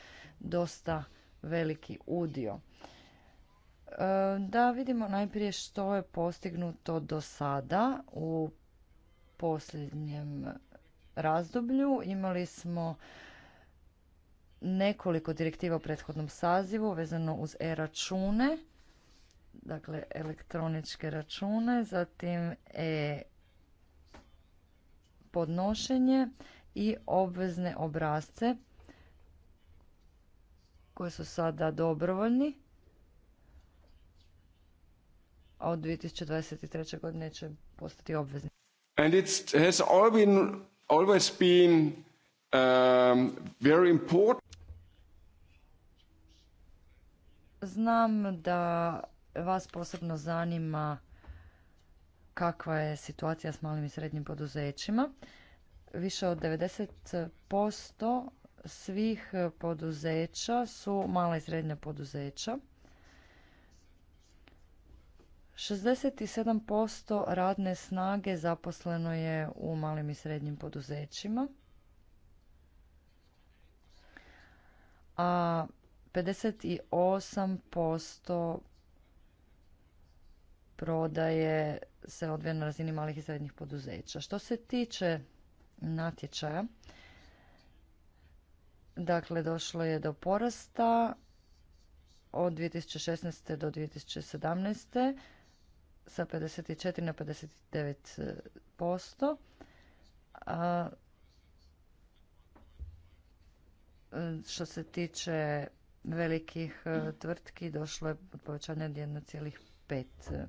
dosta veliki udio. E, da vidimo najprije što je postignuto do sada u posljednjem razdoblju. Imali smo nekoliko direktiva u prethodnom sazivu vezano uz e-račune, dakle elektroničke račune, zatim e-podnošenje i obvezne obrazce koji su sada dobrovoljni. A od 2023. godine će postati obvezni. And it has always been um, very important Znam da vas posebno zanima kakva je situacija s malim i srednjim poduzećima. Više od 90% svih poduzeća su mala i srednja poduzeća. 67% radne snage zaposleno je u malim i srednjim poduzećima. A 58% prodaje se odvija na razini malih i srednjih poduzeća. Što se tiče natječaja, dakle došlo je do porasta od 2016. do 2017. sa 54 na 59%. posto e, što se tiče velikih e, tvrtki došlo je od povećanja od 1,5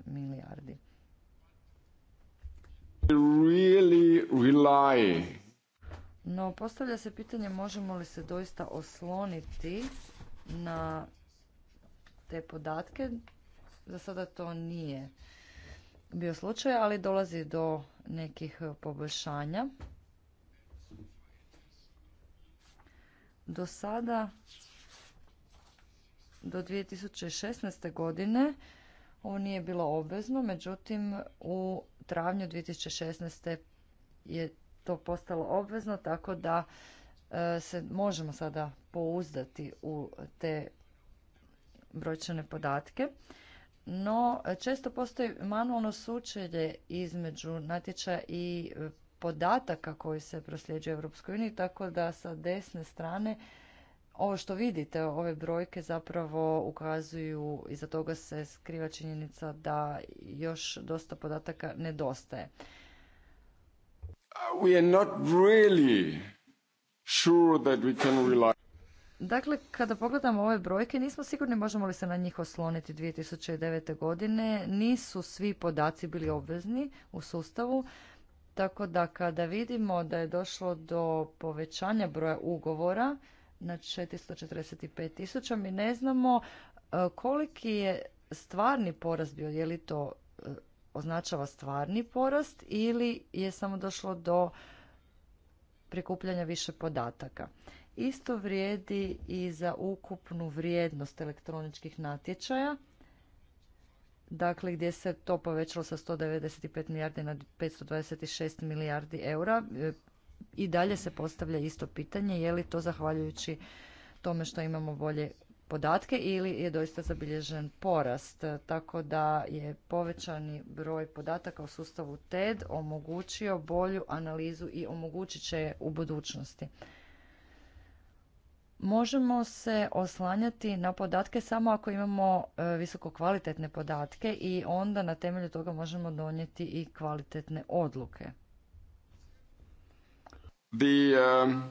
milijardi. No, postavlja se pitanje možemo li se doista osloniti na te podatke. Za sada to nije bio slučaj, ali dolazi do nekih poboljšanja. Do sada do 2016. godine ovo nije bilo obvezno, međutim u travnju 2016. je to postalo obvezno, tako da e, se možemo sada pouzdati u te brojčane podatke. No, često postoji manualno sučelje između natječaja i podataka koji se prosljeđuje Europskoj uniji, tako da sa desne strane ovo što vidite, ove brojke zapravo ukazuju, i za toga se skriva činjenica da još dosta podataka nedostaje. Uh, we are not really sure that we can rely. Dakle, kada pogledamo ove brojke, nismo sigurni možemo li se na njih osloniti 2009. godine. Nisu svi podaci bili obvezni u sustavu, tako da kada vidimo da je došlo do povećanja broja ugovora, na 445 tisuća. Mi ne znamo e, koliki je stvarni porast bio, je li to e, označava stvarni porast ili je samo došlo do prikupljanja više podataka. Isto vrijedi i za ukupnu vrijednost elektroničkih natječaja, dakle gdje se to povećalo sa 195 milijardi na 526 milijardi eura. E, i dalje se postavlja isto pitanje je li to zahvaljujući tome što imamo bolje podatke ili je doista zabilježen porast. Tako da je povećani broj podataka u sustavu TED omogućio bolju analizu i omogućit će je u budućnosti. Možemo se oslanjati na podatke samo ako imamo e, visoko kvalitetne podatke i onda na temelju toga možemo donijeti i kvalitetne odluke. Um,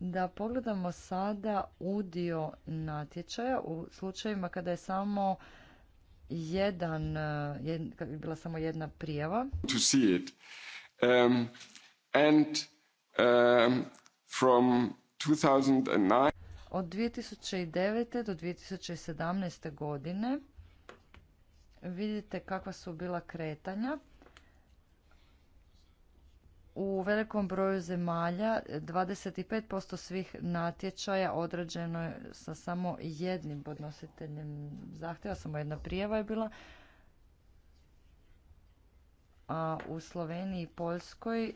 da pogledamo sada udio natječaja u slučajevima kada je samo jedan, uh, kada je bila samo jedna prijava. To see it. Um, and um, from 2009 od 2009. do 2017. godine vidite kakva su bila kretanja. U velikom broju zemalja 25% eh, svih natječaja odrađeno je sa samo jednim podnositeljem zahtjeva, samo jedna prijava je bila. A u Sloveniji i Poljskoj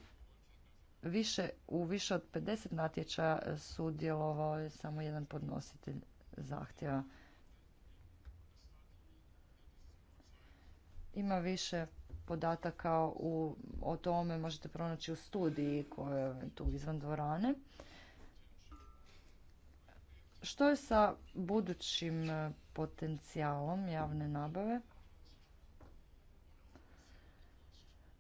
u više od 50 natječaja eh, sudjelovao je samo jedan podnositelj zahtjeva. Ima više podataka u, o tome možete pronaći u studiji koja je tu izvan dvorane. Što je sa budućim e, potencijalom javne nabave?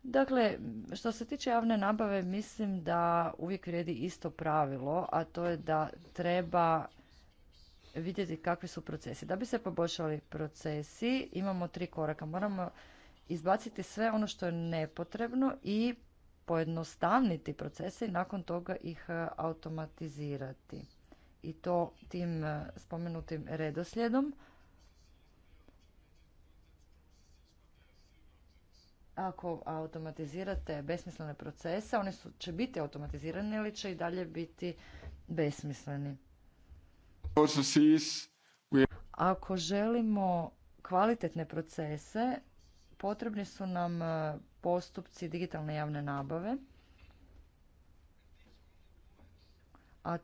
Dakle, što se tiče javne nabave, mislim da uvijek vrijedi isto pravilo, a to je da treba vidjeti kakvi su procesi. Da bi se poboljšali procesi, imamo tri koraka. Moramo izbaciti sve ono što je nepotrebno i pojednostavniti procese i nakon toga ih e, automatizirati. I to tim e, spomenutim redoslijedom. Ako automatizirate besmislene procese, oni su, će biti automatizirani ili će i dalje biti besmisleni. Ako želimo kvalitetne procese, Potrebni su nam e, postupci digitalne javne nabave, a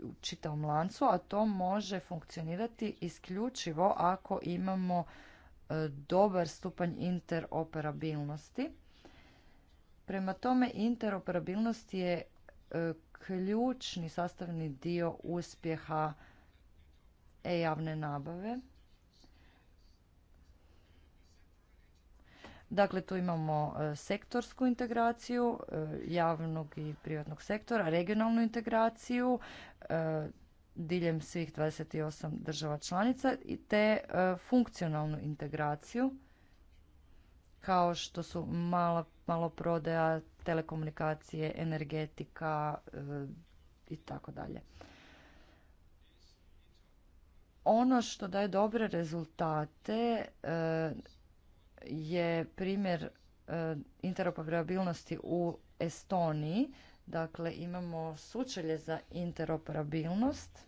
u čitavom lancu, a to može funkcionirati isključivo ako imamo e, dobar stupanj interoperabilnosti. Prema tome, interoperabilnost je e, ključni sastavni dio uspjeha e-javne nabave. Dakle, tu imamo e, sektorsku integraciju e, javnog i privatnog sektora, regionalnu integraciju e, diljem svih 28 država članica i te funkcionalnu integraciju kao što su malo prodaja, telekomunikacije, energetika i tako dalje. Ono što daje dobre rezultate je primjer e, interoperabilnosti u Estoniji. Dakle, imamo sučelje za interoperabilnost.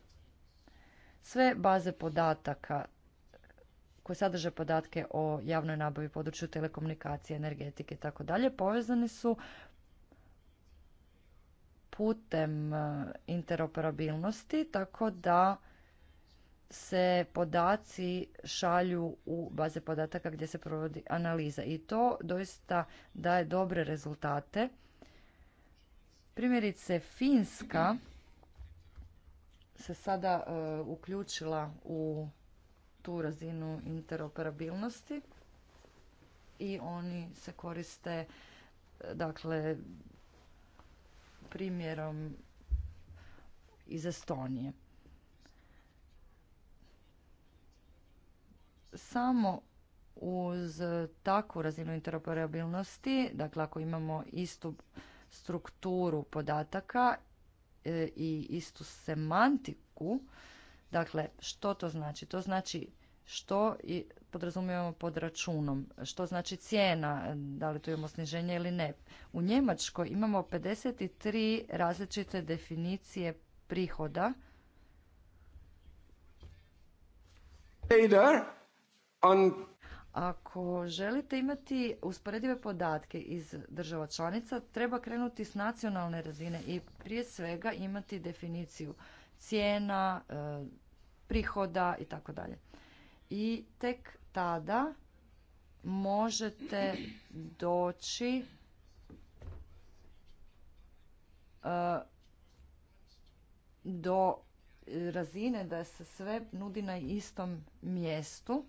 Sve baze podataka koje sadrže podatke o javnoj nabavi području telekomunikacije, energetike i tako dalje, povezani su putem e, interoperabilnosti, tako da se podaci šalju u baze podataka gdje se provodi analiza i to doista daje dobre rezultate. Primjerice Finska se sada e, uključila u tu razinu interoperabilnosti i oni se koriste dakle primjerom iz Estonije. samo uz takvu razinu interoperabilnosti, dakle ako imamo istu strukturu podataka e, i istu semantiku, dakle što to znači? To znači što i podrazumijevamo pod računom, što znači cijena, da li tu imamo sniženje ili ne. U Njemačkoj imamo 53 različite definicije prihoda. Ako želite imati usporedive podatke iz država članica, treba krenuti s nacionalne razine i prije svega imati definiciju cijena, e, prihoda i tako dalje. I tek tada možete doći e, do razine da se sve nudi na istom mjestu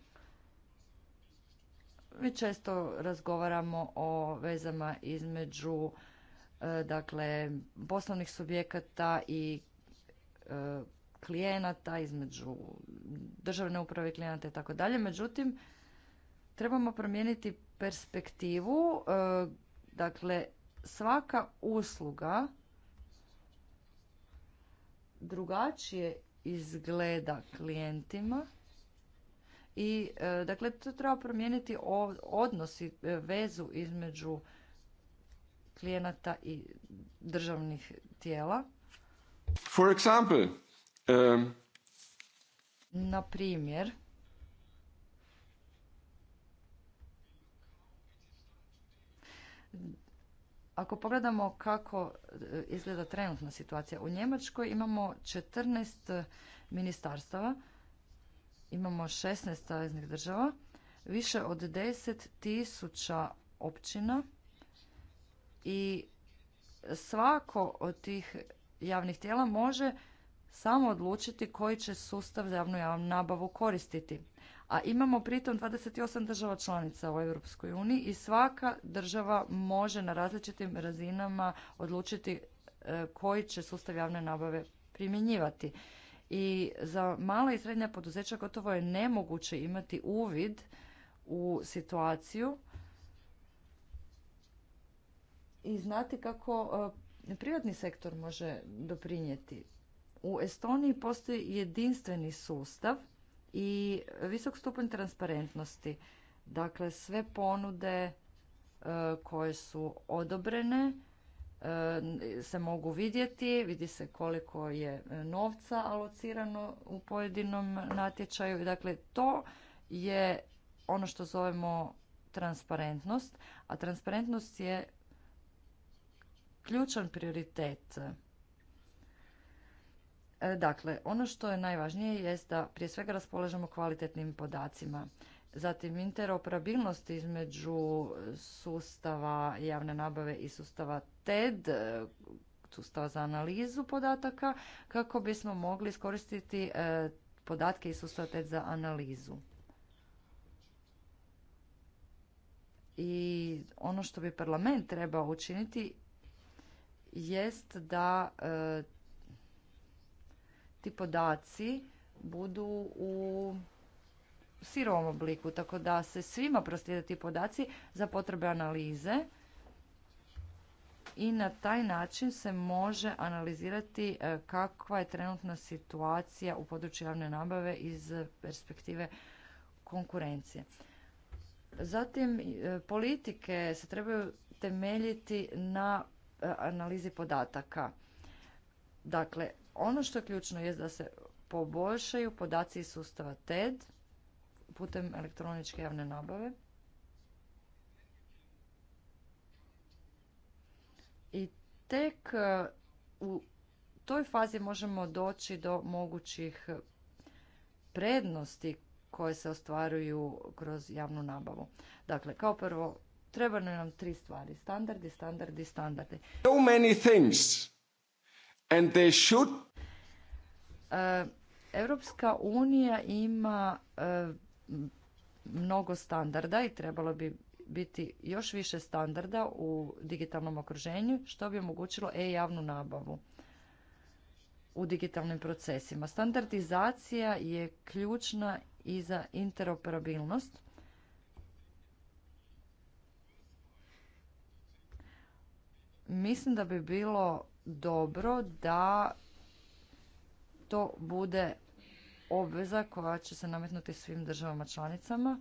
mi često razgovaramo o vezama između e, dakle poslovnih subjekata i e, klijenata, između državne uprave i klijenata i tako dalje. Međutim, trebamo promijeniti perspektivu. E, dakle, svaka usluga drugačije izgleda klijentima i e, dakle to treba promijeniti odnos i e, vezu između klijenata i državnih tijela. For example, um, Na primjer, Ako pogledamo kako e, izgleda trenutna situacija u Njemačkoj, imamo 14 ministarstava imamo 16 saveznih država, više od 10 tisuća općina i svako od tih javnih tijela može samo odlučiti koji će sustav javnu, javnu nabavu koristiti. A imamo pritom 28 država članica u Europskoj uniji i svaka država može na različitim razinama odlučiti e, koji će sustav javne nabave primjenjivati i za mala i srednja poduzeća gotovo je nemoguće imati uvid u situaciju i znati kako e, privatni sektor može doprinijeti. U Estoniji postoji jedinstveni sustav i visok stupanj transparentnosti. Dakle, sve ponude e, koje su odobrene E, se mogu vidjeti, vidi se koliko je novca alocirano u pojedinom natječaju. Dakle, to je ono što zovemo transparentnost, a transparentnost je ključan prioritet. E, dakle, ono što je najvažnije jest da prije svega raspolažemo kvalitetnim podacima zatim interoperabilnost između sustava javne nabave i sustava TED, sustava za analizu podataka, kako bismo mogli iskoristiti e, podatke iz sustava TED za analizu. I ono što bi parlament trebao učiniti jest da e, ti podaci budu u sirovom obliku, tako da se svima proslijede ti podaci za potrebe analize i na taj način se može analizirati e, kakva je trenutna situacija u području javne nabave iz perspektive konkurencije. Zatim, e, politike se trebaju temeljiti na e, analizi podataka. Dakle, ono što je ključno je da se poboljšaju podaci iz sustava TED, putem elektroničke javne nabave. I tek e, u toj fazi možemo doći do mogućih prednosti koje se ostvaruju kroz javnu nabavu. Dakle, kao prvo, trebaju nam tri stvari. Standardi, standardi, standardi. So many things. And they should... E, Europska unija ima e, mnogo standarda i trebalo bi biti još više standarda u digitalnom okruženju što bi omogućilo e-javnu nabavu u digitalnim procesima. Standardizacija je ključna i za interoperabilnost. Mislim da bi bilo dobro da to bude obveza koja će se nametnuti svim državama članicama.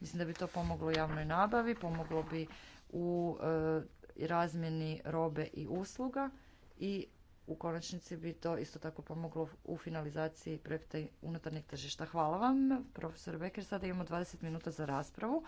Mislim da bi to pomoglo javnoj nabavi, pomoglo bi u e, razmjeni robe i usluga i u konačnici bi to isto tako pomoglo u finalizaciji projekta unutarnjeg tržišta. Hvala vam, profesor Beker. Sada imamo 20 minuta za raspravu.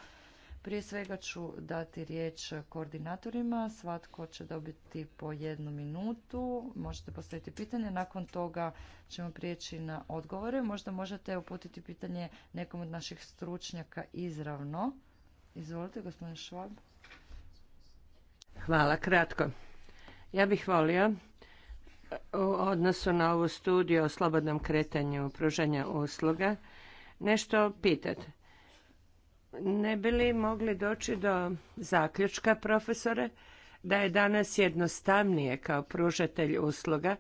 Prije svega ću dati riječ koordinatorima, svatko će dobiti po jednu minutu, možete postaviti pitanje, nakon toga ćemo prijeći na odgovore. Možda možete uputiti pitanje nekom od naših stručnjaka izravno. Izvolite, gospodin Švab. Hvala, kratko. Ja bih volio u odnosu na ovu studiju o slobodnom kretanju pružanja usluga nešto pitati. Ne bi li mogli doći do zaključka, profesore, da je danas jednostavnije kao pružatelj usluga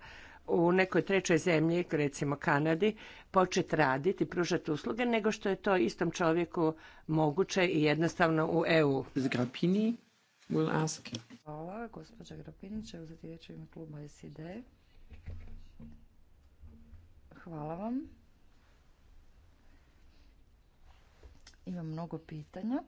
u nekoj trećoj zemlji, recimo Kanadi, početi raditi i pružati usluge, nego što je to istom čovjeku moguće i jednostavno u EU. Grapini Hvala, gospođa Grapini će uzeti riječ kluba SID. Hvala vam. imam mnogo pitanja,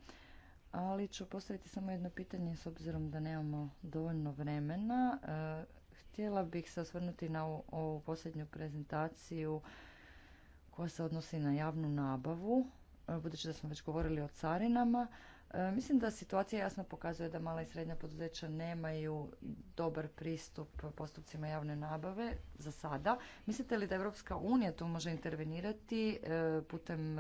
ali ću postaviti samo jedno pitanje s obzirom da nemamo dovoljno vremena. E, htjela bih se osvrnuti na ovu posljednju prezentaciju koja se odnosi na javnu nabavu, e, budući da smo već govorili o carinama. E, mislim da situacija jasno pokazuje da mala i srednja poduzeća nemaju dobar pristup postupcima javne nabave za sada. Mislite li da Europska unija tu može intervenirati putem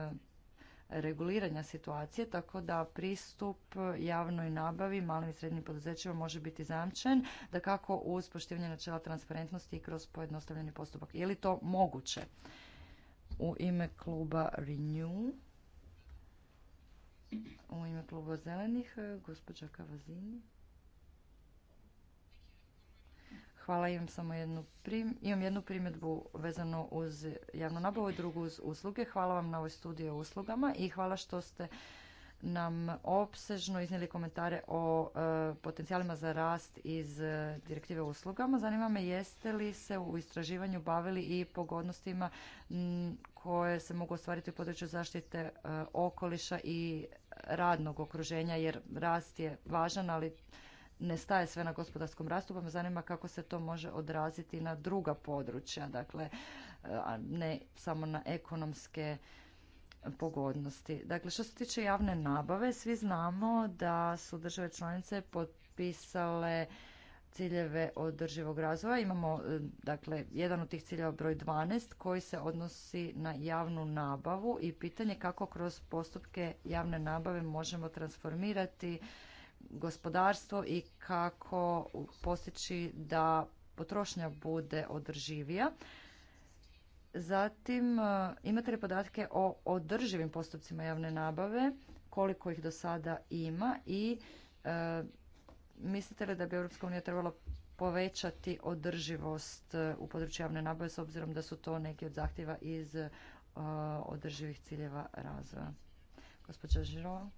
reguliranja situacije, tako da pristup javnoj nabavi malim i srednjim poduzećima može biti zamčen, da kako uz poštivanje načela transparentnosti i kroz pojednostavljeni postupak. Je li to moguće? U ime kluba Renew, u ime kluba Zelenih, gospođa Kavazini. Hvala, imam samo jednu, prim, imam jednu primjedbu vezano uz javnu nabavu i drugu uz usluge. Hvala vam na ovoj studiji o uslugama i hvala što ste nam opsežno iznijeli komentare o e, potencijalima za rast iz e, direktive uslugama. Zanima me jeste li se u istraživanju bavili i pogodnostima koje se mogu ostvariti u području zaštite e, okoliša i radnog okruženja jer rast je važan, ali ne staje sve na gospodarskom rastu, pa me zanima kako se to može odraziti na druga područja, dakle, e, a ne samo na ekonomske pogodnosti. Dakle, što se tiče javne nabave, svi znamo da su države članice potpisale ciljeve održivog razvoja. Imamo, e, dakle, jedan od tih ciljeva broj 12 koji se odnosi na javnu nabavu i pitanje kako kroz postupke javne nabave možemo transformirati gospodarstvo i kako postići da potrošnja bude održivija. Zatim, e, imate li podatke o održivim postupcima javne nabave, koliko ih do sada ima i e, mislite li da bi EU trebala povećati održivost e, u području javne nabave s obzirom da su to neki od zahtjeva iz održivih ciljeva razvoja? Gospođa Žirova.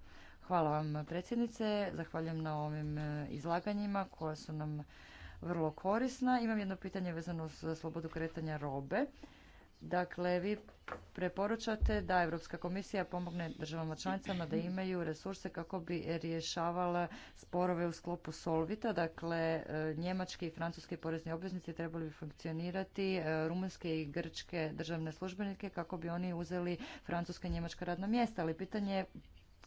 Hvala vam predsjednice, zahvaljujem na ovim e, izlaganjima koja su nam vrlo korisna. Imam jedno pitanje vezano za slobodu kretanja robe. Dakle, vi preporučate da Europska komisija pomogne državama članicama da imaju resurse kako bi rješavala sporove u sklopu Solvita. Dakle, e, njemački i francuski porezni obveznici trebali bi funkcionirati, e, rumunske i grčke državne službenike kako bi oni uzeli francuska i njemačka radna mjesta. Ali pitanje je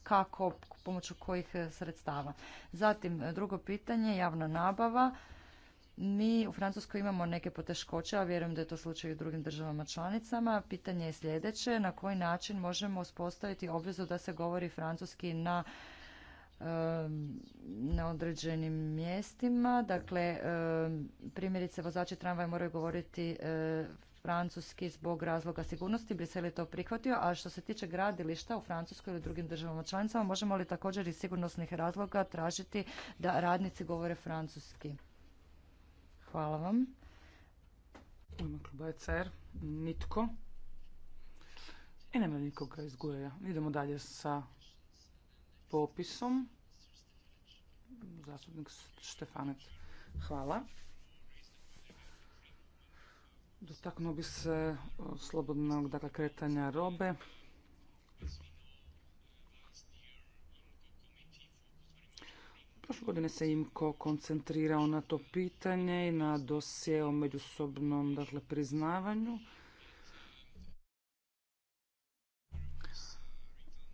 kako, pomoću kojih e, sredstava. Zatim, e, drugo pitanje, javna nabava. Mi u Francuskoj imamo neke poteškoće, a vjerujem da je to slučaj i u drugim državama članicama. Pitanje je sljedeće, na koji način možemo uspostaviti obvezu da se govori francuski na na određenim mjestima. Dakle, primjerice vozači tramvaja moraju govoriti e, francuski zbog razloga sigurnosti. Brisel je to prihvatio, a što se tiče gradilišta u Francuskoj ili drugim državama članicama, možemo li također iz sigurnosnih razloga tražiti da radnici govore francuski? Hvala vam. kluba nitko. I nema nikoga iz Idemo dalje sa popisom. Zastupnik Štefanec. Hvala. Dotaknuo bi se slobodnog dakle, kretanja robe. Prošle godine se IMKO koncentrirao na to pitanje i na dosje o međusobnom dakle, priznavanju.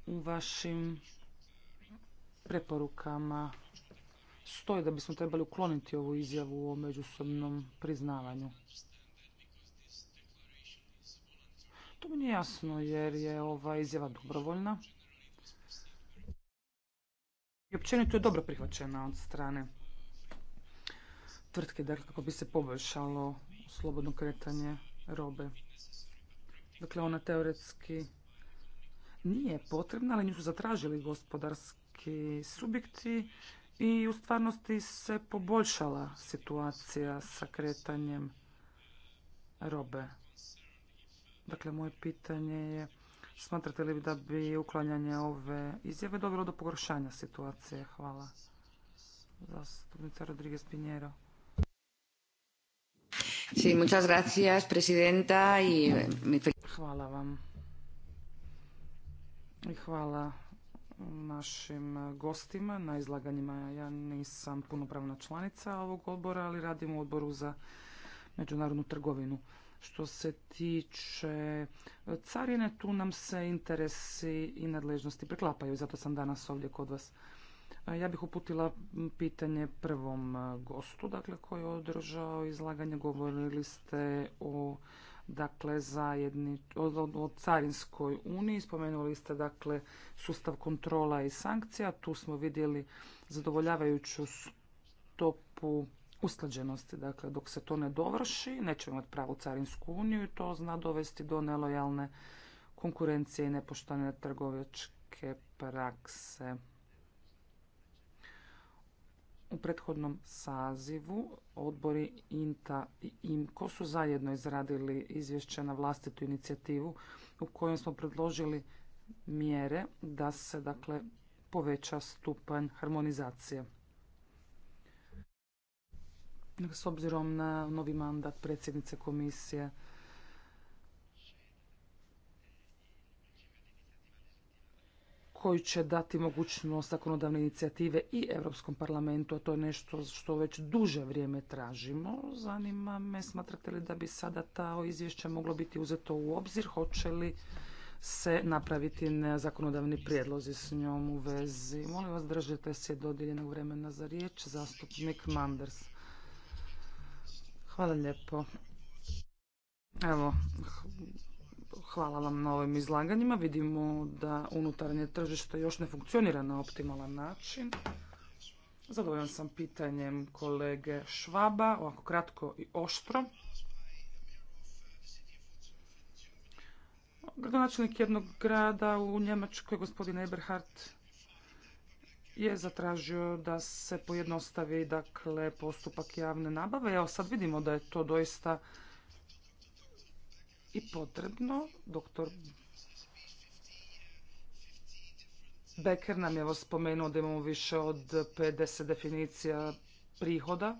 U vašim preporukama stoji da bismo trebali ukloniti ovu izjavu o međusobnom priznavanju. To mi nije jasno jer je ova izjava dobrovoljna. I općenito je dobro prihvaćena od strane tvrtke, dakle kako bi se poboljšalo slobodno kretanje robe. Dakle, ona teoretski nije potrebna, ali nju su zatražili gospodarski subjekti i u stvarnosti se poboljšala situacija sa kretanjem robe. Dakle, moje pitanje je smatrate li da bi uklanjanje ove izjave dovelo do pogoršanja situacije? Hvala. Zastupnica Rodriguez Pinjero. Sí, muchas gracias, presidenta. Y... Hvala vam. I hvala našim gostima na izlaganjima. Ja nisam punopravna članica ovog odbora, ali radim u odboru za međunarodnu trgovinu. Što se tiče e, carine, tu nam se interesi i nadležnosti preklapaju zato sam danas ovdje kod vas. E, ja bih uputila pitanje prvom e, gostu, dakle, koji je održao izlaganje. Govorili ste o dakle zajedni, o, o carinskoj uniji, spomenuli ste dakle sustav kontrola i sankcija, tu smo vidjeli zadovoljavajuću stopu usklađenosti. Dakle, dok se to ne dovrši, nećemo imati pravu carinsku uniju i to zna dovesti do nelojalne konkurencije i nepoštane trgovačke prakse. U prethodnom sazivu odbori INTA i IMKO su zajedno izradili izvješće na vlastitu inicijativu u kojem smo predložili mjere da se dakle poveća stupanj harmonizacije s obzirom na novi mandat predsjednice komisije. koji će dati mogućnost zakonodavne inicijative i Europskom parlamentu, a to je nešto što već duže vrijeme tražimo. Zanima me, smatrate li da bi sada ta izvješća moglo biti uzeto u obzir? Hoće li se napraviti na zakonodavni prijedlozi s njom u vezi? Molim vas, držite se dodijeljenog vremena za riječ. Zastupnik Manders. Hvala lijepo. Evo, hvala vam na ovim izlaganjima. Vidimo da unutarnje tržište još ne funkcionira na optimalan način. Zadovoljan sam pitanjem kolege Švaba, ovako kratko i oštro. Gradonačelnik jednog grada u Njemačkoj, gospodin Eberhardt, je zatražio da se pojednostavi dakle, postupak javne nabave. Evo sad vidimo da je to doista i potrebno. Doktor Becker nam je spomenuo da imamo više od 50 definicija prihoda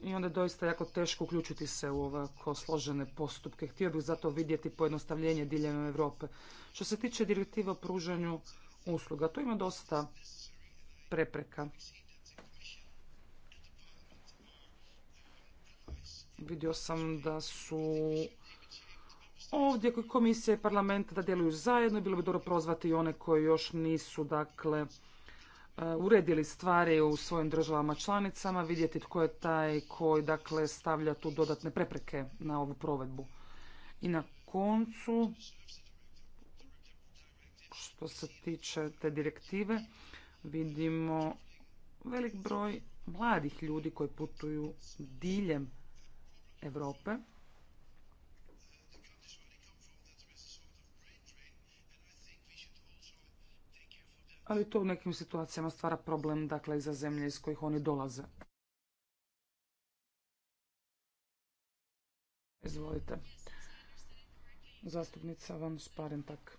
i onda je doista jako teško uključiti se u ovako složene postupke. Htio bih zato vidjeti pojednostavljenje diljem Europe. Što se tiče direktiva o pružanju usluga. Tu ima dosta prepreka. Vidio sam da su ovdje komisije i parlamenta da djeluju zajedno. Bilo bi dobro prozvati i one koji još nisu dakle e, uredili stvari u svojim državama članicama, vidjeti tko je taj koji dakle stavlja tu dodatne prepreke na ovu provedbu. I na koncu što se tiče te direktive vidimo velik broj mladih ljudi koji putuju diljem Europe. Ali to u nekim situacijama stvara problem dakle, i za zemlje iz kojih oni dolaze. Izvolite. Zastupnica Van Sparentak.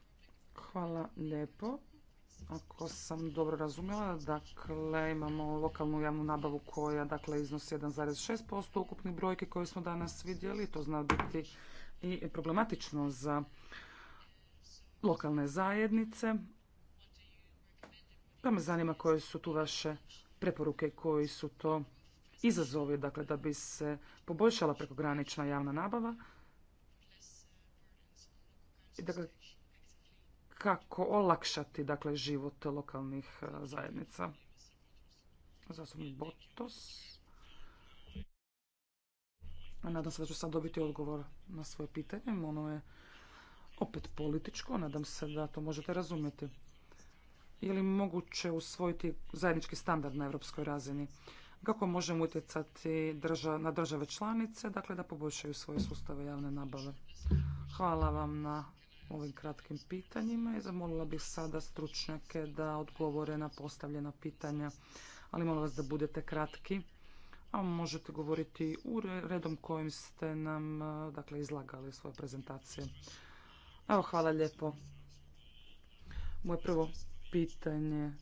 Hvala lijepo. Ako sam dobro razumjela, dakle imamo lokalnu javnu nabavu koja dakle iznosi 1,6% ukupnih brojki koje smo danas vidjeli. To zna biti i problematično za lokalne zajednice. Pa me zanima koje su tu vaše preporuke, koji su to izazovi, dakle da bi se poboljšala prekogranična javna nabava. I dakle, kako olakšati dakle, život lokalnih e, zajednica. Zastupnik Botos. Nadam se da ću sad dobiti odgovor na svoje pitanje. Ono je opet političko. Nadam se da to možete razumjeti. Je li moguće usvojiti zajednički standard na europskoj razini? Kako možemo utjecati na države članice, dakle da poboljšaju svoje sustave javne nabave? Hvala vam na ovim kratkim pitanjima i zamolila bih sada stručnjake da odgovore na postavljena pitanja, ali molim vas da budete kratki, a možete govoriti u redom kojim ste nam dakle, izlagali svoje prezentacije. Evo, hvala lijepo. Moje prvo pitanje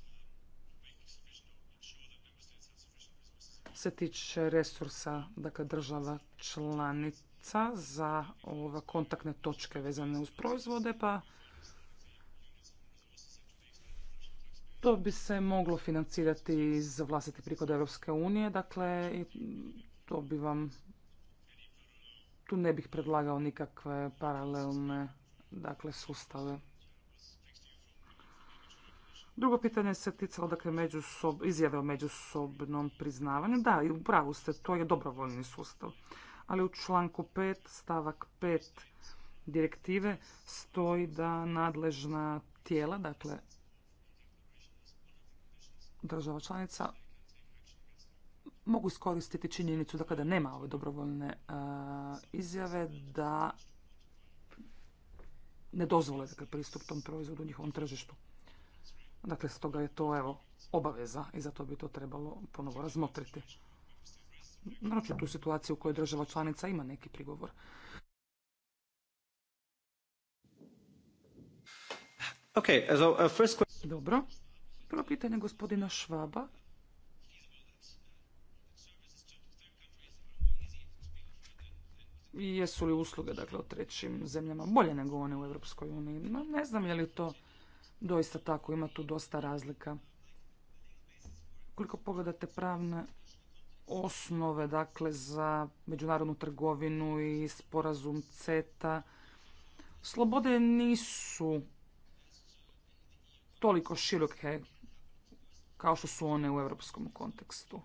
se tiče resursa dakle, država članica za ove kontaktne točke vezane uz proizvode, pa to bi se moglo financirati iz vlastiti prihoda Europske unije, dakle to bi vam tu ne bih predlagao nikakve paralelne dakle sustave. Drugo pitanje se ticalo dakle, međusob, izjave o međusobnom priznavanju. Da, i u pravu ste, to je dobrovoljni sustav ali u članku 5 stavak 5 direktive stoji da nadležna tijela, dakle država članica, mogu iskoristiti činjenicu da kada nema ove dobrovoljne e, izjave da ne dozvole dakle, pristup tom proizvodu u njihovom tržištu. Dakle, stoga je to evo obaveza i zato bi to trebalo ponovo razmotriti naročito tu situaciju u kojoj država članica ima neki prigovor. Okay, uh, Dobro. Prvo pitanje gospodina Švaba. Jesu li usluge dakle, u trećim zemljama bolje nego one u Europskoj uniji? ne znam je li to doista tako, ima tu dosta razlika. Koliko pogledate pravne osnove dakle za međunarodnu trgovinu i sporazum CETA. Slobode nisu toliko široke kao što su one u europskom kontekstu.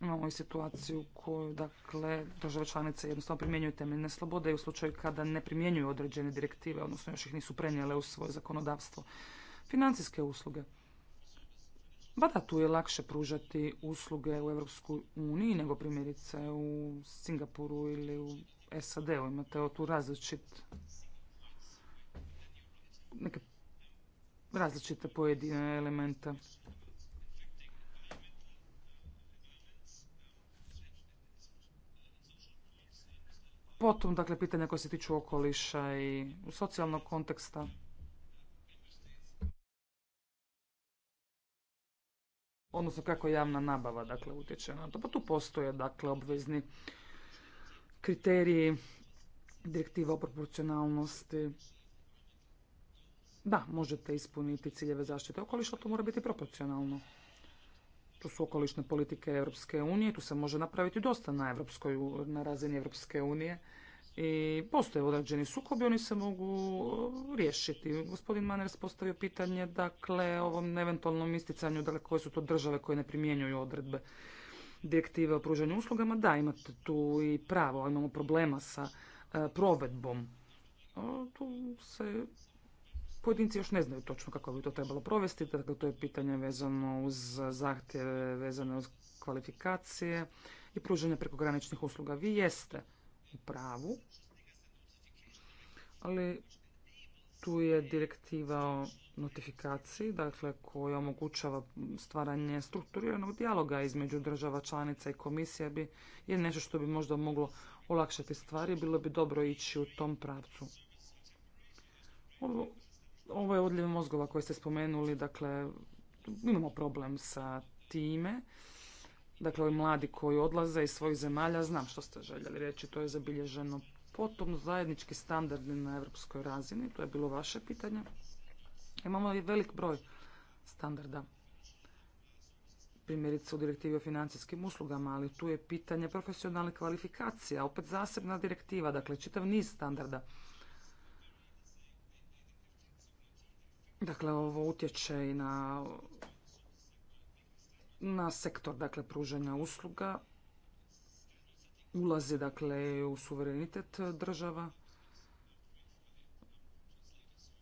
Imamo i situaciju koju, dakle, države članice jednostavno primjenjuju temeljne slobode i u slučaju kada ne primjenjuju određene direktive, odnosno još ih nisu prenijele u svoje zakonodavstvo. Financijske usluge. Bada tu je lakše pružati usluge u Europskoj uniji nego primjerice u Singapuru ili u SAD-u. Imate tu različit neke različite pojedine elemente. Potom, dakle, pitanja koje se tiču okoliša i socijalnog konteksta. odnosno kako javna nabava dakle utječe na to. Pa tu postoje dakle obvezni kriteriji, direktiva o proporcionalnosti. Da, možete ispuniti ciljeve zaštite okoliša, to mora biti proporcionalno. To su okolišne politike Europske unije, tu se može napraviti dosta na, na razini Europske unije i postoje određeni sukobi, oni se mogu uh, riješiti. Gospodin Manners postavio pitanje, dakle, ovom eventualnom isticanju, dakle, koje su to države koje ne primjenjuju odredbe direktive o pružanju uslugama. Da, imate tu i pravo, imamo problema sa uh, provedbom. Uh, tu se pojedinci još ne znaju točno kako bi to trebalo provesti, dakle, to je pitanje vezano uz zahtjeve, vezano uz kvalifikacije i pružanje prekograničnih usluga. Vi jeste u pravu, ali tu je direktiva o notifikaciji, dakle koja omogućava stvaranje strukturiranog dijaloga između država članica i komisije bi, je nešto što bi možda moglo olakšati stvari, bilo bi dobro ići u tom pravcu. Ovo, je odljev mozgova koji ste spomenuli, dakle imamo problem sa time. Dakle, ovi mladi koji odlaze iz svojih zemalja, znam što ste željeli reći, to je zabilježeno potom zajednički standardi na europskoj razini, to je bilo vaše pitanje. Imamo i velik broj standarda. Primjerice u direktivi o financijskim uslugama, ali tu je pitanje profesionalne kvalifikacija, opet zasebna direktiva, dakle čitav niz standarda. Dakle, ovo utječe i na na sektor dakle pružanja usluga ulazi dakle u suverenitet država.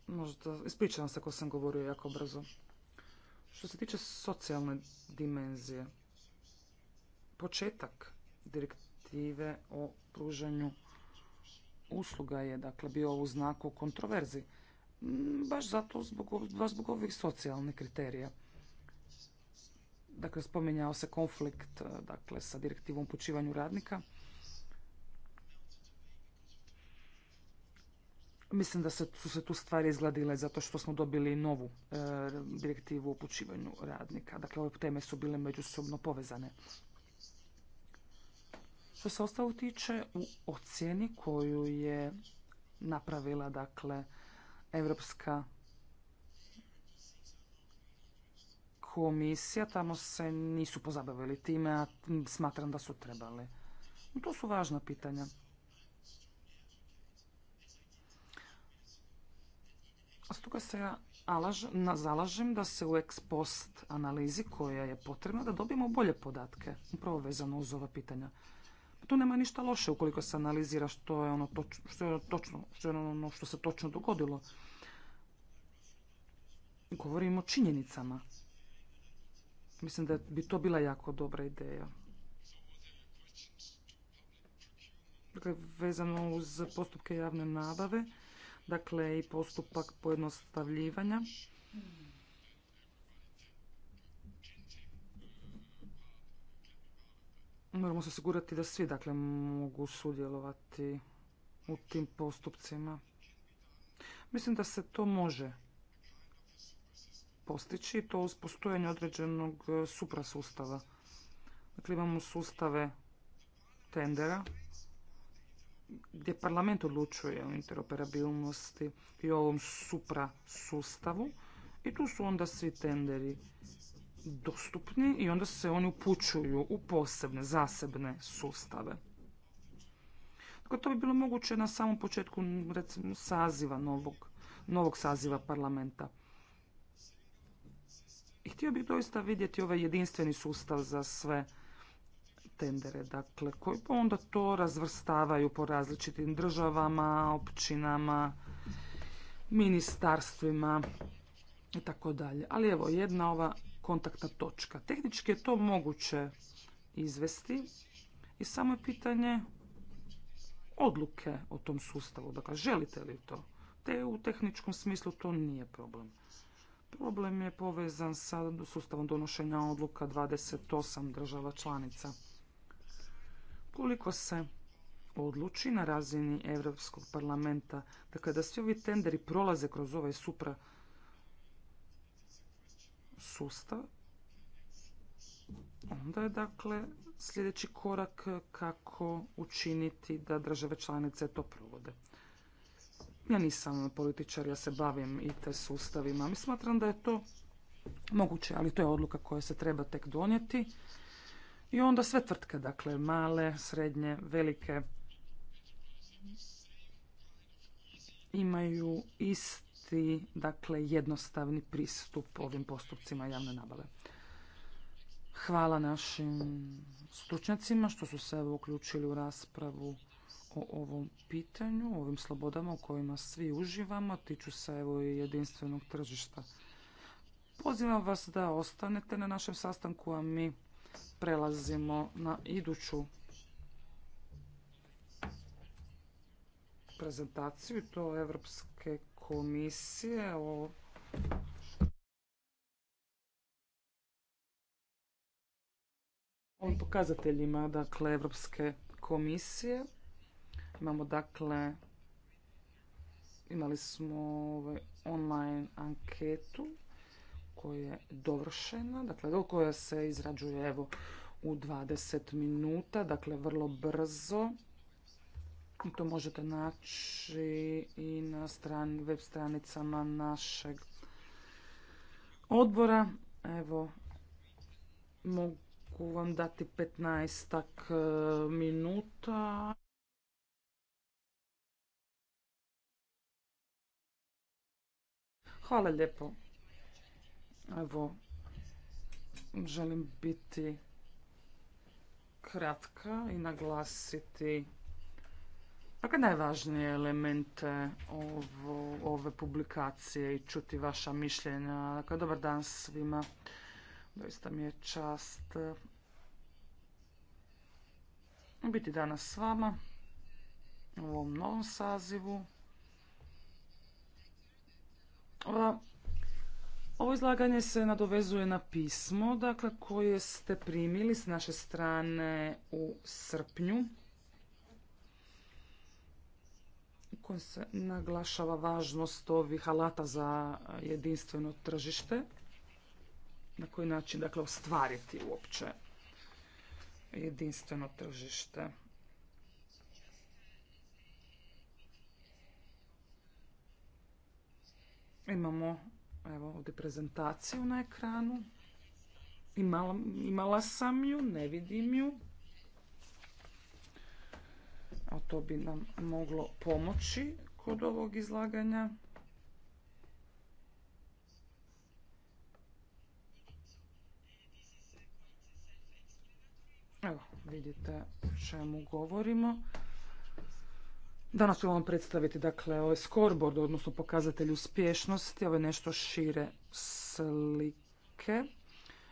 Možda, ispričavam se ako sam govorio jako brzo. Što se tiče socijalne dimenzije, početak direktive o pružanju usluga je dakle bio u znaku kontroverzi. Baš zato, zbog, zbog ovih socijalnih kriterija dakle spominjao se konflikt e, dakle sa direktivom upućivanju radnika. Mislim da se, su se tu stvari izgladile zato što smo dobili novu e, direktivu o upućivanju radnika. Dakle, ove teme su bile međusobno povezane. Što se ostalo tiče, u ocjeni koju je napravila dakle Evropska komisija, tamo se nisu pozabavili time, a smatram da su trebali. To su važna pitanja. Stoga se ja zalažem da se u ex post analizi koja je potrebna da dobijemo bolje podatke, upravo vezano uz ova pitanja. Pa tu nema ništa loše ukoliko se analizira što je ono što je točno, što ono što se točno dogodilo. Govorimo o činjenicama. Mislim da bi to bila jako dobra ideja. Dakle, vezano uz postupke javne nabave, dakle i postupak pojednostavljivanja. Moramo se osigurati da svi dakle, mogu sudjelovati u tim postupcima. Mislim da se to može postići to uz postojanje određenog e, suprasustava. Dakle, imamo sustave tendera gdje parlament odlučuje o interoperabilnosti i o ovom suprasustavu i tu su onda svi tenderi dostupni i onda se oni upućuju u posebne, zasebne sustave. Dakle, to bi bilo moguće na samom početku recimo, saziva novog, novog saziva parlamenta. I htio bih doista vidjeti ovaj jedinstveni sustav za sve tendere, dakle, koji pa onda to razvrstavaju po različitim državama, općinama, ministarstvima i tako dalje. Ali evo, jedna ova kontaktna točka. Tehnički je to moguće izvesti i samo je pitanje odluke o tom sustavu. Dakle, želite li to? Te u tehničkom smislu to nije problem. Problem je povezan sa sustavom donošenja odluka 28 država članica. Koliko se odluči na razini Europskog parlamenta, dakle da svi ovi tenderi prolaze kroz ovaj supra sustav, onda je dakle sljedeći korak kako učiniti da države članice to provode. Ja nisam političar, ja se bavim i te sustavima. Mi smatram da je to moguće, ali to je odluka koja se treba tek donijeti. I onda sve tvrtke, dakle male, srednje, velike, imaju isti, dakle jednostavni pristup ovim postupcima javne nabave. Hvala našim stručnjacima što su se uključili u raspravu o ovom pitanju, o ovim slobodama u kojima svi uživamo, tiču se evo i jedinstvenog tržišta. Pozivam vas da ostanete na našem sastanku, a mi prelazimo na iduću prezentaciju, to Evropske komisije o ovim pokazateljima dakle Evropske komisije. Imamo dakle, imali smo ovaj online anketu koja je dovršena, dakle koja se izrađuje evo u 20 minuta, dakle vrlo brzo. I to možete naći i na stran, web stranicama našeg odbora. Evo, mogu vam dati 15 eh, minuta. Hvala lijepo. Evo, želim biti kratka i naglasiti Dakle, najvažnije elemente ove publikacije i čuti vaša mišljenja. Dakle, dobar dan svima. Doista mi je čast biti danas s vama u ovom novom sazivu. Ovo izlaganje se nadovezuje na pismo, dakle, koje ste primili s naše strane u srpnju, kojem se naglašava važnost ovih alata za jedinstveno tržište, na koji način, dakle, ostvariti uopće jedinstveno tržište. Imamo evo ovdje prezentaciju na ekranu. Imala, imala sam ju, ne vidim ju. A to bi nam moglo pomoći kod ovog izlaganja. Evo, vidite o čemu govorimo. Danas ću vam predstaviti dakle, ovaj scoreboard, odnosno pokazatelj uspješnosti. Ovo je nešto šire slike.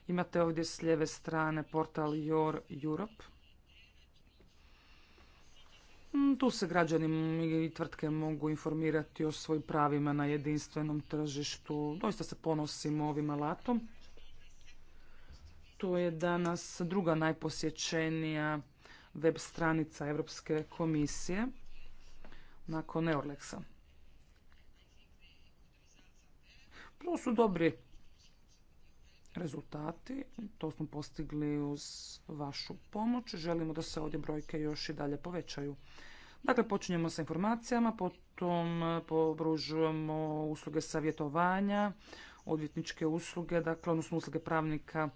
Imate ovdje s lijeve strane portal Your Europe. Mm, tu se građani i tvrtke mogu informirati o svojim pravima na jedinstvenom tržištu. Doista se ponosimo ovim alatom. To je danas druga najposjećenija web stranica Europske komisije nakon Neorleksa. Prvo su dobri rezultati, to smo postigli uz vašu pomoć. Želimo da se ovdje brojke još i dalje povećaju. Dakle, počinjemo sa informacijama, potom pobružujemo usluge savjetovanja, odvjetničke usluge, dakle, odnosno usluge pravnika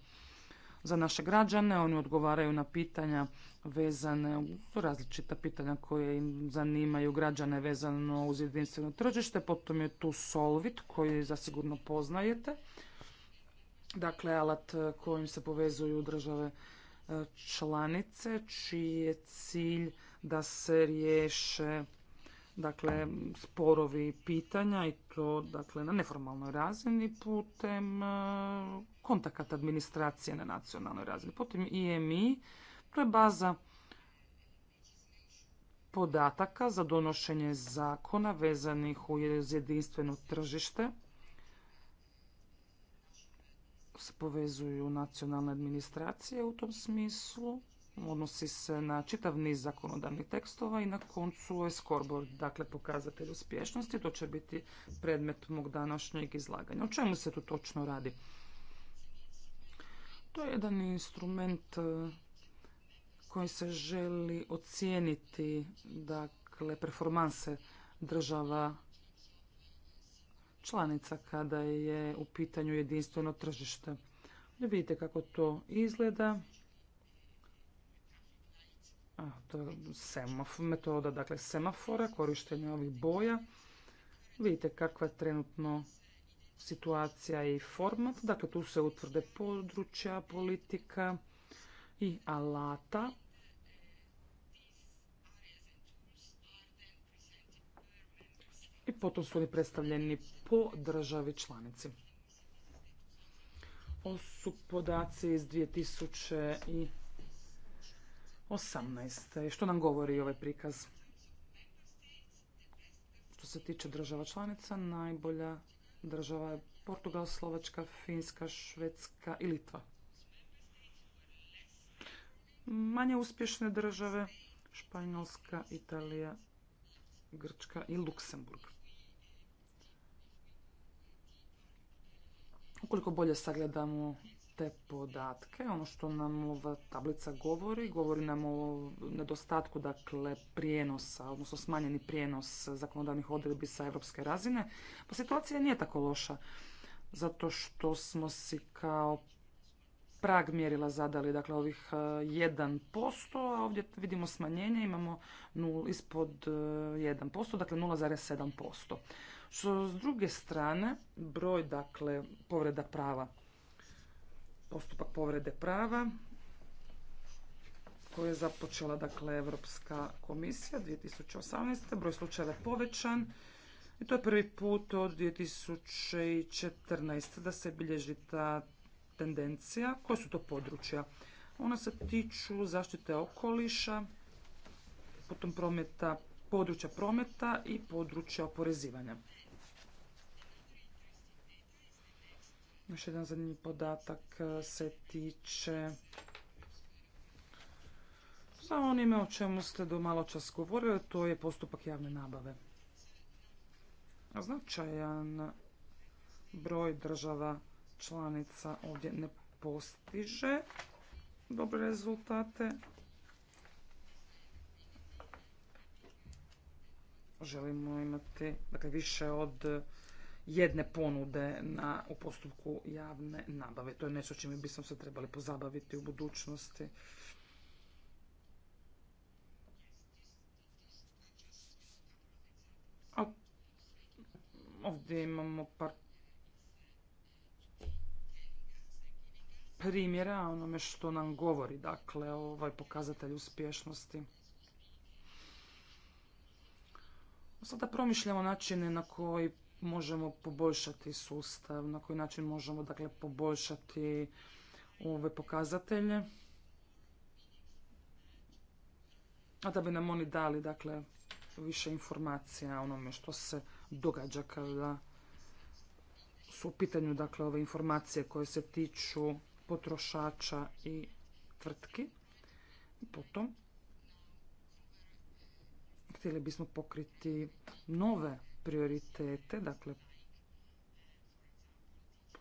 za naše građane, oni odgovaraju na pitanja vezane u različita pitanja koje im zanimaju građane vezano uz jedinstveno tržište. Potom je tu Solvit koji zasigurno poznajete. Dakle, alat kojim se povezuju države e, članice, čiji je cilj da se riješe dakle, sporovi pitanja i to dakle, na neformalnoj razini putem e, Kontakat administracije na nacionalnoj razini. Potim IMI, to je baza podataka za donošenje zakona vezanih uz jedinstveno tržište. Se povezuju nacionalne administracije u tom smislu. Odnosi se na čitav niz zakonodavnih tekstova i na koncu je scoreboard, dakle pokazatelj uspješnosti. To će biti predmet mog današnjeg izlaganja. O čemu se tu točno radi? To je jedan instrument e, kojim se želi ocijeniti dakle performanse država članica kada je u pitanju jedinstveno tržište. Ne vidite kako to izgleda. to je metoda dakle semafora, korištenje ovih boja. Vidite kakva je trenutno situacija i format. Dakle, tu se utvrde područja, politika i alata. I potom su oni predstavljeni po državi članici. Ovo su podaci iz 2018. Što nam govori ovaj prikaz? Što se tiče država članica, najbolja država je Portugal, Slovačka, Finska, Švedska i Litva. Manje uspješne države Španjolska, Italija, Grčka i Luksemburg. Ukoliko bolje sagledamo te podatke. Ono što nam ova tablica govori, govori nam o nedostatku dakle, prijenosa, odnosno smanjeni prijenos zakonodavnih odredbi sa europske razine. Pa situacija nije tako loša, zato što smo si kao prag mjerila zadali, dakle ovih 1%, e, a ovdje vidimo smanjenje, imamo 0 ispod 1%, e, dakle 0,7%. Što s druge strane, broj dakle povreda prava postupak povrede prava koju je započela dakle Europska komisija 2018. Broj slučajeva je povećan i to je prvi put od 2014. da se bilježi ta tendencija. Koje su to područja? Ona se tiču zaštite okoliša, potom prometa, područja prometa i područja oporezivanja. Još jedan zadnji podatak e, se tiče sa onime o čemu ste do malo čas govorili, to je postupak javne nabave. Značajan broj država članica ovdje ne postiže dobre rezultate. Želimo imati dakle, više od jedne ponude na, u postupku javne nabave. To je nešto čime bismo se trebali pozabaviti u budućnosti. ovdje imamo par primjera onome što nam govori, dakle, ovaj pokazatelj uspješnosti. Sada promišljamo načine na koji možemo poboljšati sustav, na koji način možemo dakle poboljšati ove pokazatelje. A da bi nam oni dali dakle više informacija o onome što se događa kada su u pitanju dakle ove informacije koje se tiču potrošača i tvrtki. Potom htjeli bismo pokriti nove prioritete, dakle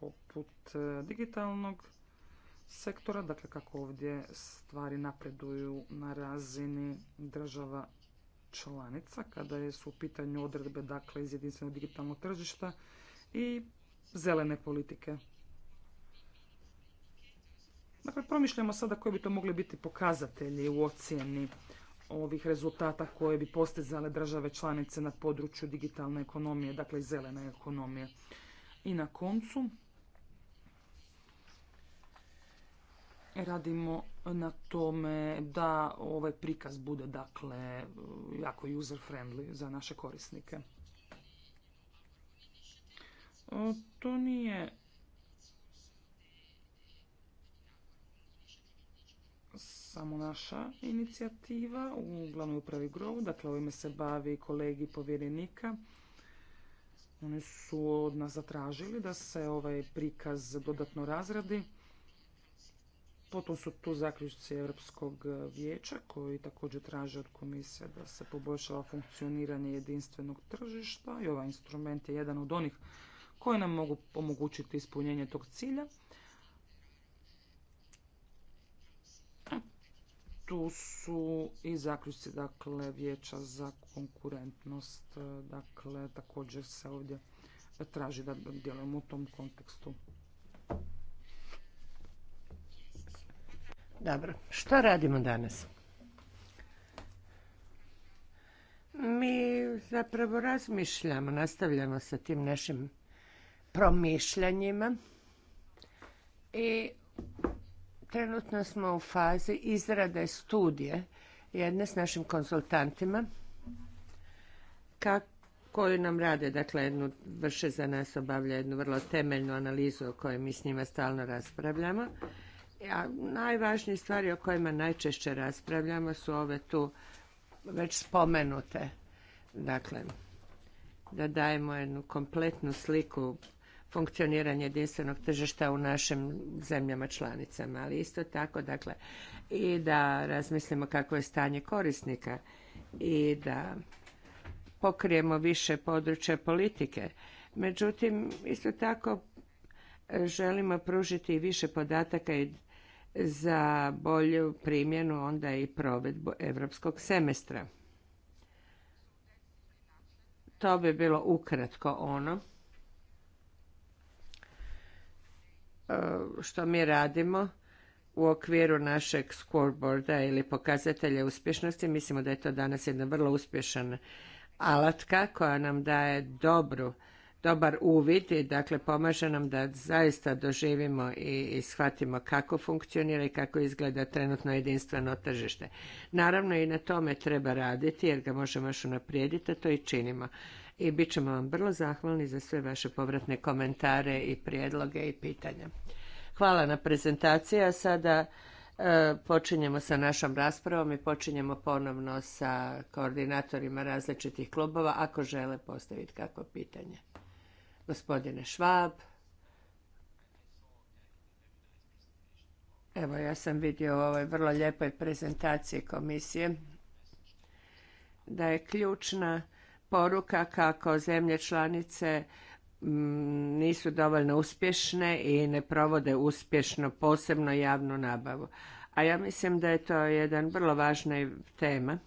poput e, digitalnog sektora, dakle kako ovdje stvari napreduju na razini država članica kada su u pitanju odredbe dakle iz jedinstvenog digitalnog tržišta i zelene politike. Dakle, promišljamo sada koji bi to mogli biti pokazatelji u ocjeni ovih rezultata koje bi postizale države članice na području digitalne ekonomije, dakle i zelene ekonomije. I na koncu radimo na tome da ovaj prikaz bude dakle jako user friendly za naše korisnike. To nije samo naša inicijativa u glavnoj upravi Grovu, dakle ovime se bavi kolegi povjerenika. Oni su od nas zatražili da se ovaj prikaz dodatno razradi. Potom su tu zaključci Europskog vijeća koji također traže od komisije da se poboljšava funkcioniranje jedinstvenog tržišta i ovaj instrument je jedan od onih koji nam mogu omogućiti ispunjenje tog cilja. tu su i zaključci dakle vijeća za konkurentnost e, dakle također se ovdje traži da djelujemo u tom kontekstu. Dobro, što radimo danas? Mi zapravo razmišljamo, nastavljamo sa tim našim promišljanjima i Trenutno smo u fazi izrade studije jedne s našim konsultantima koju nam rade, dakle jednu, vrše za nas obavlja jednu vrlo temeljnu analizu o kojoj mi s njima stalno raspravljamo. A najvažnije stvari o kojima najčešće raspravljamo su ove tu već spomenute. Dakle, da dajemo jednu kompletnu sliku funkcioniranje jedinstvenog tržišta u našim zemljama članicama, ali isto tako dakle i da razmislimo kako je stanje korisnika i da pokrijemo više područja politike. Međutim, isto tako želimo pružiti više podataka i za bolju primjenu onda i provedbu europskog semestra. To bi bilo ukratko ono E, što mi radimo u okviru našeg scoreboarda ili pokazatelja uspješnosti. Mislimo da je to danas jedna vrlo uspješan alatka koja nam daje dobru, dobar uvid i dakle pomaže nam da zaista doživimo i shvatimo kako funkcionira i kako izgleda trenutno jedinstveno tržište. Naravno i na tome treba raditi jer ga možemo još unaprijediti, a to i činimo i bit ćemo vam vrlo zahvalni za sve vaše povratne komentare i prijedloge i pitanja. Hvala na prezentaciji, a sada e, počinjemo sa našom raspravom i počinjemo ponovno sa koordinatorima različitih klubova ako žele postaviti kako pitanje. Gospodine Švab. Evo, ja sam vidio u ovoj vrlo lijepoj prezentaciji komisije da je ključna poruka kako zemlje članice mm, nisu dovoljno uspješne i ne provode uspješno posebno javnu nabavu. A ja mislim da je to jedan vrlo važna tema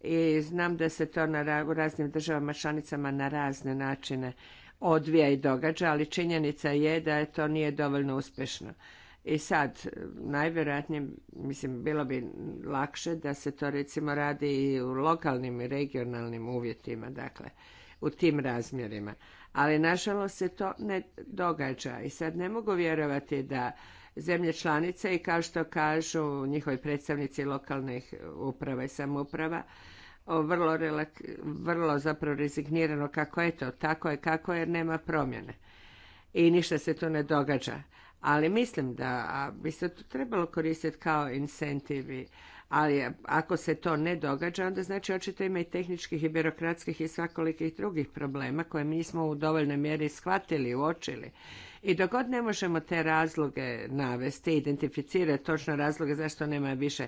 i znam da se to na, u raznim državama članicama na razne načine odvija i događa, ali činjenica je da je to nije dovoljno uspješno. I sad, najvjerojatnije, mislim, bilo bi lakše da se to recimo radi i u lokalnim i regionalnim uvjetima, dakle, u tim razmjerima. Ali nažalost se to ne događa i sad ne mogu vjerovati da zemlje članice i kao što kažu njihovi predstavnici lokalnih uprava i samouprava, vrlo, vrlo zapravo rezignirano kako je to, tako je kako jer nema promjene. I ništa se tu ne događa ali mislim da bi se to trebalo koristiti kao incentivi. Ali ako se to ne događa, onda znači očito ima i tehničkih i birokratskih i svakolikih drugih problema koje mi smo u dovoljnoj mjeri shvatili, uočili. I dok god ne možemo te razloge navesti, identificirati točno razloge zašto nema više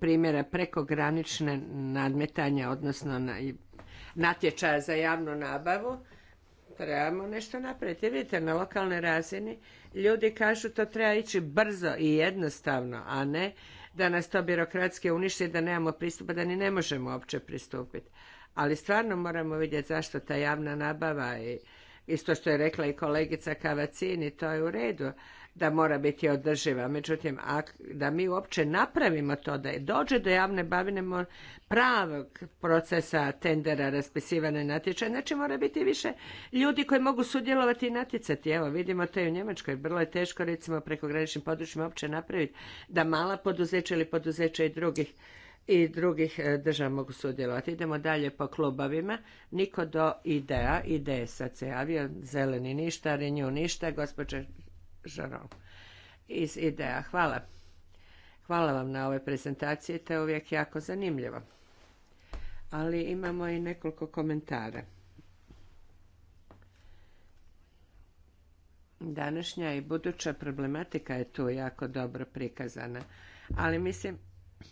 primjera prekogranične nadmetanja, odnosno natječaja za javnu nabavu, trebamo nešto napraviti. Vidite, na lokalnoj razini Ljudi kažu to treba ići brzo i jednostavno, a ne da nas to birokratski uništi, da nemamo pristupa, da ni ne možemo uopće pristupiti. Ali stvarno moramo vidjeti zašto ta javna nabava i isto što je rekla i kolegica Kavacini, to je u redu, da mora biti održiva. Međutim, da mi uopće napravimo to, da dođe do javne bavine pravog procesa tendera raspisivane natječaja, znači mora biti više ljudi koji mogu sudjelovati i natjecati. Evo, vidimo to i u Njemačkoj. Vrlo je teško, recimo, preko graničnim područjima uopće napraviti da mala poduzeća ili poduzeća i drugih i drugih e, država mogu sudjelovati. Idemo dalje po klubovima. Niko do ideja, IDE sad se javio, zeleni ništa, Renew ništa, gospođa iz IDEA. Hvala. Hvala vam na ovoj prezentaciji, to je uvijek jako zanimljivo. Ali imamo i nekoliko komentara. Današnja i buduća problematika je tu jako dobro prikazana, ali mislim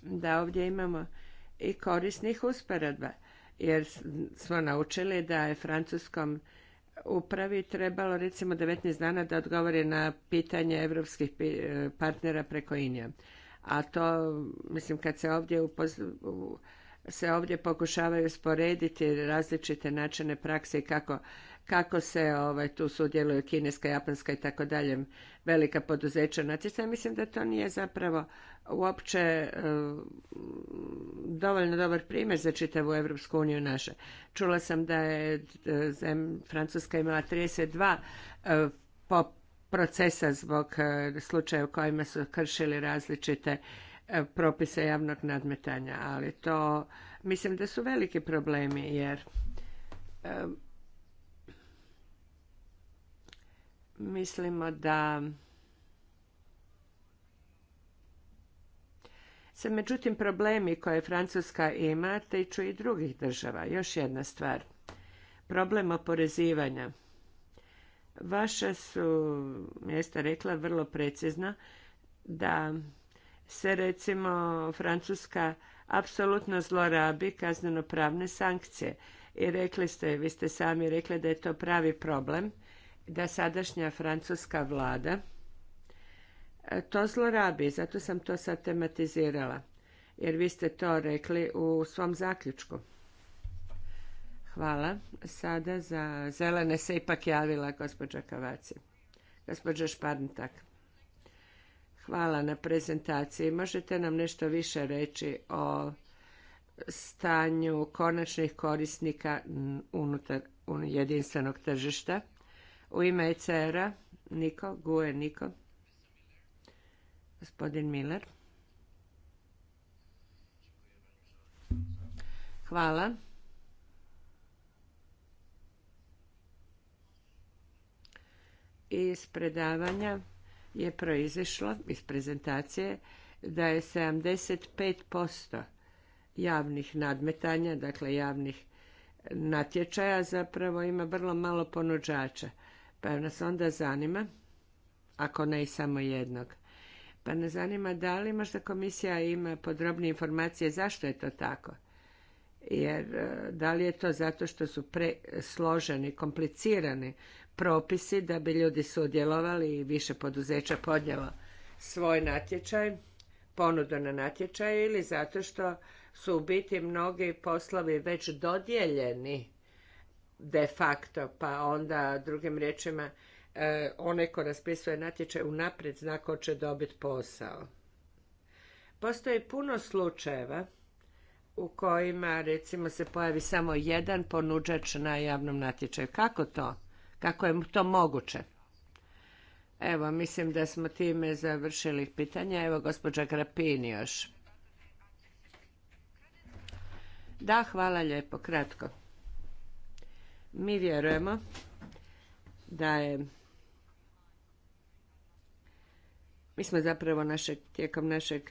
da ovdje imamo i korisnih usporedba, jer smo naučili da je francuskom upravi trebalo recimo 19 dana da odgovori na pitanje evropskih e, partnera preko INIA. A to, mislim, kad se ovdje se ovdje pokušavaju sporediti različite načine prakse i kako kako se ovaj, tu sudjeluju kineska, japanska i tako dalje velika poduzeća natjecanja. Mislim da to nije zapravo uopće eh, dovoljno dobar primjer za čitavu Evropsku uniju naše. Čula sam da je eh, zem, Francuska imala 32 e, eh, procesa zbog slučaja u kojima su kršili različite propise javnog nadmetanja, ali to mislim da su veliki problemi jer mislimo da se međutim problemi koje Francuska ima tiču i drugih država. Još jedna stvar. Problem oporezivanja. Vaša su mjesta rekla vrlo precizno da se recimo Francuska apsolutno zlorabi kaznenopravne pravne sankcije. I rekli ste, vi ste sami rekli da je to pravi problem da sadašnja francuska vlada e, to zlorabi, zato sam to sad tematizirala, jer vi ste to rekli u svom zaključku. Hvala. Sada za zelene se ipak javila gospođa Kavaci. Gospođa Šparntak. Hvala na prezentaciji. Možete nam nešto više reći o stanju konačnih korisnika unutar jedinstvenog tržišta u ime ECR-a, niko, guje niko. Gospodin Miller. Hvala. Iz predavanja je proizišlo, iz prezentacije, da je 75% javnih nadmetanja, dakle javnih natječaja, zapravo ima vrlo malo ponuđača. Pa nas onda zanima, ako ne i samo jednog, pa nas zanima da li možda komisija ima podrobne informacije zašto je to tako. Jer e, da li je to zato što su presloženi, komplicirani propisi da bi ljudi sudjelovali i više poduzeća podnijelo svoj natječaj, ponudu na natječaj ili zato što su u biti mnogi poslovi već dodijeljeni de facto, pa onda drugim riječima e, onaj ko raspisuje natječaj unaprijed zna ko će dobiti posao. Postoji puno slučajeva u kojima recimo se pojavi samo jedan ponuđač na javnom natječaju. Kako to? Kako je to moguće? Evo, mislim da smo time završili pitanja. Evo, gospođa grapin još. Da, hvala lijepo, kratko. Mi vjerujemo da je mi smo zapravo našeg, tijekom našeg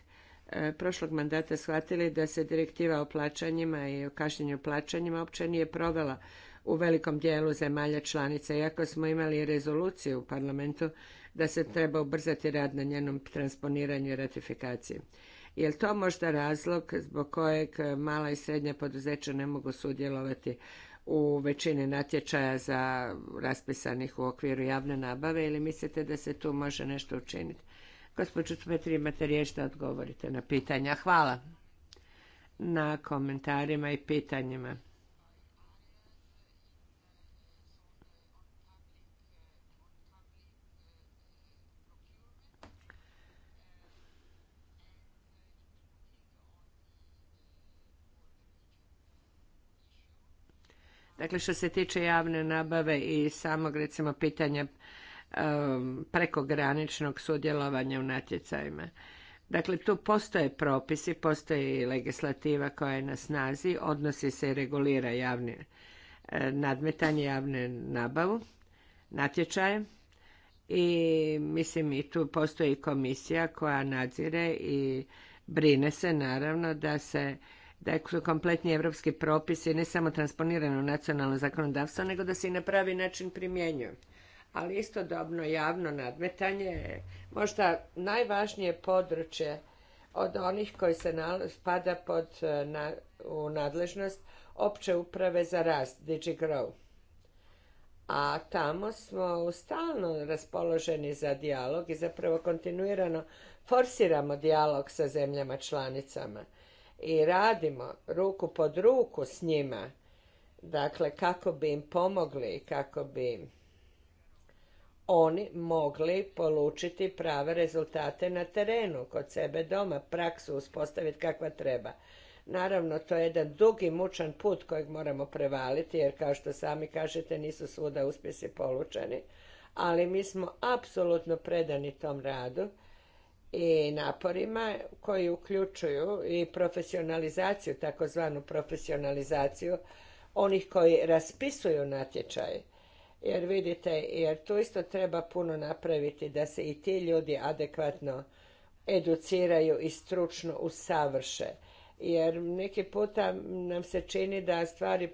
e, prošlog mandata shvatili da se direktiva o plaćanjima i o kašnjenju plaćanjima uopće nije provela u velikom dijelu zemalja članica. Iako smo imali rezoluciju u parlamentu da se treba ubrzati rad na njenom transponiranju i ratifikaciji. Je to možda razlog zbog kojeg mala i srednja poduzeća ne mogu sudjelovati u većini natječaja za raspisanih u okviru javne nabave ili mislite da se tu može nešto učiniti? Gospođo Cmetri, imate riječ da odgovorite na pitanja. Hvala na komentarima i pitanjima. Dakle, što se tiče javne nabave i samog, recimo, pitanja um, prekograničnog sudjelovanja u natjecajima. Dakle, tu postoje propisi, postoji legislativa koja je na snazi, odnosi se i regulira javni eh, nadmetanje, javne nabavu, natječaje. I mislim i tu postoji komisija koja nadzire i brine se naravno da se da su kompletni evropski propisi ne samo transponirani u nacionalno zakonodavstvo, nego da se i na pravi način primjenjuju. Ali istodobno javno nadmetanje je možda najvažnije područje od onih koji se spada pod, e, u nadležnost opće uprave za rast, DigiGrow. A tamo smo stalno raspoloženi za dijalog i zapravo kontinuirano forsiramo dijalog sa zemljama članicama i radimo ruku pod ruku s njima, dakle kako bi im pomogli kako bi oni mogli polučiti prave rezultate na terenu, kod sebe doma, praksu uspostaviti kakva treba. Naravno, to je jedan dugi, mučan put kojeg moramo prevaliti, jer kao što sami kažete, nisu svuda uspjesi polučeni, ali mi smo apsolutno predani tom radu i naporima koji uključuju i profesionalizaciju, takozvanu profesionalizaciju onih koji raspisuju natječaj. Jer vidite, jer tu isto treba puno napraviti da se i ti ljudi adekvatno educiraju i stručno usavrše. Jer neki puta nam se čini da stvari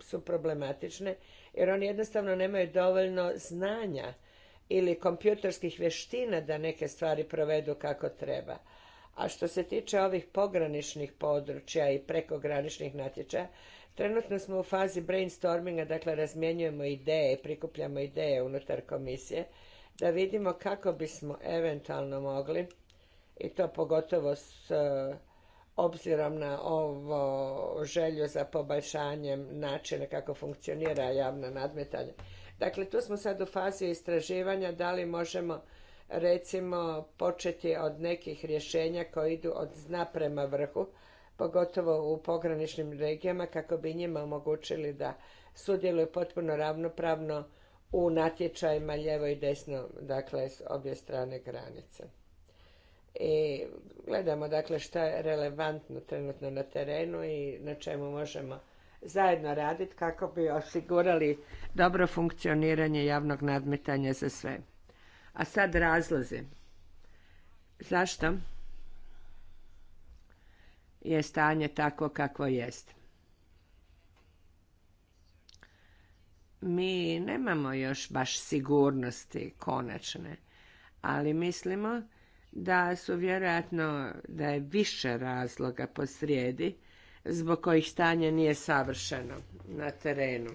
su problematične jer oni jednostavno nemaju dovoljno znanja ili kompjuterskih vještina da neke stvari provedu kako treba. A što se tiče ovih pograničnih područja i prekograničnih natječaja, trenutno smo u fazi brainstorminga, dakle razmjenjujemo ideje, prikupljamo ideje unutar komisije, da vidimo kako bismo eventualno mogli, i to pogotovo s eh, obzirom na ovo želju za poboljšanjem načina kako funkcionira javna nadmetanja. Dakle, tu smo sad u fazi istraživanja da li možemo recimo početi od nekih rješenja koji idu od dna prema vrhu, pogotovo u pograničnim regijama kako bi njima omogućili da sudjeluju potpuno ravnopravno u natječajima ljevo i desno, dakle s obje strane granice. I gledamo dakle šta je relevantno trenutno na terenu i na čemu možemo zajedno raditi kako bi osigurali dobro funkcioniranje javnog nadmetanja za sve. A sad razlozi. Zašto je stanje tako kakvo jest? Mi nemamo još baš sigurnosti konačne, ali mislimo da su vjerojatno da je više razloga po srijedi zbog kojih stanje nije savršeno na terenu.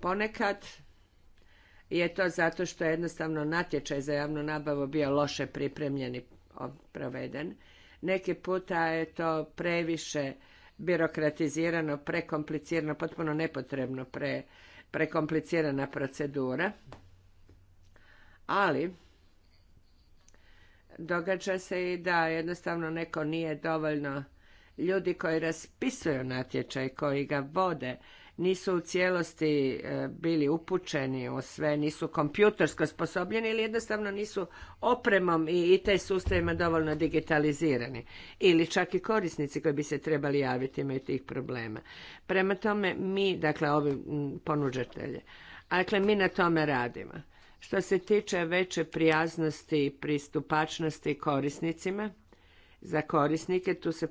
Ponekad je to zato što je jednostavno natječaj za javnu nabavu bio loše pripremljen i proveden. Neki puta je to previše birokratizirano, prekomplicirano, potpuno nepotrebno pre, prekomplicirana procedura. Ali događa se i da jednostavno neko nije dovoljno ljudi koji raspisuju natječaj, koji ga vode, nisu u cijelosti e, bili upućeni u sve, nisu kompjutorsko sposobljeni ili jednostavno nisu opremom i IT sustavima dovoljno digitalizirani. Ili čak i korisnici koji bi se trebali javiti imaju tih problema. Prema tome mi, dakle ovi ponuđatelje, dakle mi na tome radimo. Što se tiče veće prijaznosti i pristupačnosti korisnicima, za korisnike tu se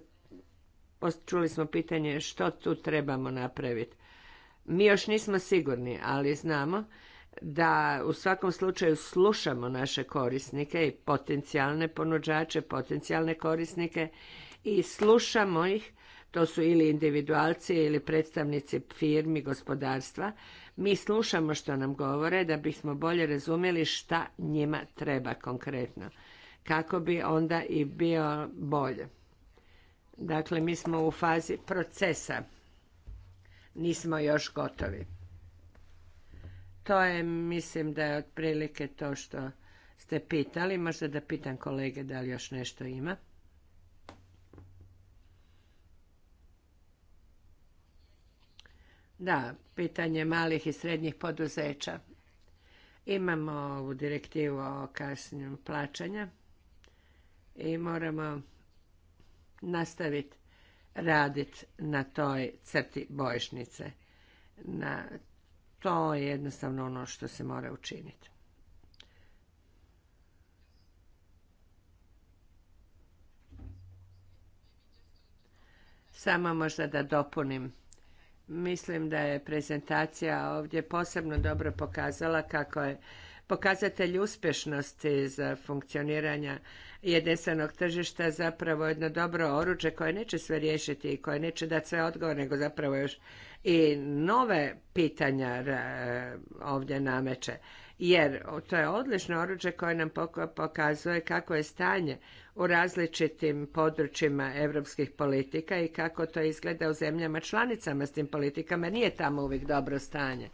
čuli smo pitanje što tu trebamo napraviti. Mi još nismo sigurni, ali znamo da u svakom slučaju slušamo naše korisnike i potencijalne ponuđače, potencijalne korisnike i slušamo ih, to su ili individualci ili predstavnici firmi, gospodarstva. Mi slušamo što nam govore da bismo bolje razumjeli šta njima treba konkretno, kako bi onda i bio bolje. Dakle, mi smo u fazi procesa. Nismo još gotovi. To je, mislim da je otprilike to što ste pitali. Možda da pitam kolege da li još nešto ima. Da, pitanje malih i srednjih poduzeća. Imamo ovu direktivu o kasnjem plaćanja i moramo nastaviti raditi na toj crti bojišnice. Na, to je jednostavno ono što se mora učiniti. Samo možda da dopunim. Mislim da je prezentacija ovdje posebno dobro pokazala kako je pokazatelj uspješnosti za funkcioniranja jedinstvenog tržišta zapravo jedno dobro oruđe koje neće sve riješiti i koje neće dati sve odgovore, nego zapravo još i nove pitanja e, ovdje nameće. Jer to je odlično oruđe koje nam pokazuje kako je stanje u različitim područjima europskih politika i kako to izgleda u zemljama članicama s tim politikama. Nije tamo uvijek dobro stanje.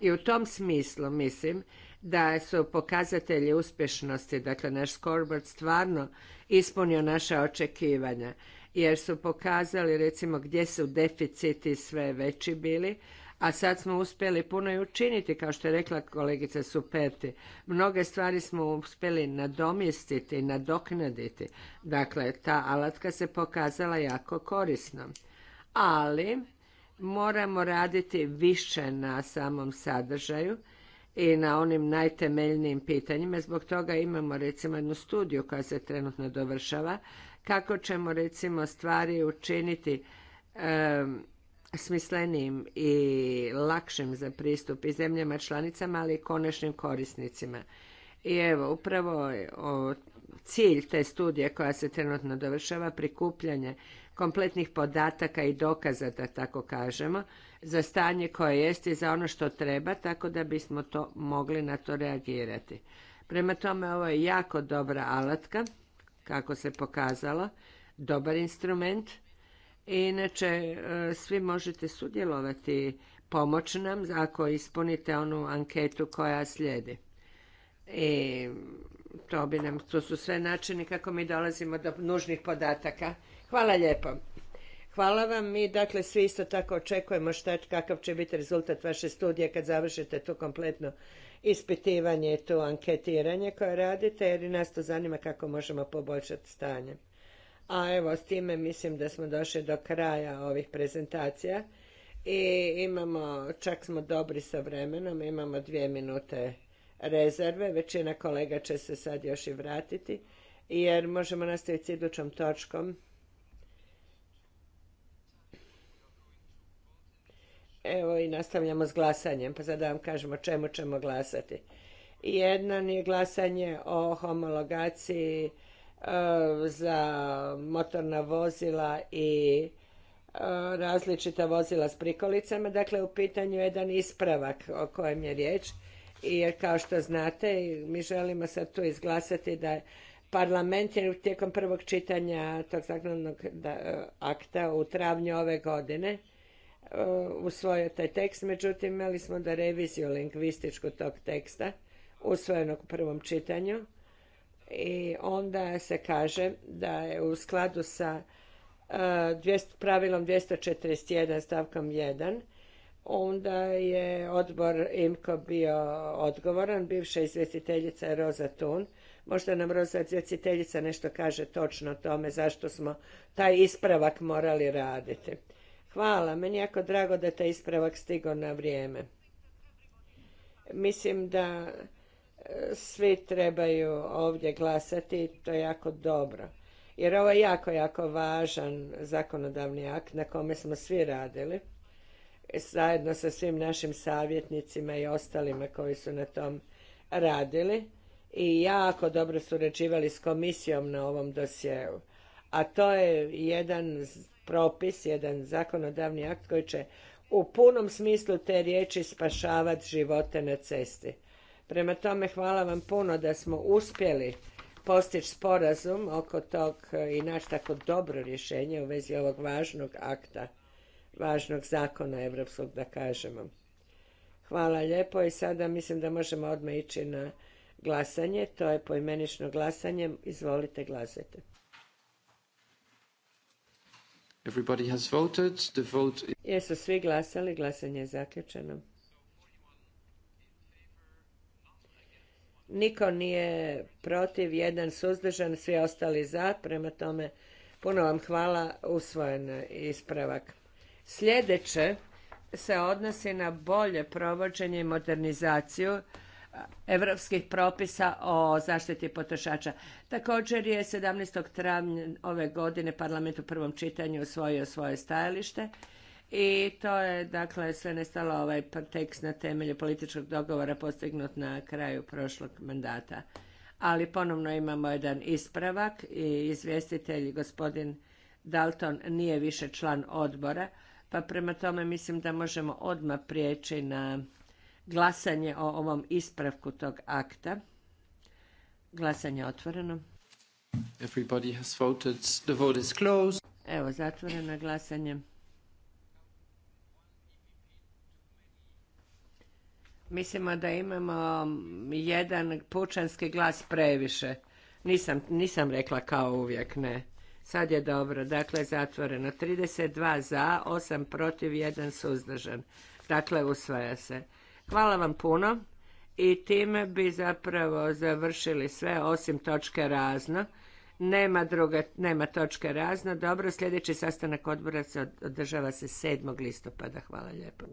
I u tom smislu mislim da su pokazatelji uspješnosti, dakle naš scoreboard stvarno ispunio naša očekivanja jer su pokazali recimo gdje su deficiti sve veći bili, a sad smo uspjeli puno i učiniti, kao što je rekla kolegica Superti. Mnoge stvari smo uspjeli nadomjestiti, nadoknaditi. Dakle, ta alatka se pokazala jako korisnom. Ali moramo raditi više na samom sadržaju i na onim najtemeljnijim pitanjima. Zbog toga imamo recimo jednu studiju koja se trenutno dovršava kako ćemo recimo stvari učiniti e, smislenijim i lakšim za pristup i zemljama članicama, ali i konačnim korisnicima. I evo, upravo o, cilj te studije koja se trenutno dovršava, prikupljanje kompletnih podataka i dokaza, da tako kažemo, za stanje koje jest i za ono što treba, tako da bismo to mogli na to reagirati. Prema tome, ovo je jako dobra alatka, kako se pokazalo dobar instrument. Inače, e, svi možete sudjelovati, pomoć nam ako ispunite onu anketu koja slijedi. I to bi nam, to su sve načini kako mi dolazimo do nužnih podataka. Hvala lijepo. Hvala vam. Mi dakle svi isto tako očekujemo šta, kakav će biti rezultat vaše studije kad završite to kompletno ispitivanje, to anketiranje koje radite, jer i nas to zanima kako možemo poboljšati stanje. A evo, s time mislim da smo došli do kraja ovih prezentacija i imamo, čak smo dobri sa vremenom, imamo dvije minute rezerve, većina kolega će se sad još i vratiti, jer možemo nastaviti s idućom točkom Evo i nastavljamo s glasanjem, pa sada vam kažemo čemu ćemo glasati. Jedan je glasanje o homologaciji e, za motorna vozila i e, različita vozila s prikolicama. Dakle, u pitanju je jedan ispravak o kojem je riječ. I kao što znate, mi želimo sad tu izglasati da parlament je tijekom prvog čitanja tog zakonodavnog e, akta u travnju ove godine Uh, usvojio taj tekst, međutim imali smo da reviziju lingvističku tog teksta usvojenog u prvom čitanju i onda se kaže da je u skladu sa uh, pravilom 241 stavkom 1 onda je odbor IMKO bio odgovoran, bivša izvjestiteljica je Roza Tun. Možda nam Roza izvjestiteljica nešto kaže točno o tome zašto smo taj ispravak morali raditi. Hvala, meni je jako drago da taj ispravak stigao na vrijeme. Mislim da e, svi trebaju ovdje glasati, to je jako dobro. Jer ovo je jako, jako važan zakonodavni akt na kome smo svi radili, e, zajedno sa svim našim savjetnicima i ostalima koji su na tom radili i jako dobro surađivali s komisijom na ovom dosjeu. A to je jedan propis, jedan zakonodavni akt koji će u punom smislu te riječi spašavati živote na cesti. Prema tome, hvala vam puno da smo uspjeli postići sporazum oko tog eh, i naš tako dobro rješenje u vezi ovog važnog akta, važnog zakona evropskog, da kažemo. Hvala lijepo i sada mislim da možemo odmah ići na glasanje. To je poimenično glasanje. Izvolite, glasajte. Everybody has voted. The vote Jesu svi glasali, glasanje je zaključeno. Niko nije protiv, jedan suzdržan, svi ostali za, prema tome puno vam hvala, usvojen ispravak. Sljedeće se odnosi na bolje provođenje i modernizaciju europskih propisa o zaštiti potrošača. Također je 17. travnja ove godine parlament u prvom čitanju usvojio svoje stajalište i to je dakle sve nestalo ovaj tekst na temelju političkog dogovora postignut na kraju prošlog mandata. Ali ponovno imamo jedan ispravak i izvjestitelj gospodin Dalton nije više član odbora, pa prema tome mislim da možemo odmah prijeći na glasanje o ovom ispravku tog akta. Glasanje otvoreno. Everybody has voted. The vote is closed. Evo, zatvoreno glasanje. Mislimo da imamo jedan pučanski glas previše. Nisam, nisam rekla kao uvijek, ne. Sad je dobro. Dakle, zatvoreno. 32 za, 8 protiv, 1 suzdržan. Dakle, usvaja se. Hvala vam puno i time bi zapravo završili sve osim točke razna. Nema, nema točke razna. Dobro, sljedeći sastanak odbora se održava se 7. listopada. Hvala lijepo.